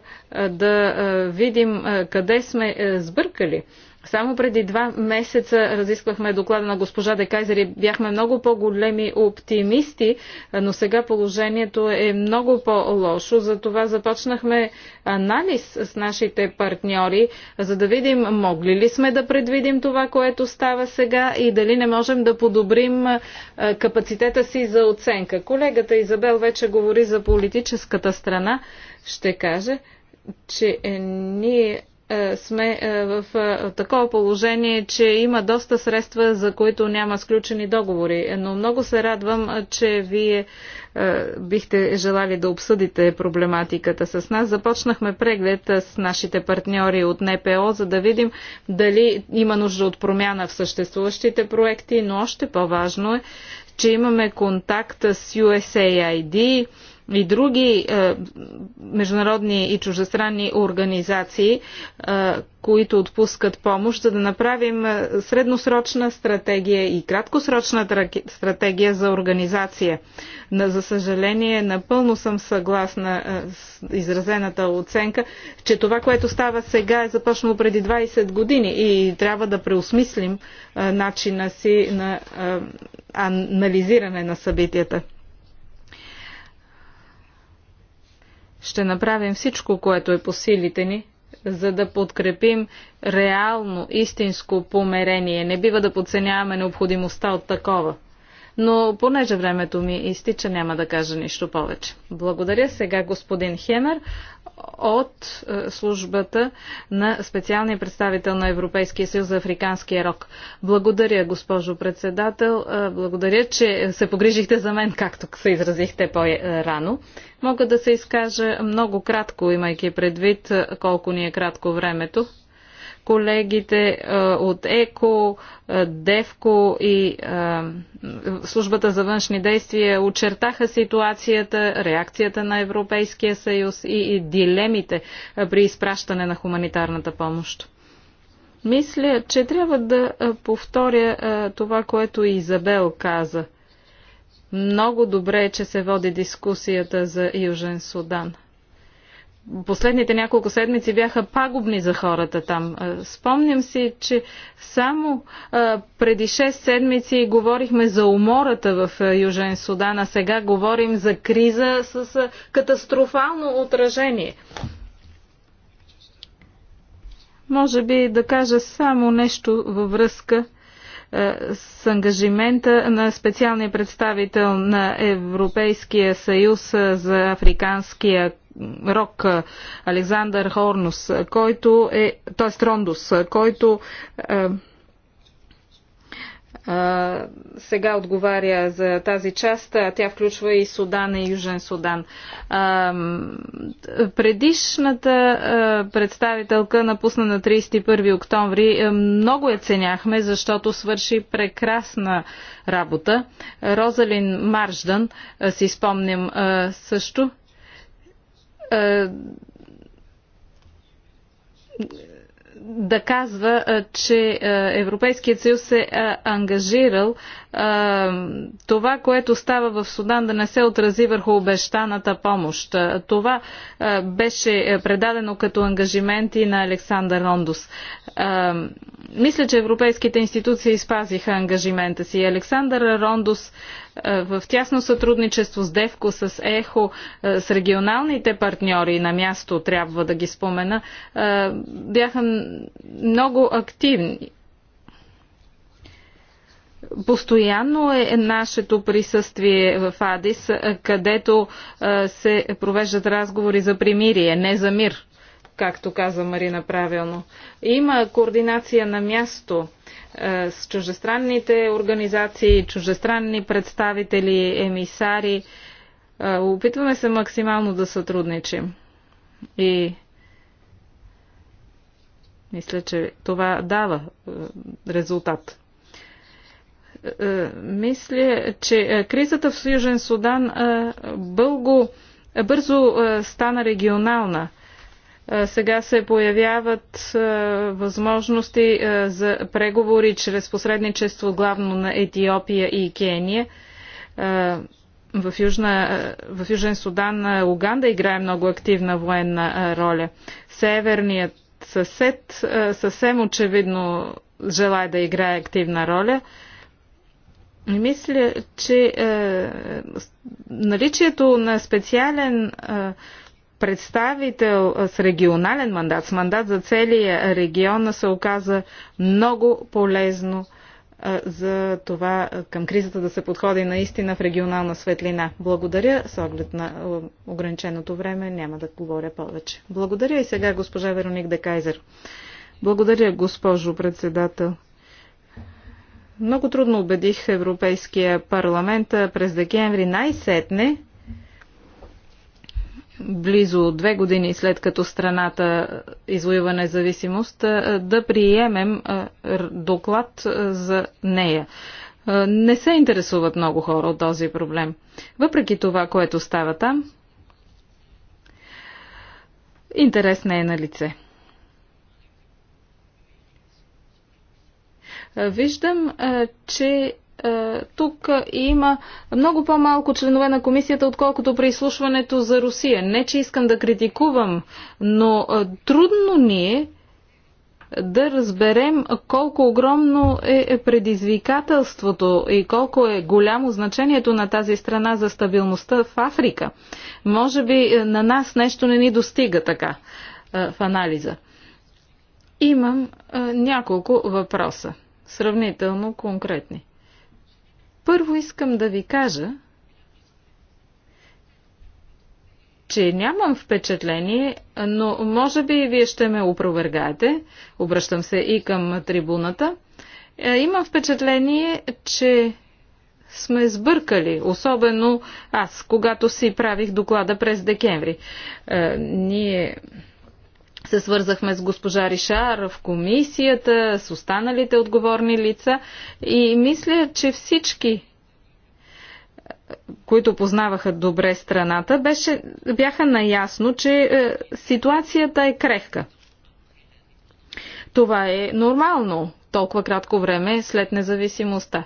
да видим къде сме е, сбъркали. Само преди два месеца разисквахме доклада на госпожа Декайзер и бяхме много по-големи оптимисти, но сега положението е много по-лошо. Затова започнахме анализ с нашите партньори, за да видим могли ли сме да предвидим това, което става сега и дали не можем да подобрим капацитета си за оценка. Колегата Изабел вече говори за политическата страна. Ще каже, че е, ние е, сме е, в е, такова положение, че има доста средства, за които няма сключени договори. Но много се радвам, че вие бихте желали да обсъдите проблематиката с нас. Започнахме преглед с нашите партньори от НПО, за да видим дали има нужда от промяна в съществуващите проекти, но още по-важно е, че имаме контакт с USAID, и други е, международни и чуждестранни организации, е, които отпускат помощ, за да направим е, средносрочна стратегия и краткосрочна стратегия за организация. Но, за съжаление, напълно съм съгласна е, с изразената оценка, че това, което става сега е започнало преди 20 години и трябва да преосмислим е, начина си на е, анализиране на събитията. ще направим всичко, което е по силите ни, за да подкрепим реално, истинско померение. Не бива да подценяваме необходимостта от такова. Но понеже времето ми изтича, няма да кажа нищо повече. Благодаря сега господин Хемер от е, службата на специалния представител на Европейския съюз за африканския рок. Благодаря, госпожо председател. Е, благодаря, че се погрижихте за мен, както се изразихте по-рано. Мога да се изкажа много кратко, имайки предвид е, колко ни е кратко времето колегите от ЕКО, ДЕВКО и Службата за външни действия очертаха ситуацията, реакцията на Европейския съюз и дилемите при изпращане на хуманитарната помощ. Мисля, че трябва да повторя това, което Изабел каза. Много добре е, че се води дискусията за Южен Судан – последните няколко седмици бяха пагубни за хората там. Е, спомням си, че само е, преди 6 седмици говорихме за умората в е, Южен Судан, а сега говорим за криза с катастрофално отражение. Може би да кажа само нещо във връзка с ангажимента на специалния представител на Европейския съюз за Африканския Рок Александър Хорнус, който е, т.е. Рондус, който е, сега отговаря за тази част. Тя включва и Судан и Южен Судан. Предишната представителка напусна на 31 октомври. Много я ценяхме, защото свърши прекрасна работа. Розалин Марждан, си спомням също, е, да казва, е, че е, Европейският съюз е ангажирал това, което става в Судан да не се отрази върху обещаната помощ. Това беше предадено като ангажимент и на Александър Рондос. Мисля, че европейските институции спазиха ангажимента си. Александър Рондос е, в тясно сътрудничество с ДЕВКО, с ЕХО, е, с регионалните партньори на място, трябва да ги спомена, е, бяха много активни. Постоянно е нашето присъствие в Адис, където се провеждат разговори за примирие, не за мир, както каза Марина правилно. Има координация на място е, с чуждестранните организации, чуждестранни представители, емисари. Е, опитваме се максимално да сътрудничим. И мисля, че това дава е, резултат. Мисля, че кризата в Южен Судан бълго, бързо стана регионална. Сега се появяват възможности за преговори чрез посредничество главно на Етиопия и Кения. В, Южна, в Южен Судан Уганда играе много активна военна роля. Северният съсед съвсем очевидно желая да играе активна роля. Мисля, че е, наличието на специален е, представител с регионален мандат, с мандат за целия регион, се оказа много полезно за това към кризата да се подходи наистина в регионална светлина. Благодаря. С оглед на ограниченото време няма да говоря повече. Благодаря и сега госпожа Вероник Декайзер. Благодаря, госпожо председател. Много трудно убедих Европейския парламент през декември най-сетне близо две години след като страната извоюва независимост, да приемем доклад за нея. Не се интересуват много хора от този проблем. Въпреки това, което става там, интерес не е на лице. Виждам, че е, тук има много по-малко членове на комисията, отколкото при изслушването за Русия. Не, че искам да критикувам, но е, трудно ни е да разберем колко огромно е, е предизвикателството и колко е голямо значението на тази страна за стабилността в Африка. Може би на нас нещо не ни достига така в анализа. Имам няколко въпроса, сравнително конкретни. Първо искам да ви кажа, че нямам впечатление, но може би вие ще ме опровергаете. Обръщам се и към трибуната. Е, имам впечатление, че сме сбъркали, особено аз, когато си правих доклада през декември. Е, ние се свързахме с госпожа Ришар в комисията, с останалите отговорни лица и мисля, че всички които познаваха добре страната, беше, бяха наясно, че е, ситуацията е крехка. Това е нормално толкова кратко време след независимостта.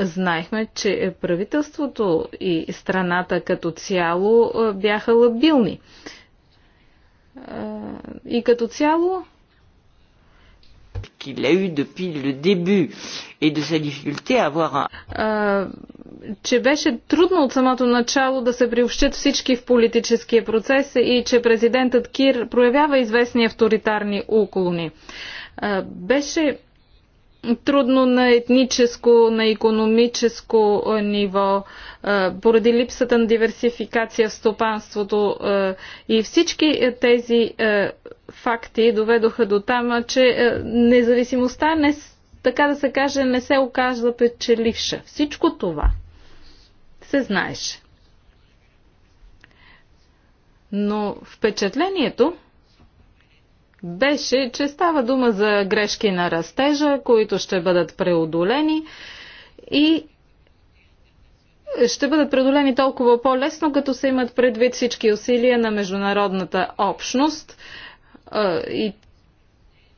Знаехме, че правителството и страната като цяло е, бяха лабилни и като цяло qu'il a eu depuis le début et de sa difficulté à avoir un... че беше трудно от самото начало да се приобщат всички в политическия процес и че президентът Кир проявява известни авторитарни уклони. беше трудно на етническо, на економическо ниво, поради липсата на диверсификация в стопанството и всички тези факти доведоха до там, че независимостта не, така да се каже, не се оказа печеливша. Всичко това се знаеше. Но впечатлението, беше, че става дума за грешки на растежа, които ще бъдат преодолени и ще бъдат преодолени толкова по-лесно, като се имат предвид всички усилия на международната общност е, и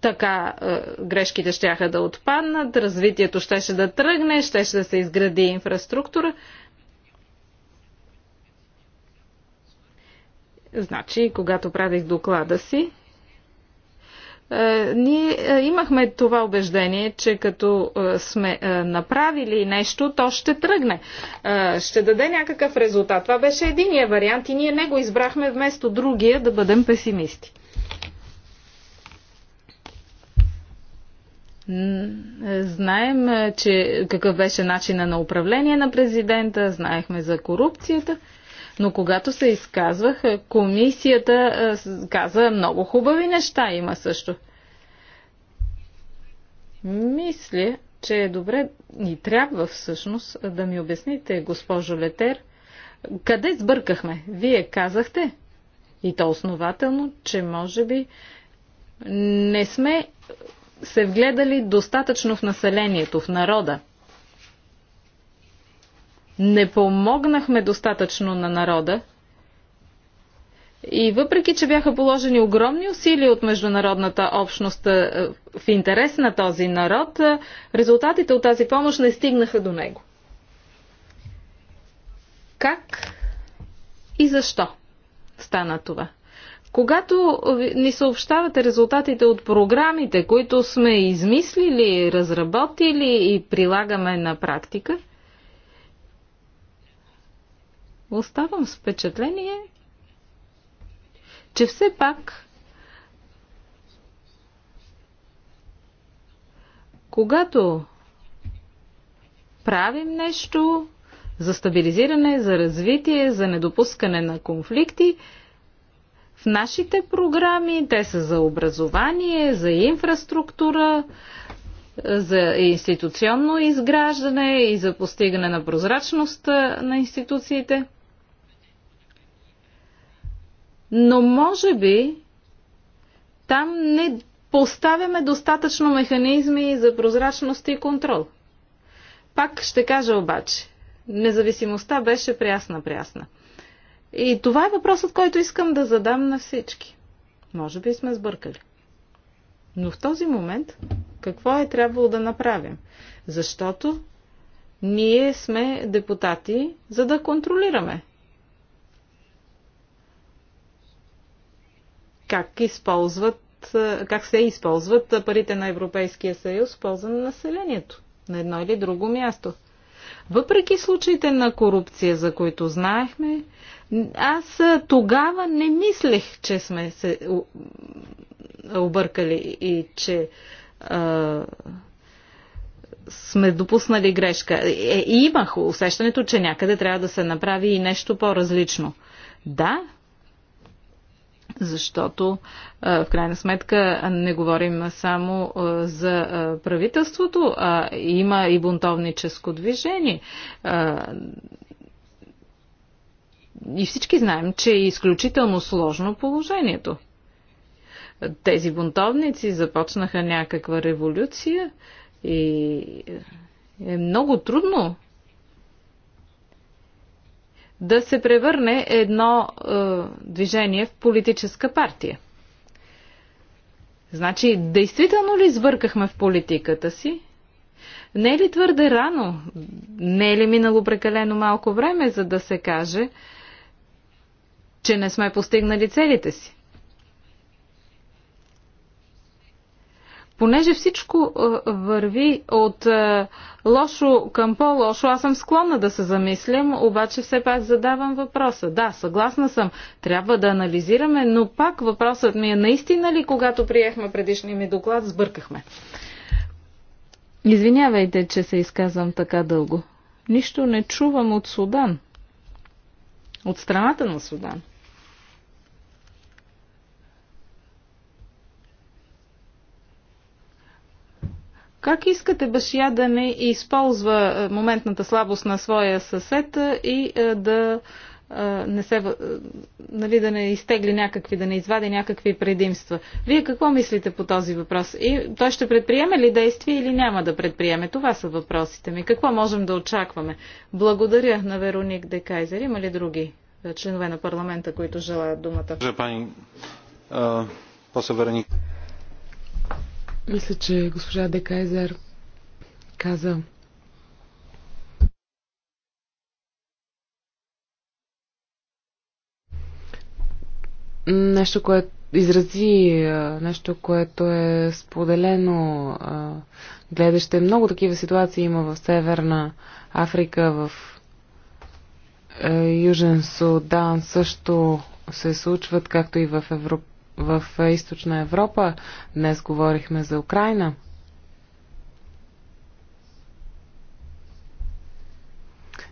така е, грешките ще да отпаднат, развитието щеше да тръгне, щеше да се изгради инфраструктура. Значи, когато правих доклада си, е, ние е, имахме това убеждение, че като е, сме направили нещо, то ще тръгне. Ще даде някакъв резултат. Това беше единия вариант и ние не го избрахме вместо другия да бъдем песимисти. Знаем, че какъв беше начина на управление на президента, знаехме за корупцията но когато се изказвах, комисията каза много хубави неща има също. Мисля, че е добре и трябва всъщност да ми обясните, госпожо Летер, къде сбъркахме? Вие казахте, и то основателно, че може би не сме се вгледали достатъчно в населението, в народа не помогнахме достатъчно на народа. И въпреки, че бяха положени огромни усилия от международната общност е, в интерес на този народ, е, резултатите от тази помощ не стигнаха до него. Как и защо стана това? Когато ни съобщавате резултатите от програмите, които сме измислили, разработили и прилагаме на практика – оставам с впечатление, че все пак когато правим нещо за стабилизиране, за развитие, за недопускане на конфликти, в нашите програми, те са за образование, за инфраструктура, за институционно изграждане и за постигане на прозрачност на институциите – но може би там не поставяме достатъчно механизми за прозрачност и контрол. Пак ще кажа обаче, независимостта беше прясна-прясна. И това е въпросът, който искам да задам на всички. Може би сме сбъркали. Но в този момент какво е трябвало да направим? Защото ние сме депутати, за да контролираме как използват как се използват парите на Европейския съюз в полза на населението на едно или друго място. Въпреки случаите на корупция, за които знаехме, аз тогава не мислех, че сме се объркали и че а, сме допуснали грешка. Е, имах усещането, че някъде трябва да се направи и нещо по-различно. Да, защото в крайна сметка не говорим само за правителството, а има и бунтовническо движение. И всички знаем, че е изключително сложно положението. Тези бунтовници започнаха някаква революция и е много трудно да се превърне едно е, движение в политическа партия. Значи, действително ли сбъркахме в политиката си? Не е ли твърде рано? Не е ли минало прекалено малко време, за да се каже, че не сме постигнали целите си? понеже всичко е, върви от е, лошо към по-лошо, аз съм склонна да се замислям, обаче все пак задавам въпроса. Да, съгласна съм, трябва да анализираме, но пак въпросът ми е наистина ли, когато приехме предишния ми доклад, сбъркахме. Извинявайте, че се изказвам така дълго. Нищо не чувам от Судан. От страната на Судан. Как искате Башия да не използва е, моментната слабост на своя съсед е, и е, да не се, нали, да не изтегли някакви, да не извади някакви предимства. Вие какво мислите по този въпрос? И той ще предприеме ли действие или няма да предприеме? Това са въпросите ми. Какво можем да очакваме? Благодаря на Вероник Декайзер. Има ли други членове на парламента, които желаят думата? Пани, а, мисля, че госпожа Декайзер каза нещо, което изрази нещо, което е споделено гледаще. Много такива ситуации има в Северна Африка, в е, Южен Судан също се случват, както и в Европа в е, източна Европа. Днес говорихме за Украина.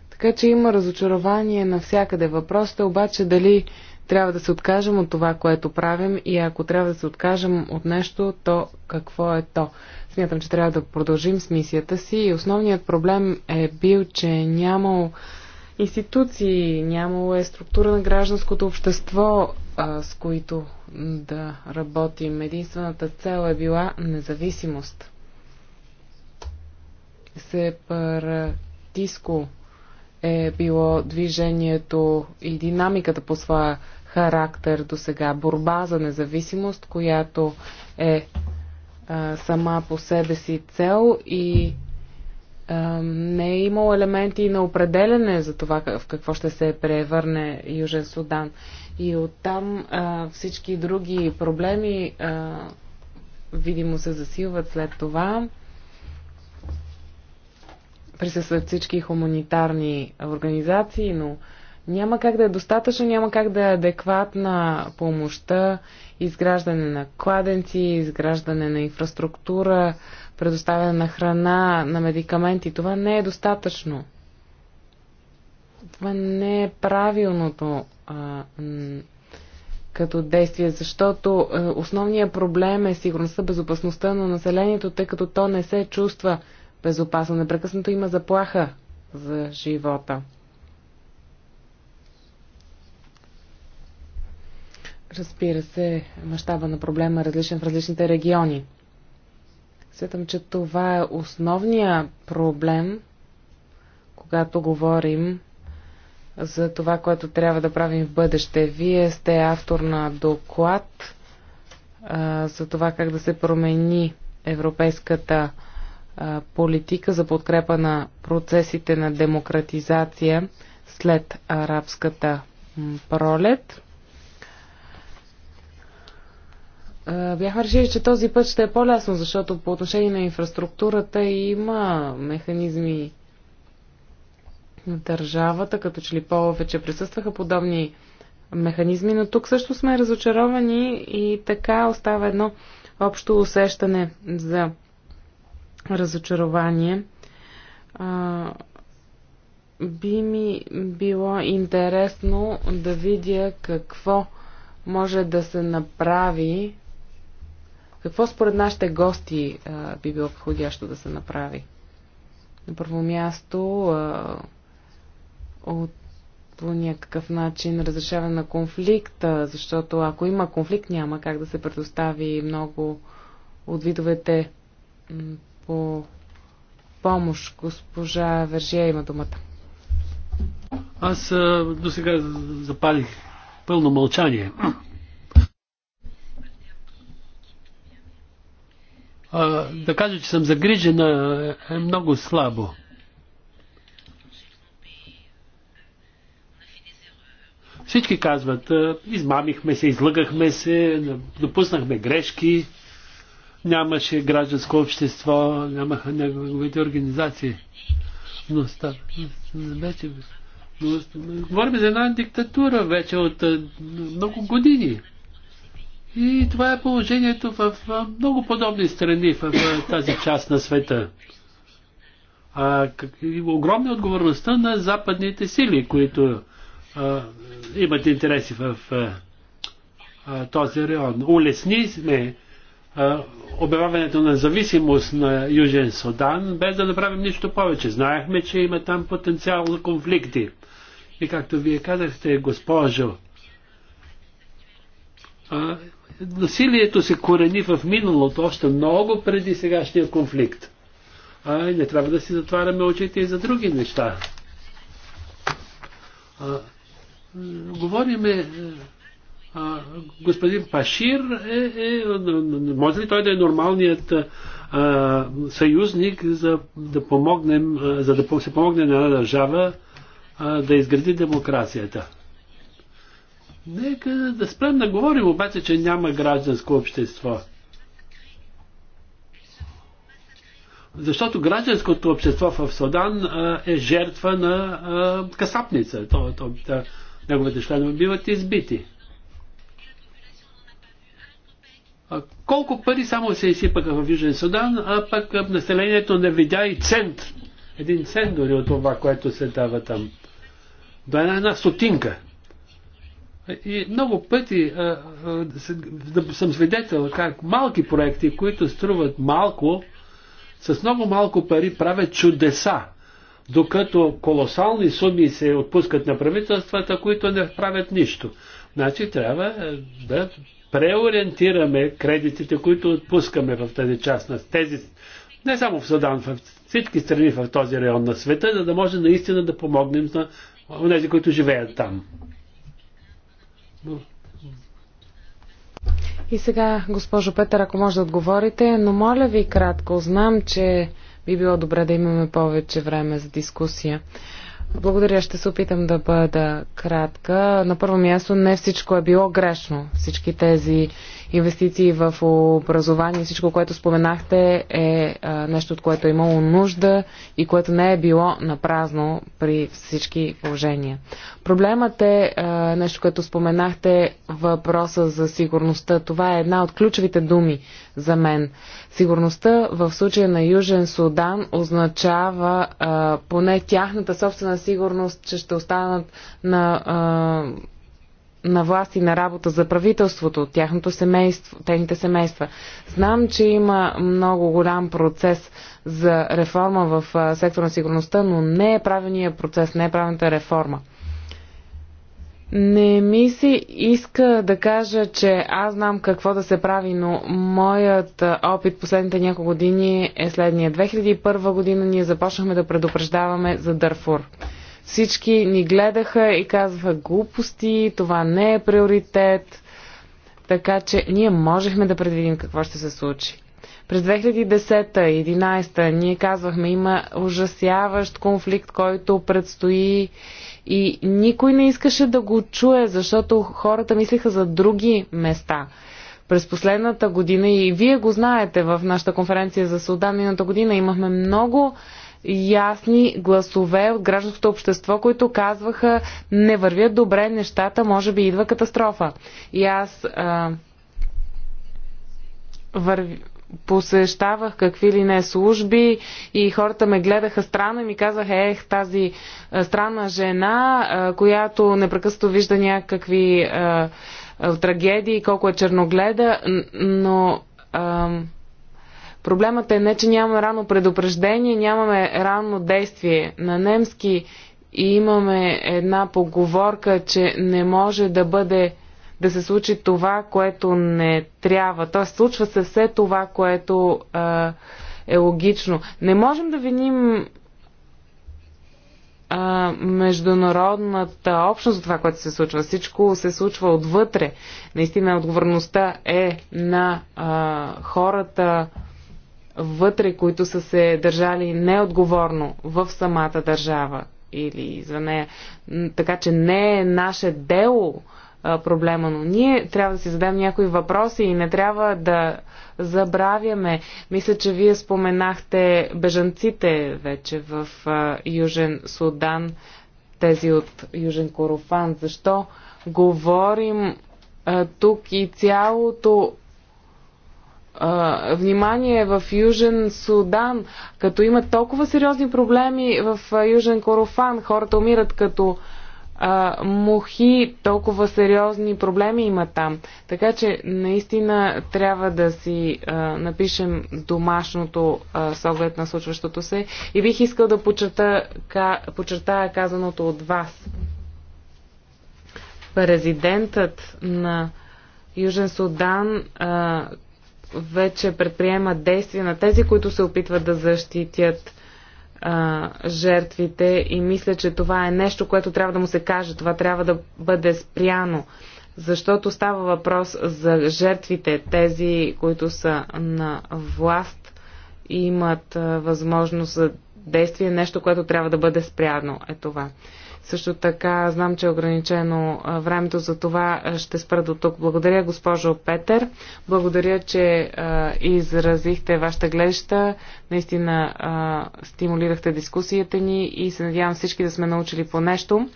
Така че има разочарование навсякъде. Въпросът е обаче дали трябва да се откажем от това, което правим и ако трябва да се откажем от нещо, то какво е то? Смятам, че трябва да продължим с мисията си и основният проблем е бил, че е нямал институции, нямало е структура на гражданското общество, а, с които да работим. Единствената цел е била независимост. Сепаратиско е било движението и динамиката по своя характер до сега. Борба за независимост, която е а, сама по себе си цел и е, не е имало елементи на определене за това в какво ще се превърне Южен Судан. И оттам а, е, всички други проблеми а, е, видимо се засилват след това. Присъстват всички хуманитарни организации, но няма как да е достатъчно, няма как да е адекватна помощта, изграждане на кладенци, изграждане на инфраструктура, предоставяне на храна, на медикаменти. Това не е достатъчно. Това не е правилното а, като действие, защото а, е, основният проблем е сигурността, безопасността на населението, тъй като то не се чувства безопасно. Непрекъснато има заплаха за живота. Разбира се, мащаба на проблема е различен в различните региони. Смятам, че това е основния проблем, когато говорим за това, което трябва да правим в бъдеще. Вие сте автор на доклад а, за това как да се промени европейската а, политика за подкрепа на процесите на демократизация след арабската пролет. Бяхме решили, че този път ще е по-лесно, защото по отношение на инфраструктурата има механизми на държавата, като че ли повече присъстваха подобни механизми, но тук също сме разочаровани и така остава едно общо усещане за разочарование. А, би ми било интересно да видя какво може да се направи какво според нашите гости а, би било подходящо да се направи? На първо място, а, от по някакъв начин разрешаване на конфликта, защото ако има конфликт, няма как да се предостави много от видовете по помощ. Госпожа Вержия има думата. Аз до сега запалих пълно мълчание. да кажа, че съм загрижена е, е много слабо. Всички казват, е, измамихме се, излъгахме се, допуснахме грешки, нямаше гражданско общество, нямаха неговите организации. Но, став, вече, но, говорим за една диктатура вече от е, много години. И това е положението в много подобни страни в тази част на света. А, как, и огромна е отговорността на западните сили, които а, имат интереси в а, този район. Улесни сме а, обявяването на зависимост на Южен Судан, без да направим нищо повече. Знаехме, че има там потенциал за конфликти. И както вие казахте, госпожо, а, насилието се корени в миналото още много преди сегашния конфликт. А не трябва да си затваряме очите и за други неща. А, говориме, е, а, господин Пашир, е, е, може ли той да е нормалният а, съюзник за да, помогнем, за да се помогне на една държава а, да изгради демокрацията? Нека да спрем да говорим обаче, че няма гражданско общество. Защото гражданското общество в Судан а, е жертва на а, касапница. То, то, то, неговите членове биват избити. А, колко пари само се изсипаха в Южен Судан, а пък населението не видя и цент. Един цент дори от това, което се дава там. До една, една сотинка. И много пъти а, а, съм свидетел как малки проекти, които струват малко, с много малко пари правят чудеса, докато колосални суми се отпускат на правителствата, които не правят нищо. Значи трябва да преориентираме кредитите, които отпускаме в тази част на тези, не само в Судан, в всички страни в този район на света, за да може наистина да помогнем на тези, които живеят там. И сега, госпожо Петър, ако може да отговорите, но моля ви кратко, знам, че би било добре да имаме повече време за дискусия. Благодаря, ще се опитам да бъда кратка. На първо място не всичко е било грешно. Всички тези инвестиции в образование, всичко, което споменахте, е, е нещо, от което е имало нужда и което не е било напразно при всички положения. Проблемът е, е нещо, което споменахте, въпроса за сигурността. Това е една от ключовите думи за мен. Сигурността в случая на Южен Судан означава а, е, поне тяхната собствена сигурност, че ще останат на а, на власт и на работа за правителството, тяхното семейство, техните семейства. Знам, че има много голям процес за реформа в сектора на сигурността, но не е правилният процес, не е правилната реформа. Не ми се иска да кажа, че аз знам какво да се прави, но моят опит последните няколко години е следния. 2001 година ние започнахме да предупреждаваме за Дърфур. Всички ни гледаха и казваха глупости, това не е приоритет. Така че ние можехме да предвидим какво ще се случи. През 2010-2011 ние казвахме, има ужасяващ конфликт, който предстои и никой не искаше да го чуе, защото хората мислеха за други места. През последната година и вие го знаете в нашата конференция за Судан миналата година имахме много ясни гласове от гражданското общество, които казваха не вървят добре нещата, може би идва катастрофа. И аз а, върв... посещавах какви ли не служби и хората ме гледаха странно и ми казаха, ех, тази странна жена, която непрекъснато вижда някакви а, трагедии, колко е черногледа, но а, Проблемът е не, че нямаме рано предупреждение, нямаме рано действие. На немски имаме една поговорка, че не може да бъде да се случи това, което не трябва. Тоест, случва се все това, което а, е логично. Не можем да виним а, международната общност за това, което се случва. Всичко се случва отвътре. Наистина, отговорността е на а, хората, вътре, които са се държали неотговорно в самата държава или за нея. Така че не е наше дело а, проблема, но ние трябва да си зададем някои въпроси и не трябва да забравяме. Мисля, че вие споменахте бежанците вече в а, Южен Судан, тези от Южен Корофан. Защо говорим а, тук и цялото внимание в Южен Судан, като има толкова сериозни проблеми в Южен Корофан, хората умират като а, мухи, толкова сериозни проблеми има там. Така че наистина трябва да си а, напишем домашното а, с оглед на случващото се и бих искал да почерта, ка, почертая казаното от вас. Президентът на Южен Судан а, вече предприемат действия на тези, които се опитват да защитят а, жертвите и мисля, че това е нещо, което трябва да му се каже. Това трябва да бъде спряно, защото става въпрос за жертвите, тези, които са на власт и имат а, възможност за действие, нещо, което трябва да бъде спряно е това. Също така знам, че е ограничено времето, за това ще спра до тук. Благодаря, госпожо Петър. Благодаря, че а, изразихте вашата гледаща. Наистина а, стимулирахте дискусията ни и се надявам всички да сме научили по нещо.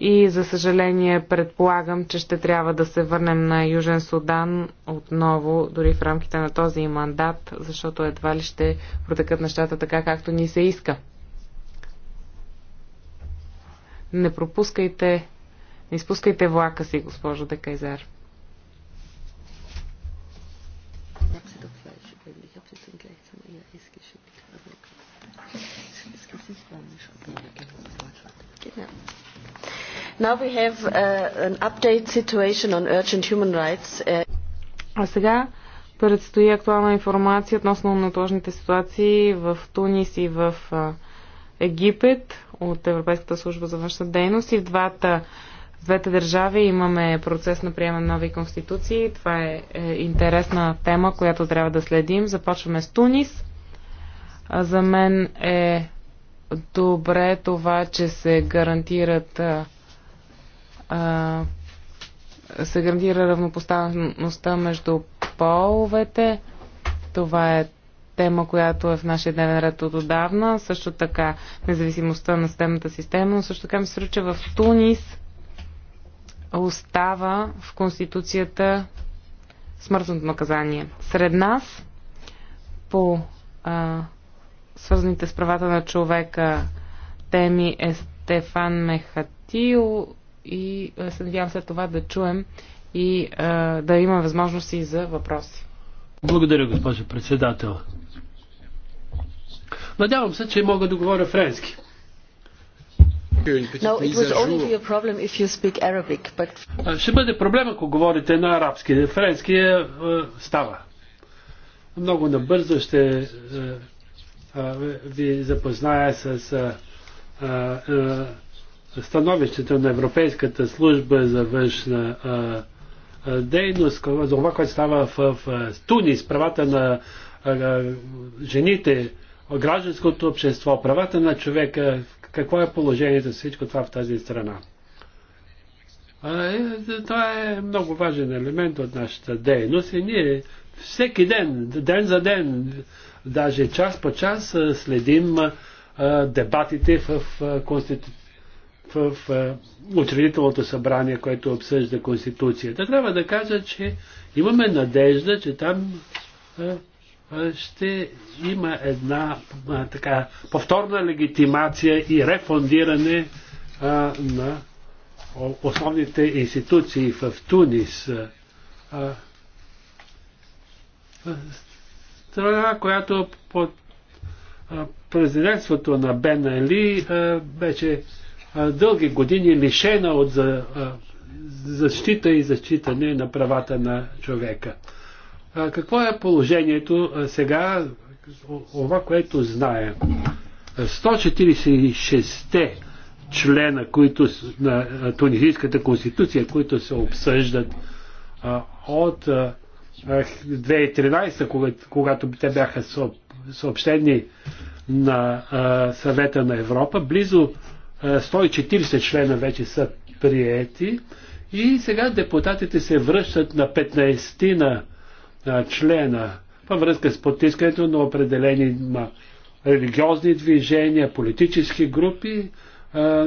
И за съжаление предполагам, че ще трябва да се върнем на Южен Судан отново, дори в рамките на този мандат, защото едва ли ще протекат нещата така, както ни се иска. Не пропускайте, не изпускайте влака си, госпожо Декайзар. Now we have uh, an update situation on urgent human rights. Uh, а сега предстои актуална информация относно неотложните ситуации в Тунис и в Египет от Европейската служба за външна дейност и в двата в двете държави имаме процес на приема на нови конституции. Това е, е интересна тема, която трябва да следим. Започваме с Тунис. За мен е добре това, че се гарантират а, се гарантира равнопоставеността между половете. Това е тема, която е в нашия дневен ред от отдавна. Също така независимостта на съдебната система, но също така ми се че в Тунис остава в Конституцията смъртното наказание. Сред нас по а, свързаните с правата на човека теми е Стефан Мехатил и се надявам след това да чуем и а, да има възможности за въпроси. Благодаря, госпожо председател. Надявам се, че мога да говоря френски. No, but... Ще бъде проблем, ако говорите на арабски. Френски е, е става. Много набързо ще е, ви запозная с становището на Европейската служба за външна дейност, за това, което става в, в Тунис, правата на жените, гражданското общество, правата на човека, какво е положението за всичко това в тази страна. Е, това е много важен елемент от нашата дейност и ние всеки ден, ден за ден, даже час по час следим дебатите в, конститу... в учредителното събрание, което обсъжда Конституцията. Трябва да кажа, че имаме надежда, че там ще има една а, така повторна легитимация и рефондиране а, на основните институции в Тунис. А, страна, която под президентството на Бен Али беше дълги години лишена от защита и зачитане на правата на човека. Какво е положението сега, това, което знаем? 146-те члена които, на Тунизийската конституция, които се обсъждат от 2013, когато те бяха съобщени на съвета на Европа, близо 140 члена вече са приети и сега депутатите се връщат на 15 на члена във връзка с потискането на определени религиозни движения, политически групи,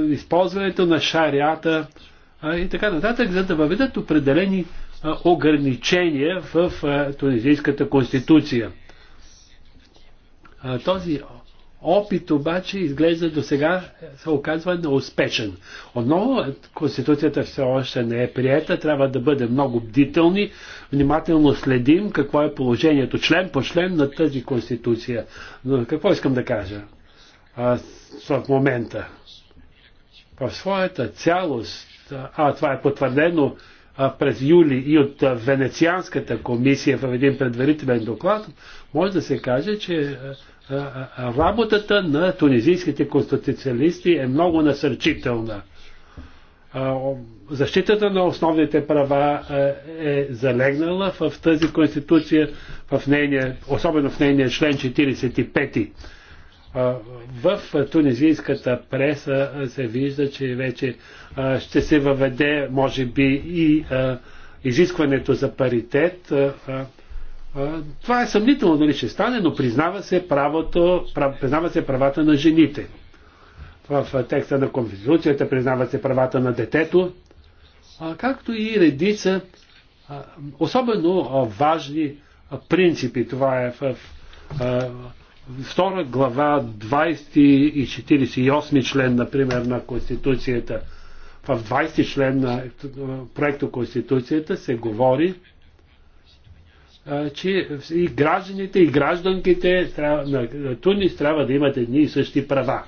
използването на шарията и така нататък, за да въведат определени ограничения в тунизийската конституция. Този опит обаче изглежда до сега се оказва неуспешен. Отново Конституцията все още не е приета, трябва да бъдем много бдителни, внимателно следим какво е положението член по член на тази Конституция. Но какво искам да кажа Аз, в момента? В своята цялост, а това е потвърдено през юли и от Венецианската комисия в един предварителен доклад, може да се каже, че работата на тунизийските конституциалисти е много насърчителна. Защитата на основните права е залегнала в тази конституция, в нейния, особено в нейния член 45. В тунизийската преса се вижда, че вече ще се въведе, може би, и изискването за паритет това е съмнително дали ще стане, но признава се, правото, прав, признава се правата на жените. В текста на Конституцията признава се правата на детето, както и редица особено важни принципи. Това е в втора глава 20 и 48 член, например, на Конституцията. В 20 член на проекто Конституцията се говори че и гражданите, и гражданките на Тунис трябва да имат едни и същи права.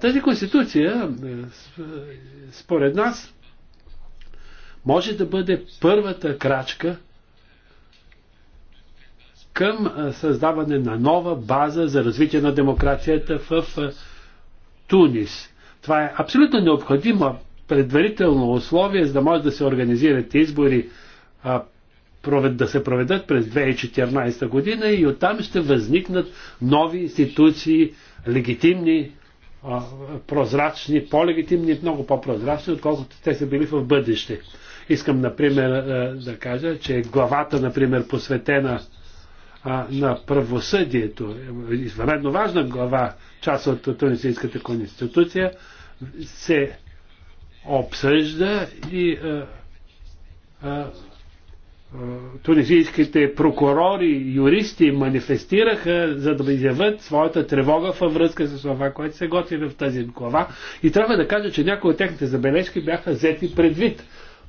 Тази конституция, според нас, може да бъде първата крачка към създаване на нова база за развитие на демокрацията в Тунис. Това е абсолютно необходимо предварително условие, за да може да се организират избори да се проведат през 2014 година и оттам ще възникнат нови институции, легитимни, прозрачни, по-легитимни, много по-прозрачни, отколкото те са били в бъдеще. Искам, например, да кажа, че главата, например, посветена на правосъдието, извънредно важна глава, част от Тунисийската конституция, се обсъжда и а, а, тунизийските прокурори, юристи манифестираха, за да изявят своята тревога във връзка с това, което се готви в тази глава. И трябва да кажа, че някои от техните забележки бяха взети предвид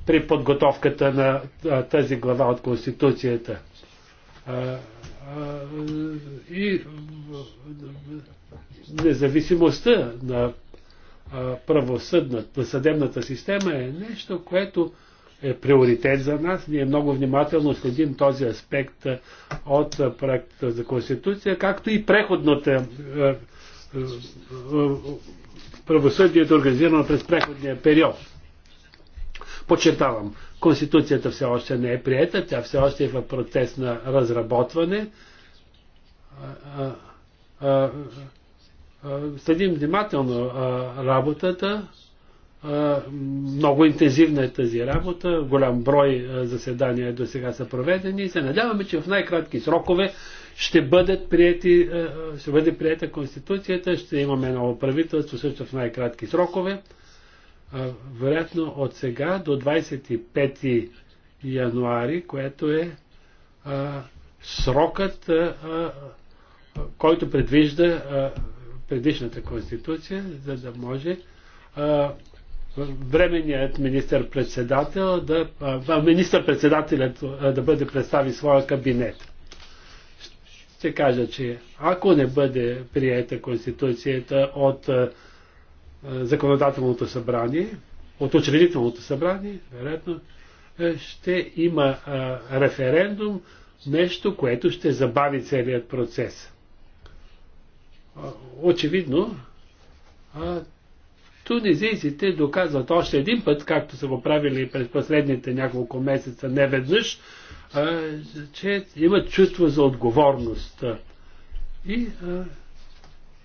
при подготовката на тази глава от Конституцията. И независимостта на правосъдната, на съдебната система е нещо, което е приоритет за нас. Ние много внимателно следим този аспект е, от е, проекта за Конституция, както и преходната е, правосъдието, организирано през преходния период. Почетавам, Конституцията все още не е приета, тя все още е в процес на разработване. Следим внимателно работата много интензивна е тази работа, голям брой заседания до сега са проведени и се надяваме, че в най-кратки срокове ще, бъдат прияти, ще бъде прията Конституцията, ще имаме ново правителство също в най-кратки срокове. Вероятно от сега до 25 януари, което е срокът, който предвижда предишната конституция, за да може временният министър-председател да, министър-председателят да бъде представи своя кабинет. Ще кажа, че ако не бъде приета Конституцията от законодателното събрание, от учредителното събрание, вероятно, ще има референдум, нещо, което ще забави целият процес. Очевидно, тунизийците доказват още един път, както са го правили през последните няколко месеца, не веднъж, че имат чувство за отговорност. И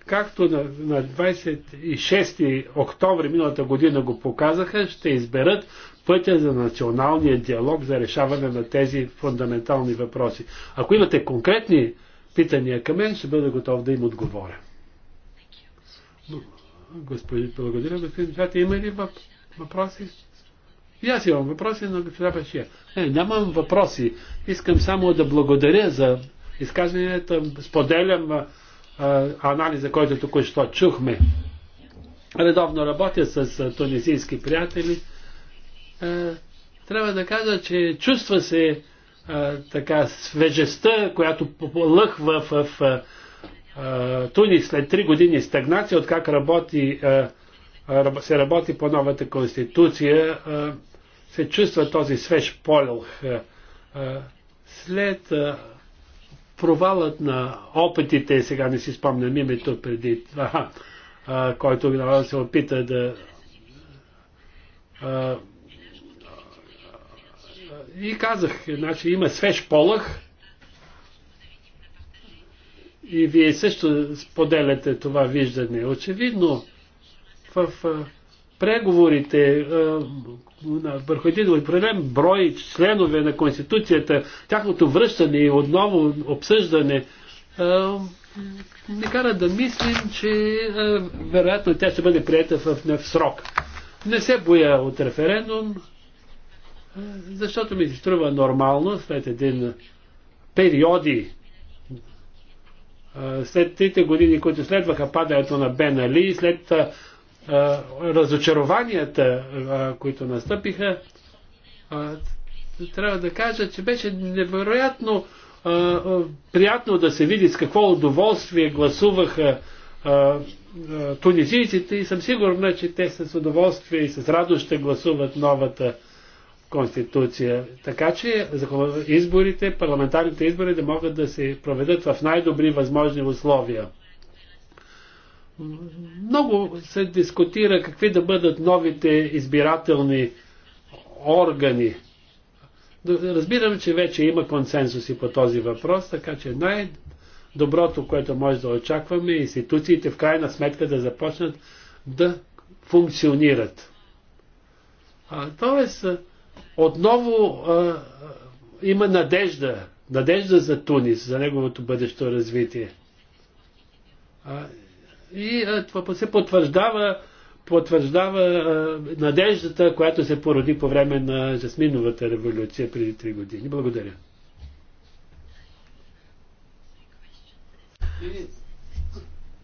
както на, на 26 октомври миналата година го показаха, ще изберат пътя за националния диалог за решаване на тези фундаментални въпроси. Ако имате конкретни питания към мен, ще бъда готов да им отговоря. Господи благодаря, господин Бачия. Има ли въпроси? И аз имам въпроси но господа Пашия. Е, нямам въпроси. Искам само да благодаря за изказванията. Споделям а, анализа, който току-що чухме. Редовно работя с а, тунизийски приятели. А, е, трябва да кажа, че чувства се а, така свежестта, която лъхва в, в, в Тунис след 3 години стагнация, от как работи, се работи по новата конституция, се чувства този свеж полюх. След провалът на опитите, сега не си спомням името преди това, който се опита да и казах, значи има свеж полъх, и вие също споделяте това виждане. Очевидно, в преговорите върху един определен брой членове на Конституцията, тяхното връщане и отново обсъждане, ни кара да мислим, че вероятно тя ще бъде приета в, в срок. Не се боя от референдум, защото ми се струва нормално след един периоди след трите години, които следваха падането на Бен Али, след разочарованията, които настъпиха, трябва да кажа, че беше невероятно приятно да се види с какво удоволствие гласуваха тунизийците и съм сигурна, че те с удоволствие и с радост ще гласуват новата конституция. Така че изборите, парламентарните избори да могат да се проведат в най-добри възможни условия. Много се дискутира какви да бъдат новите избирателни органи. Разбирам, че вече има консенсуси по този въпрос, така че най-доброто, което може да очакваме, е институциите в крайна сметка да започнат да функционират. А, тоест, отново а, има надежда. Надежда за Тунис, за неговото бъдещо развитие. А, и а, това се потвърждава, потвърждава а, надеждата, която се породи по време на Жасминовата революция преди три години. Благодаря.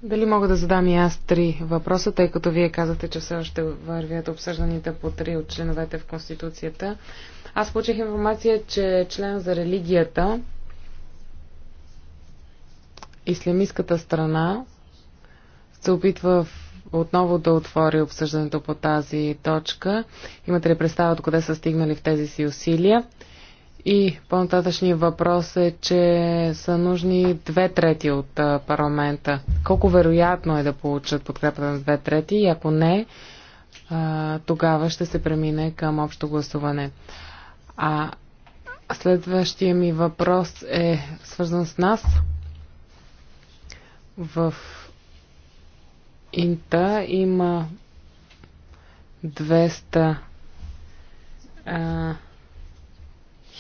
Дали мога да задам и аз три въпроса, тъй като вие казахте, че все още вървят обсъжданите по три от членовете в Конституцията. Аз получих информация, че член за религията, ислямистката страна, се опитва отново да отвори обсъждането по тази точка. Имате ли представа от къде са стигнали в тези си усилия? И по-нататъчният въпрос е, че са нужни две трети от парламента. Колко вероятно е да получат подкрепата на две трети и ако не, тогава ще се премине към общо гласуване. А следващия ми въпрос е свързан с нас. В Инта има 200 а,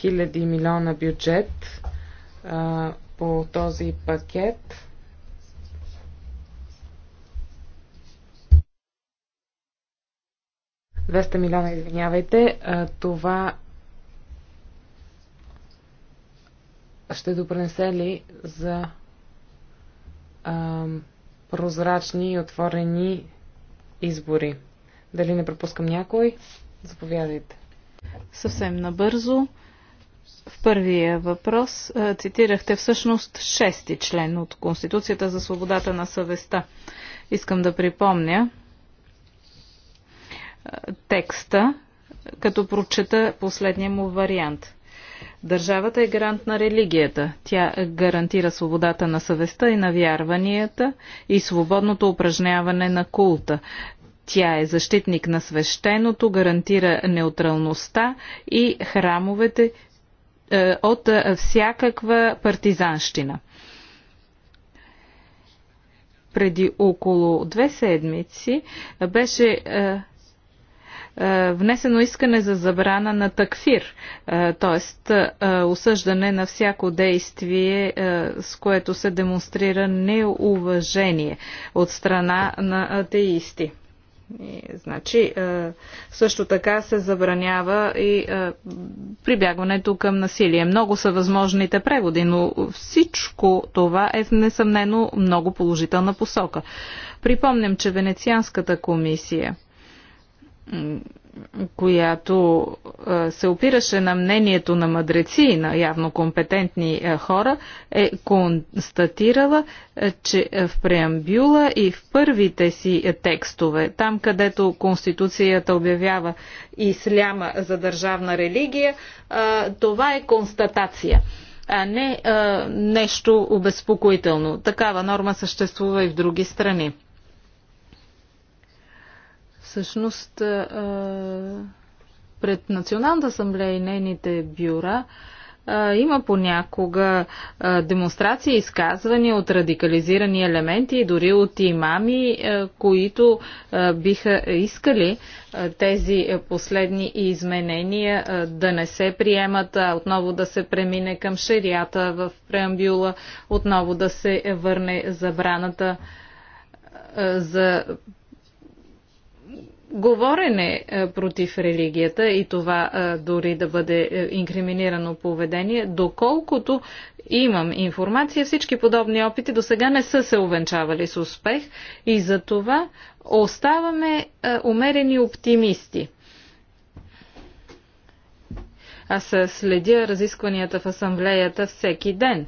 Хиляди милиона бюджет а, по този пакет. Двеста милиона, извинявайте. А, това ще допренесе ли за а, прозрачни и отворени избори? Дали не пропускам някой? Заповядайте. Съвсем набързо. В първия въпрос е, цитирахте всъщност шести член от Конституцията за свободата на съвестта. Искам да припомня е, текста, като прочета последния му вариант. Държавата е гарант на религията. Тя гарантира свободата на съвестта и на вярванията и свободното упражняване на култа. Тя е защитник на свещеното, гарантира неутралността и храмовете е, от всякаква партизанщина. Преди около две седмици беше е, е, внесено искане за забрана на такфир, т.е. осъждане на всяко действие, с което се демонстрира неуважение от страна на атеисти. И, значи, е, също така се забранява и е, прибягването към насилие. Много са възможните преводи, но всичко това е в несъмнено много положителна посока. Припомням, че Венецианската комисия която се опираше на мнението на мъдреци, и на явно компетентни хора, е констатирала, че в преамбюла и в първите си текстове, там където Конституцията обявява исляма за държавна религия, това е констатация а не нещо обезпокоително. Такава норма съществува и в други страни. Всъщност, пред Националната асамблея и нейните бюра има понякога демонстрации, изказвания от радикализирани елементи и дори от имами, които биха искали тези последни изменения да не се приемат, отново да се премине към шерията в преамбюла, отново да се върне забраната за говорене е, против религията и това е, дори да бъде е, инкриминирано поведение, доколкото имам информация, всички подобни опити до сега не са се увенчавали с успех и за това оставаме умерени оптимисти. Аз следя разискванията в асамблеята всеки ден.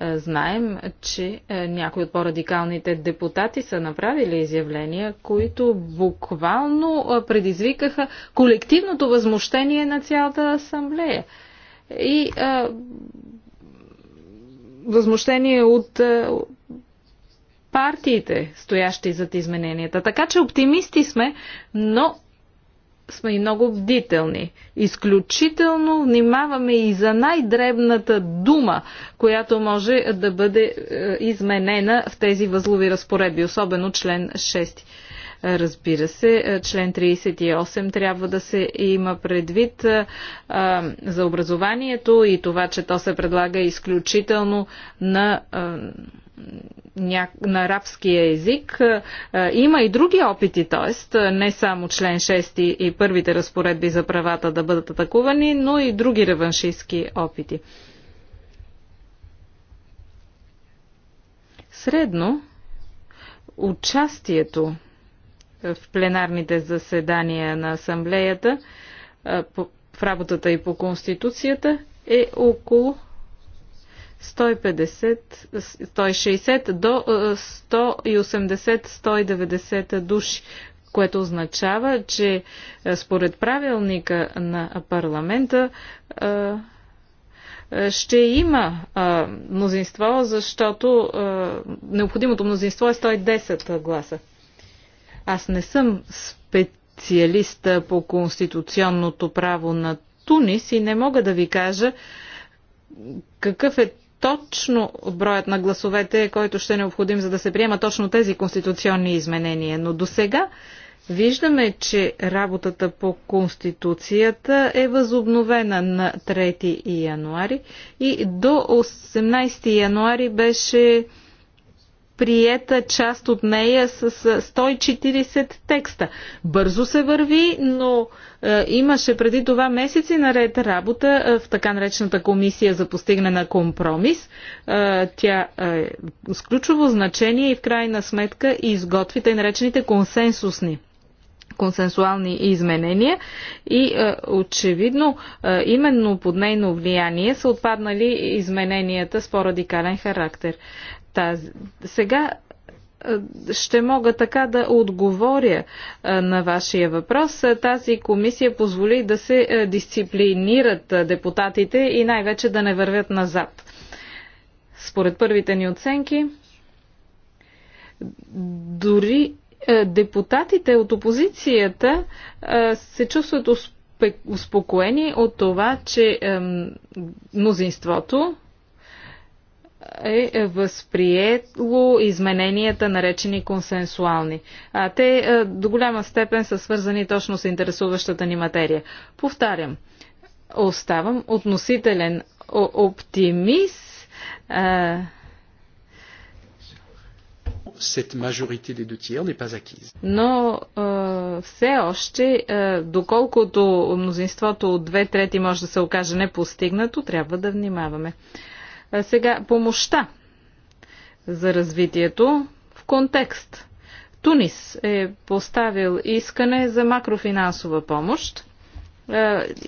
Е, знаем, че е, някои от по-радикалните депутати са направили изявления, които буквално е, предизвикаха колективното възмущение на цялата асамблея. И а, възмущение от а, партиите, стоящи зад измененията. Така че оптимисти сме, но сме и много бдителни. Изключително внимаваме и за най-дребната дума, която може да бъде е, изменена в тези възлови разпоредби, особено член 6. Разбира се, е, член 38 трябва да се има предвид а, е, за образованието и това, че то се предлага изключително на на арабския език. Е, има и други опити, т.е. не само член 6 и първите разпоредби за правата да бъдат атакувани, но и други реваншистски опити. Средно участието в пленарните заседания на асамблеята е, в работата и по Конституцията е около 150, 160 до 180-190 е, души, което означава, че е, според правилника на парламента е, ще има мнозинство, защото необходимото мнозинство е 110 гласа. Аз не съм специалист по конституционното право на Тунис и не мога да ви кажа какъв е точно броят на гласовете, който ще е необходим, за да се приема точно тези конституционни изменения. Но до сега виждаме, че работата по Конституцията е възобновена на 3 януари и до 18 януари беше приета част от нея с 140 текста. Бързо се върви, но е, имаше преди това месеци наред работа е, в така наречената комисия за постигне на компромис. Е, тя е с ключово значение и в крайна сметка изготви тъй наречените консенсусни консенсуални изменения и е, очевидно е, именно под нейно влияние са отпаднали измененията с по-радикален характер тази. Сега ще мога така да отговоря на вашия въпрос. Тази комисия позволи да се дисциплинират депутатите и най-вече да не вървят назад. Според първите ни оценки, дори депутатите от опозицията се чувстват успокоени от това, че мнозинството е възприело измененията, наречени консенсуални. А те до голяма степен са свързани точно с интересуващата ни материя. Повтарям, оставам относителен оптимист. Cette majorité des deux tiers n'est pas acquise. Но е, все още, е, доколкото мнозинството от две трети може да се окаже непостигнато, трябва да внимаваме. Сега помощта за развитието в контекст. Тунис е поставил искане за макрофинансова помощ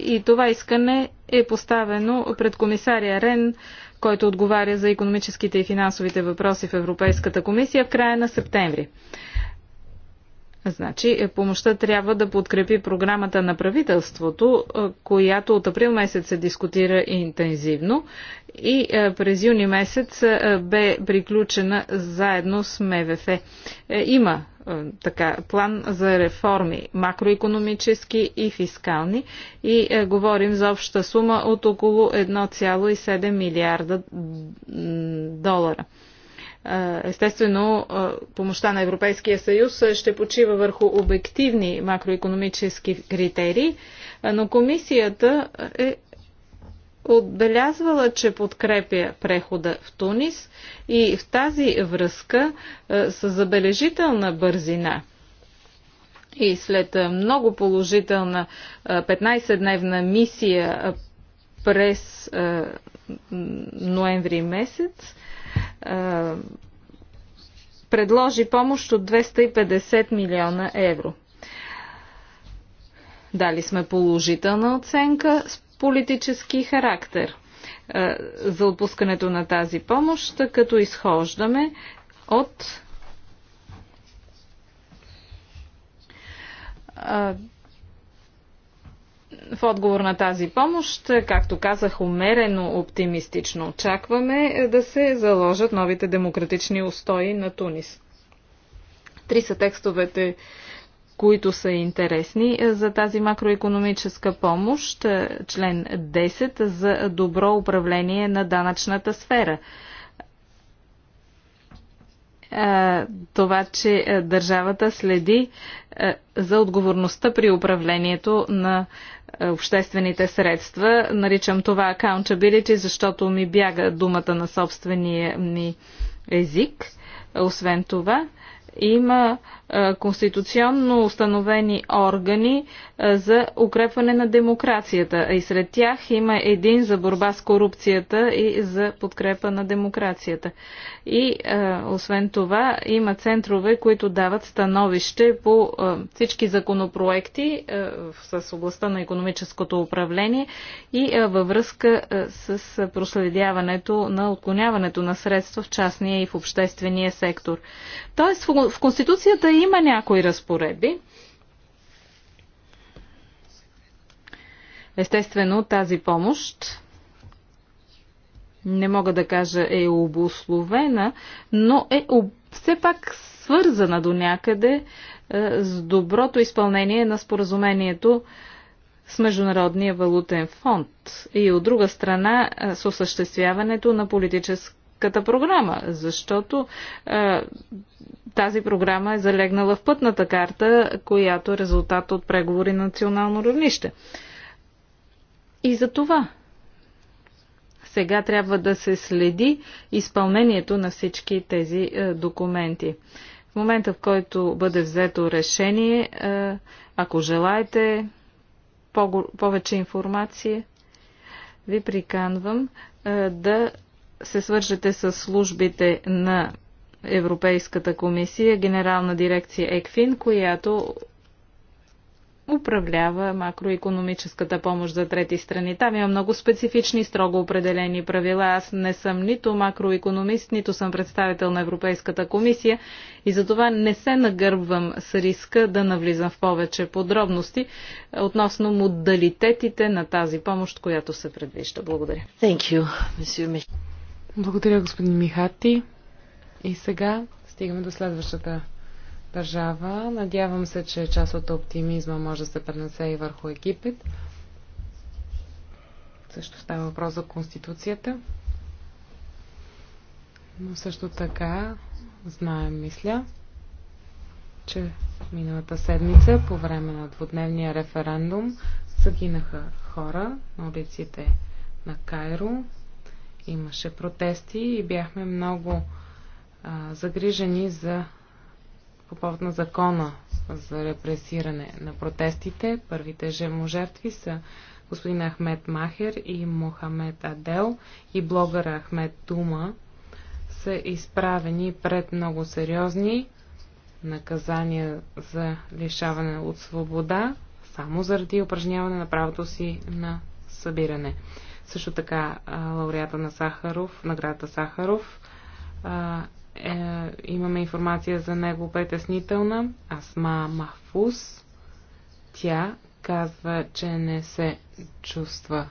и това искане е поставено пред комисария Рен, който отговаря за економическите и финансовите въпроси в Европейската комисия в края на септември. Значи, е, помощта трябва да подкрепи програмата на правителството, е, която от април месец се дискутира интензивно и е, през юни месец бе приключена заедно с МВФ. Има така, план за реформи, макроекономически и фискални и говорим за обща сума от около 1,7 милиарда долара. Естествено, помощта на Европейския съюз ще почива върху обективни макроекономически критерии, но комисията е отбелязвала, че подкрепя прехода в Тунис и в тази връзка с забележителна бързина и след много положителна 15-дневна мисия през ноември месец, предложи помощ от 250 милиона евро. Дали сме положителна оценка с политически характер за отпускането на тази помощ, като изхождаме от в отговор на тази помощ, както казах, умерено оптимистично очакваме е, да се заложат новите демократични устои на Тунис. Три са текстовете, които са интересни е, за тази макроекономическа помощ. Е, член 10 за добро управление на данъчната сфера това, че държавата следи за отговорността при управлението на е, обществените средства. Наричам това accountability, защото ми бяга думата на собствения ми език. Освен това, има е, конституционно установени органи е, за укрепване на демокрацията. И сред тях има един за борба с корупцията и за подкрепа на демокрацията. И е, освен това има центрове, които дават становище по всички законопроекти с областта на економическото управление и във връзка с проследяването на отклоняването на средства в частния и в обществения сектор. Тоест, в в Конституцията има някои разпоредби. Естествено, тази помощ не мога да кажа е обословена, но е все пак свързана до някъде е, с доброто изпълнение на споразумението с Международния валутен фонд и от друга страна е, с осъществяването на политическата програма, защото е, тази програма е залегнала в пътната карта, която е резултат от преговори на национално равнище. И за това сега трябва да се следи изпълнението на всички тези е, документи. В момента, в който бъде взето решение, е, ако желаете повече информация, ви приканвам е, да се свържете с службите на Европейската комисия, генерална дирекция ЕКФИН, която управлява макроекономическата помощ за трети страни. Там има много специфични, строго определени правила. Аз не съм нито макроекономист, нито съм представител на Европейската комисия и затова не се нагърбвам с риска да навлизам в повече подробности относно модалитетите на тази помощ, която се предвижда. Благодаря. Thank you, Благодаря, господин Михати. И сега стигаме до следващата държава. Надявам се, че част от оптимизма може да се пренесе и върху Египет. Също става въпрос за Конституцията. Но също така знаем, мисля, че миналата седмица по време на двудневния референдум загинаха хора на улиците на Кайро. Имаше протести и бяхме много а, загрижени за по повод на закона за репресиране на протестите. Първите жертви са господин Ахмед Махер и Мохамед Адел и блогъра Ахмед Тума са изправени пред много сериозни наказания за лишаване от свобода, само заради упражняване на правото си на събиране. Също така лауреата на Сахаров, наградата Сахаров е, имаме информация за него притеснителна. Асма Махфус. Тя казва, че не се чувства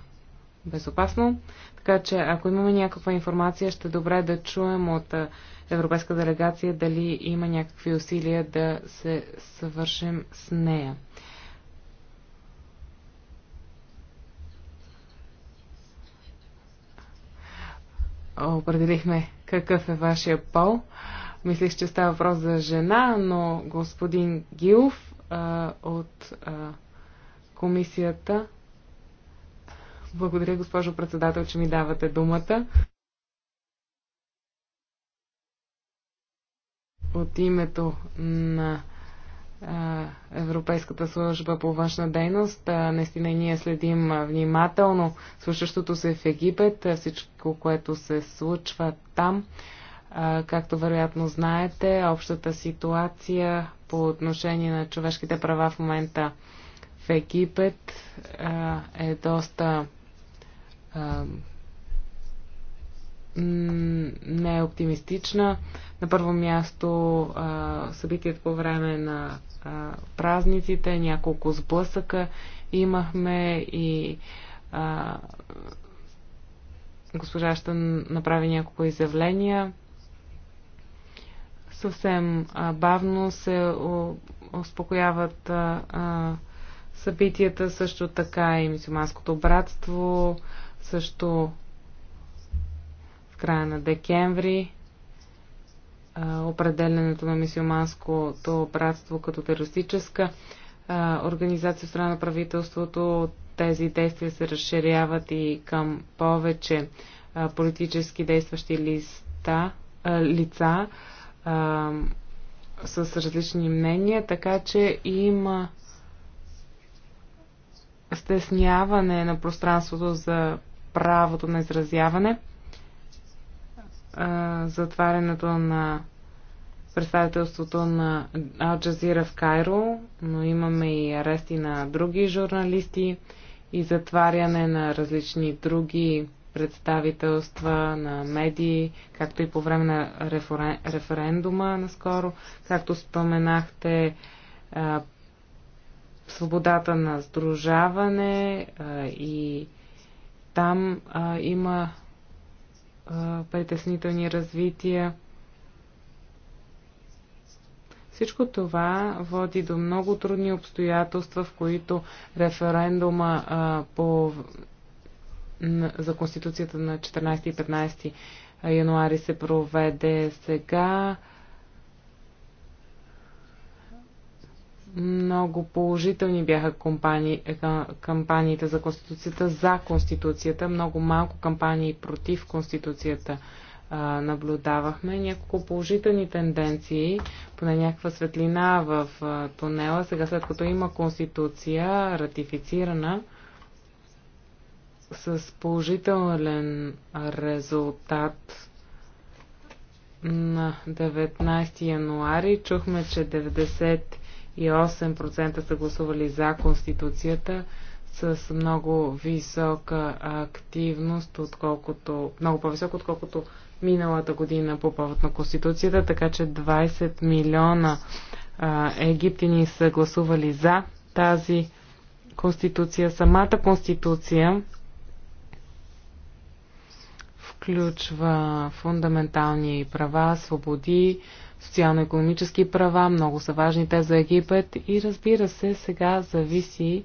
безопасно. Така че, ако имаме някаква информация, ще е добре да чуем от е, Европейска делегация дали има някакви усилия да се съвършим с нея. Определихме какъв е вашия пол. Мислих, че става въпрос за жена, но господин Гилов а, от а, комисията. Благодаря, госпожо председател, че ми давате думата. От името на Европейската служба по външна дейност. Наистина ние следим внимателно случващото се в Египет, всичко, което се случва там. Както вероятно знаете, общата ситуация по отношение на човешките права в момента в Египет е доста не е оптимистична. На първо място събитието по време на а, празниците, няколко сблъсъка имахме и а, госпожа ще направи няколко изявления. Съвсем а, бавно се успокояват а, а, събитията, също така и мисюманското братство, също в края на декември определенето на мисиоманското братство като терористическа организация в страна на правителството. Тези действия се разширяват и към повече политически действащи листа, лица с различни мнения, така че има стесняване на пространството за правото на изразяване а, затварянето на представителството на Ал Джазира в Кайро, но имаме и арести на други журналисти и затваряне на различни други представителства на медии, както и по време на рефорен... референдума наскоро, както споменахте, а, свободата на сдружаване а, и там а, има притеснителни развития. Всичко това води до много трудни обстоятелства, в които референдума а, по, за Конституцията на 14 и 15 януари се проведе сега. Много положителни бяха кампании, е, кампаниите за Конституцията, за Конституцията, много малко кампании против Конституцията а, наблюдавахме. Няколко положителни тенденции, поне някаква светлина в а, тунела, сега след като има Конституция ратифицирана с положителен резултат на 19 януари чухме, че 90 8% са гласували за Конституцията с много висока активност, отколкото, много по-висока, отколкото миналата година по повод на Конституцията, така че 20 милиона а, египтини са гласували за тази Конституция. Самата Конституция включва фундаментални права, свободи, социално-економически права, много са важни те за Египет и разбира се, сега зависи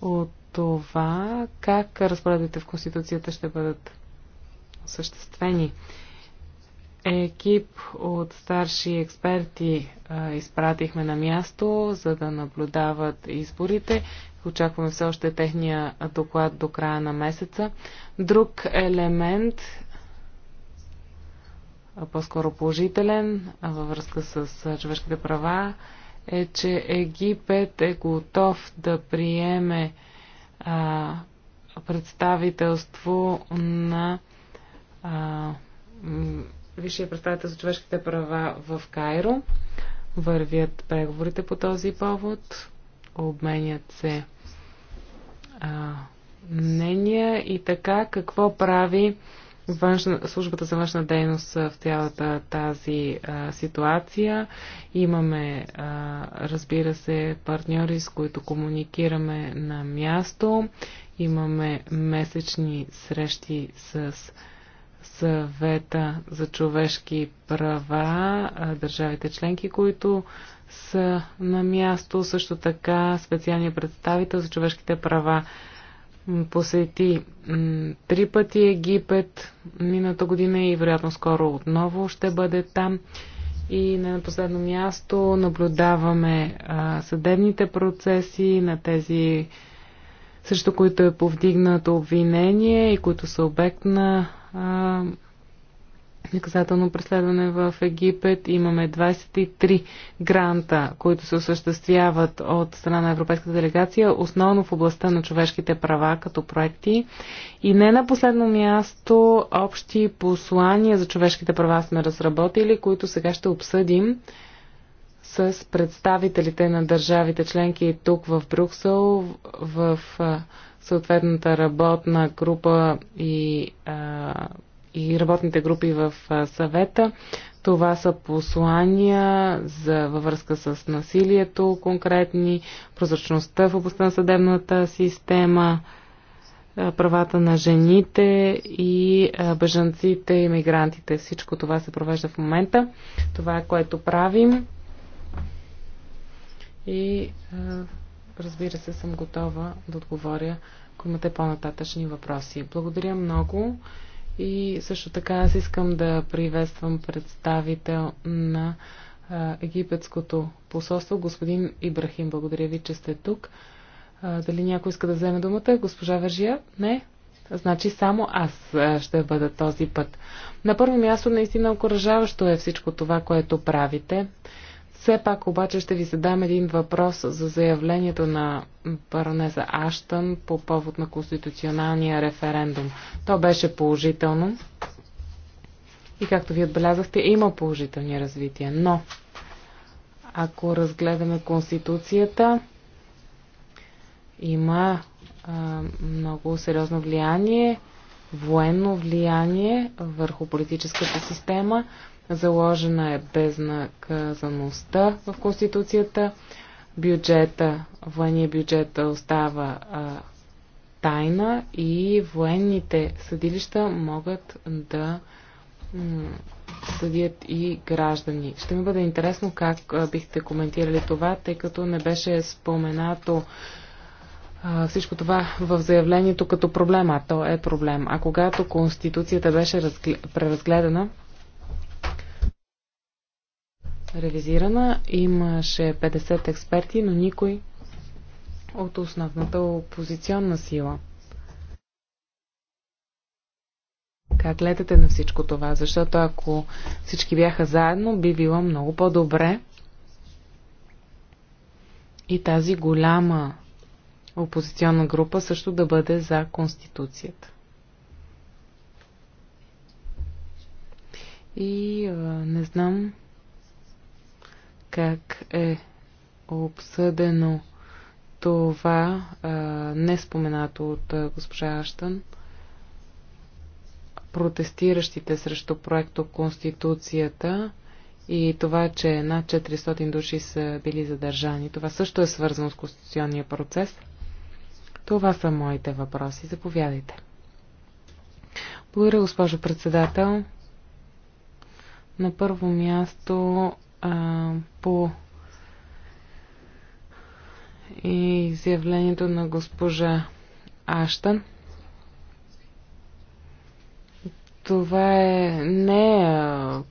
от това как разпоредбите в Конституцията ще бъдат осъществени. Екип от старши експерти а, изпратихме на място, за да наблюдават изборите. Очакваме все още техния доклад до края на месеца. Друг елемент по-скоро положителен във връзка с човешките права е, че Египет е готов да приеме а, представителство на а, Висшия представител за човешките права в Кайро. Вървят преговорите по този повод, обменят се а, мнения и така какво прави външна, службата за външна дейност в цялата тази а, ситуация. Имаме, а, разбира се, партньори, с които комуникираме на място. Имаме месечни срещи с съвета за човешки права, а, държавите членки, които са на място. Също така специалния представител за човешките права посети три пъти Египет мината година и вероятно скоро отново ще бъде там. И на последно място наблюдаваме а, съдебните процеси на тези, срещу които е повдигнато обвинение и които са обект на а, наказателно преследване в Египет. Имаме 23 гранта, които се осъществяват от страна на Европейската делегация, основно в областта на човешките права като проекти. И не на последно място общи послания за човешките права сме разработили, които сега ще обсъдим с представителите на държавите членки тук в Брюксел, в съответната работна група и и работните групи в съвета. Това са послания за, във връзка с насилието конкретни, прозрачността в областта на съдебната система, правата на жените и бежанците иммигрантите. Всичко това се провежда в момента. Това е което правим. И разбира се, съм готова да отговоря, ако имате по-нататъчни въпроси. Благодаря много. И също така аз искам да приветствам представител на египетското посолство, господин Ибрахим. Благодаря ви, че сте тук. Дали някой иска да вземе думата? Госпожа Вържия? Не? Значи само аз ще бъда този път. На първо място наистина окоръжаващо е всичко това, което правите. Все пак обаче ще ви задам един въпрос за заявлението на баронеса Аштън по повод на конституционалния референдум. То беше положително и както ви отбелязахте, има положителни развития. Но, ако разгледаме Конституцията, има а, много сериозно влияние, военно влияние върху политическата система. Заложена е безнаказаността в Конституцията. Бюджета, военния бюджет остава а, тайна и военните съдилища могат да съдят и граждани. Ще ми бъде интересно как бихте коментирали това, тъй като не беше споменато а, всичко това в заявлението като проблема, то е проблем. А когато Конституцията беше преразгледана, ревизирана. Имаше 50 експерти, но никой от основната опозиционна сила. Как гледате на всичко това? Защото ако всички бяха заедно, би било много по-добре. И тази голяма опозиционна група също да бъде за Конституцията. И а, не знам как е обсъдено това, а, не споменато от а, госпожа Аштън, протестиращите срещу проекто Конституцията и това, че над 400 души са били задържани. Това също е свързано с конституционния процес. Това са моите въпроси. Заповядайте. Благодаря, госпожо председател. На първо място а, по изявлението на госпожа Аштан. Това е не,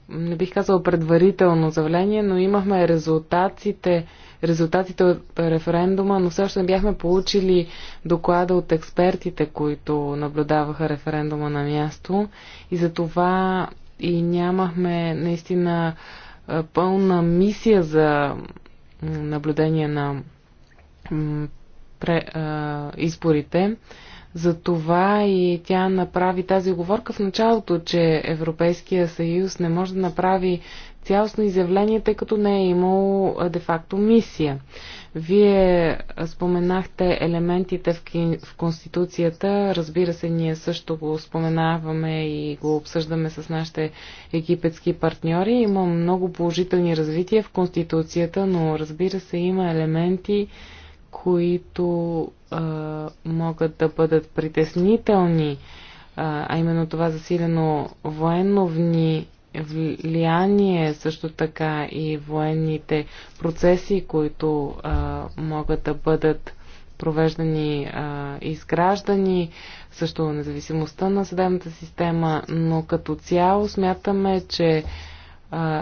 не бих казал предварително заявление, но имахме резултатите, резултатите от референдума, но също не бяхме получили доклада от експертите, които наблюдаваха референдума на място и за това и нямахме наистина е, пълна мисия за наблюдение на пре, а, е, изборите. Затова и тя направи тази оговорка в началото, че Европейския съюз не може да направи цялостно изявление, тъй като не е имало де-факто мисия. Вие споменахте елементите в, Конституцията. Разбира се, ние също го споменаваме и го обсъждаме с нашите египетски партньори. Има много положителни развития в Конституцията, но разбира се, има елементи, които а, могат да бъдат притеснителни, а, а именно това засилено военно вни влияние, също така и военните процеси, които а, могат да бъдат провеждани а, изграждани, също независимостта на съдебната система, но като цяло смятаме, че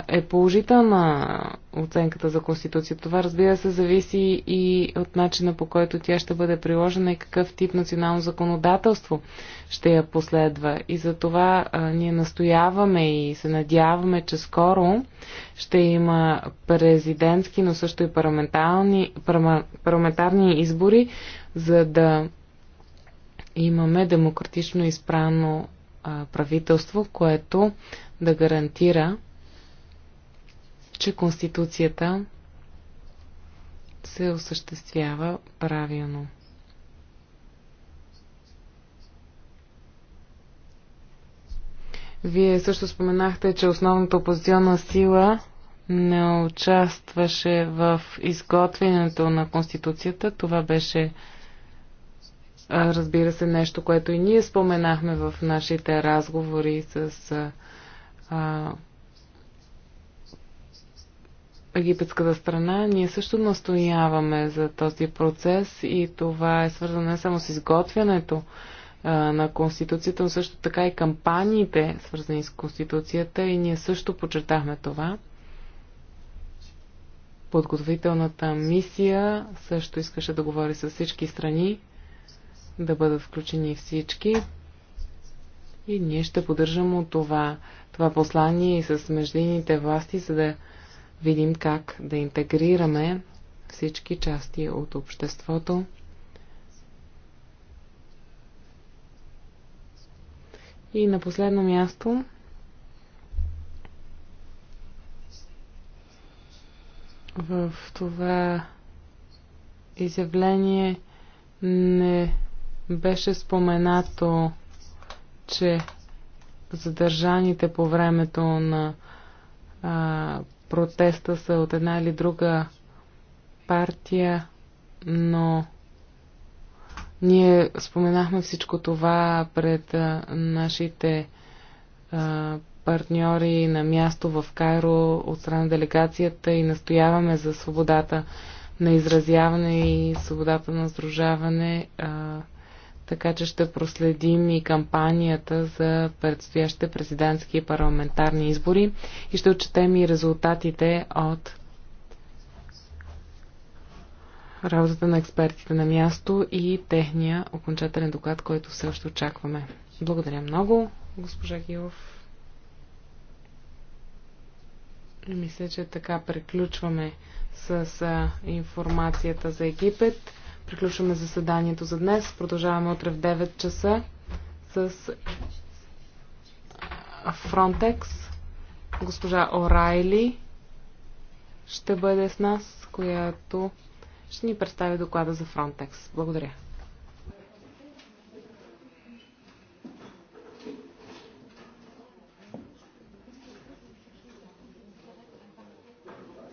е положителна оценката за Конституция. Това, разбира се, зависи и от начина по който тя ще бъде приложена и какъв тип национално законодателство ще я последва. И за това а, ние настояваме и се надяваме, че скоро ще има президентски, но също и парламентарни, парламентарни избори, за да имаме демократично изправно правителство, което да гарантира че Конституцията се осъществява правилно. Вие също споменахте, че основната опозиционна сила не участваше в изготвянето на Конституцията. Това беше, разбира се, нещо, което и ние споменахме в нашите разговори с египетската страна, ние също настояваме за този процес и това е свързано не само с изготвянето а, на Конституцията, но също така и кампаниите, свързани с Конституцията и ние също почертахме това. Подготовителната мисия също искаше да говори с всички страни, да бъдат включени всички. И ние ще поддържаме това, това послание и с междинните власти, за да видим как да интегрираме всички части от обществото. И на последно място в това изявление не беше споменато, че задържаните по времето на а, протеста са от една или друга партия, но ние споменахме всичко това пред нашите партньори на място в Кайро от страна на делегацията и настояваме за свободата на изразяване и свободата на сдружаване така че ще проследим и кампанията за предстоящите президентски и парламентарни избори и ще отчетем и резултатите от работата на експертите на място и техния окончателен доклад, който все още очакваме. Благодаря много, госпожа Гилов. Мисля, че така приключваме с информацията за Египет. Приключваме заседанието за днес. Продължаваме утре в 9 часа с Frontex. Госпожа Орайли ще бъде с нас, която ще ни представи доклада за Frontex. Благодаря.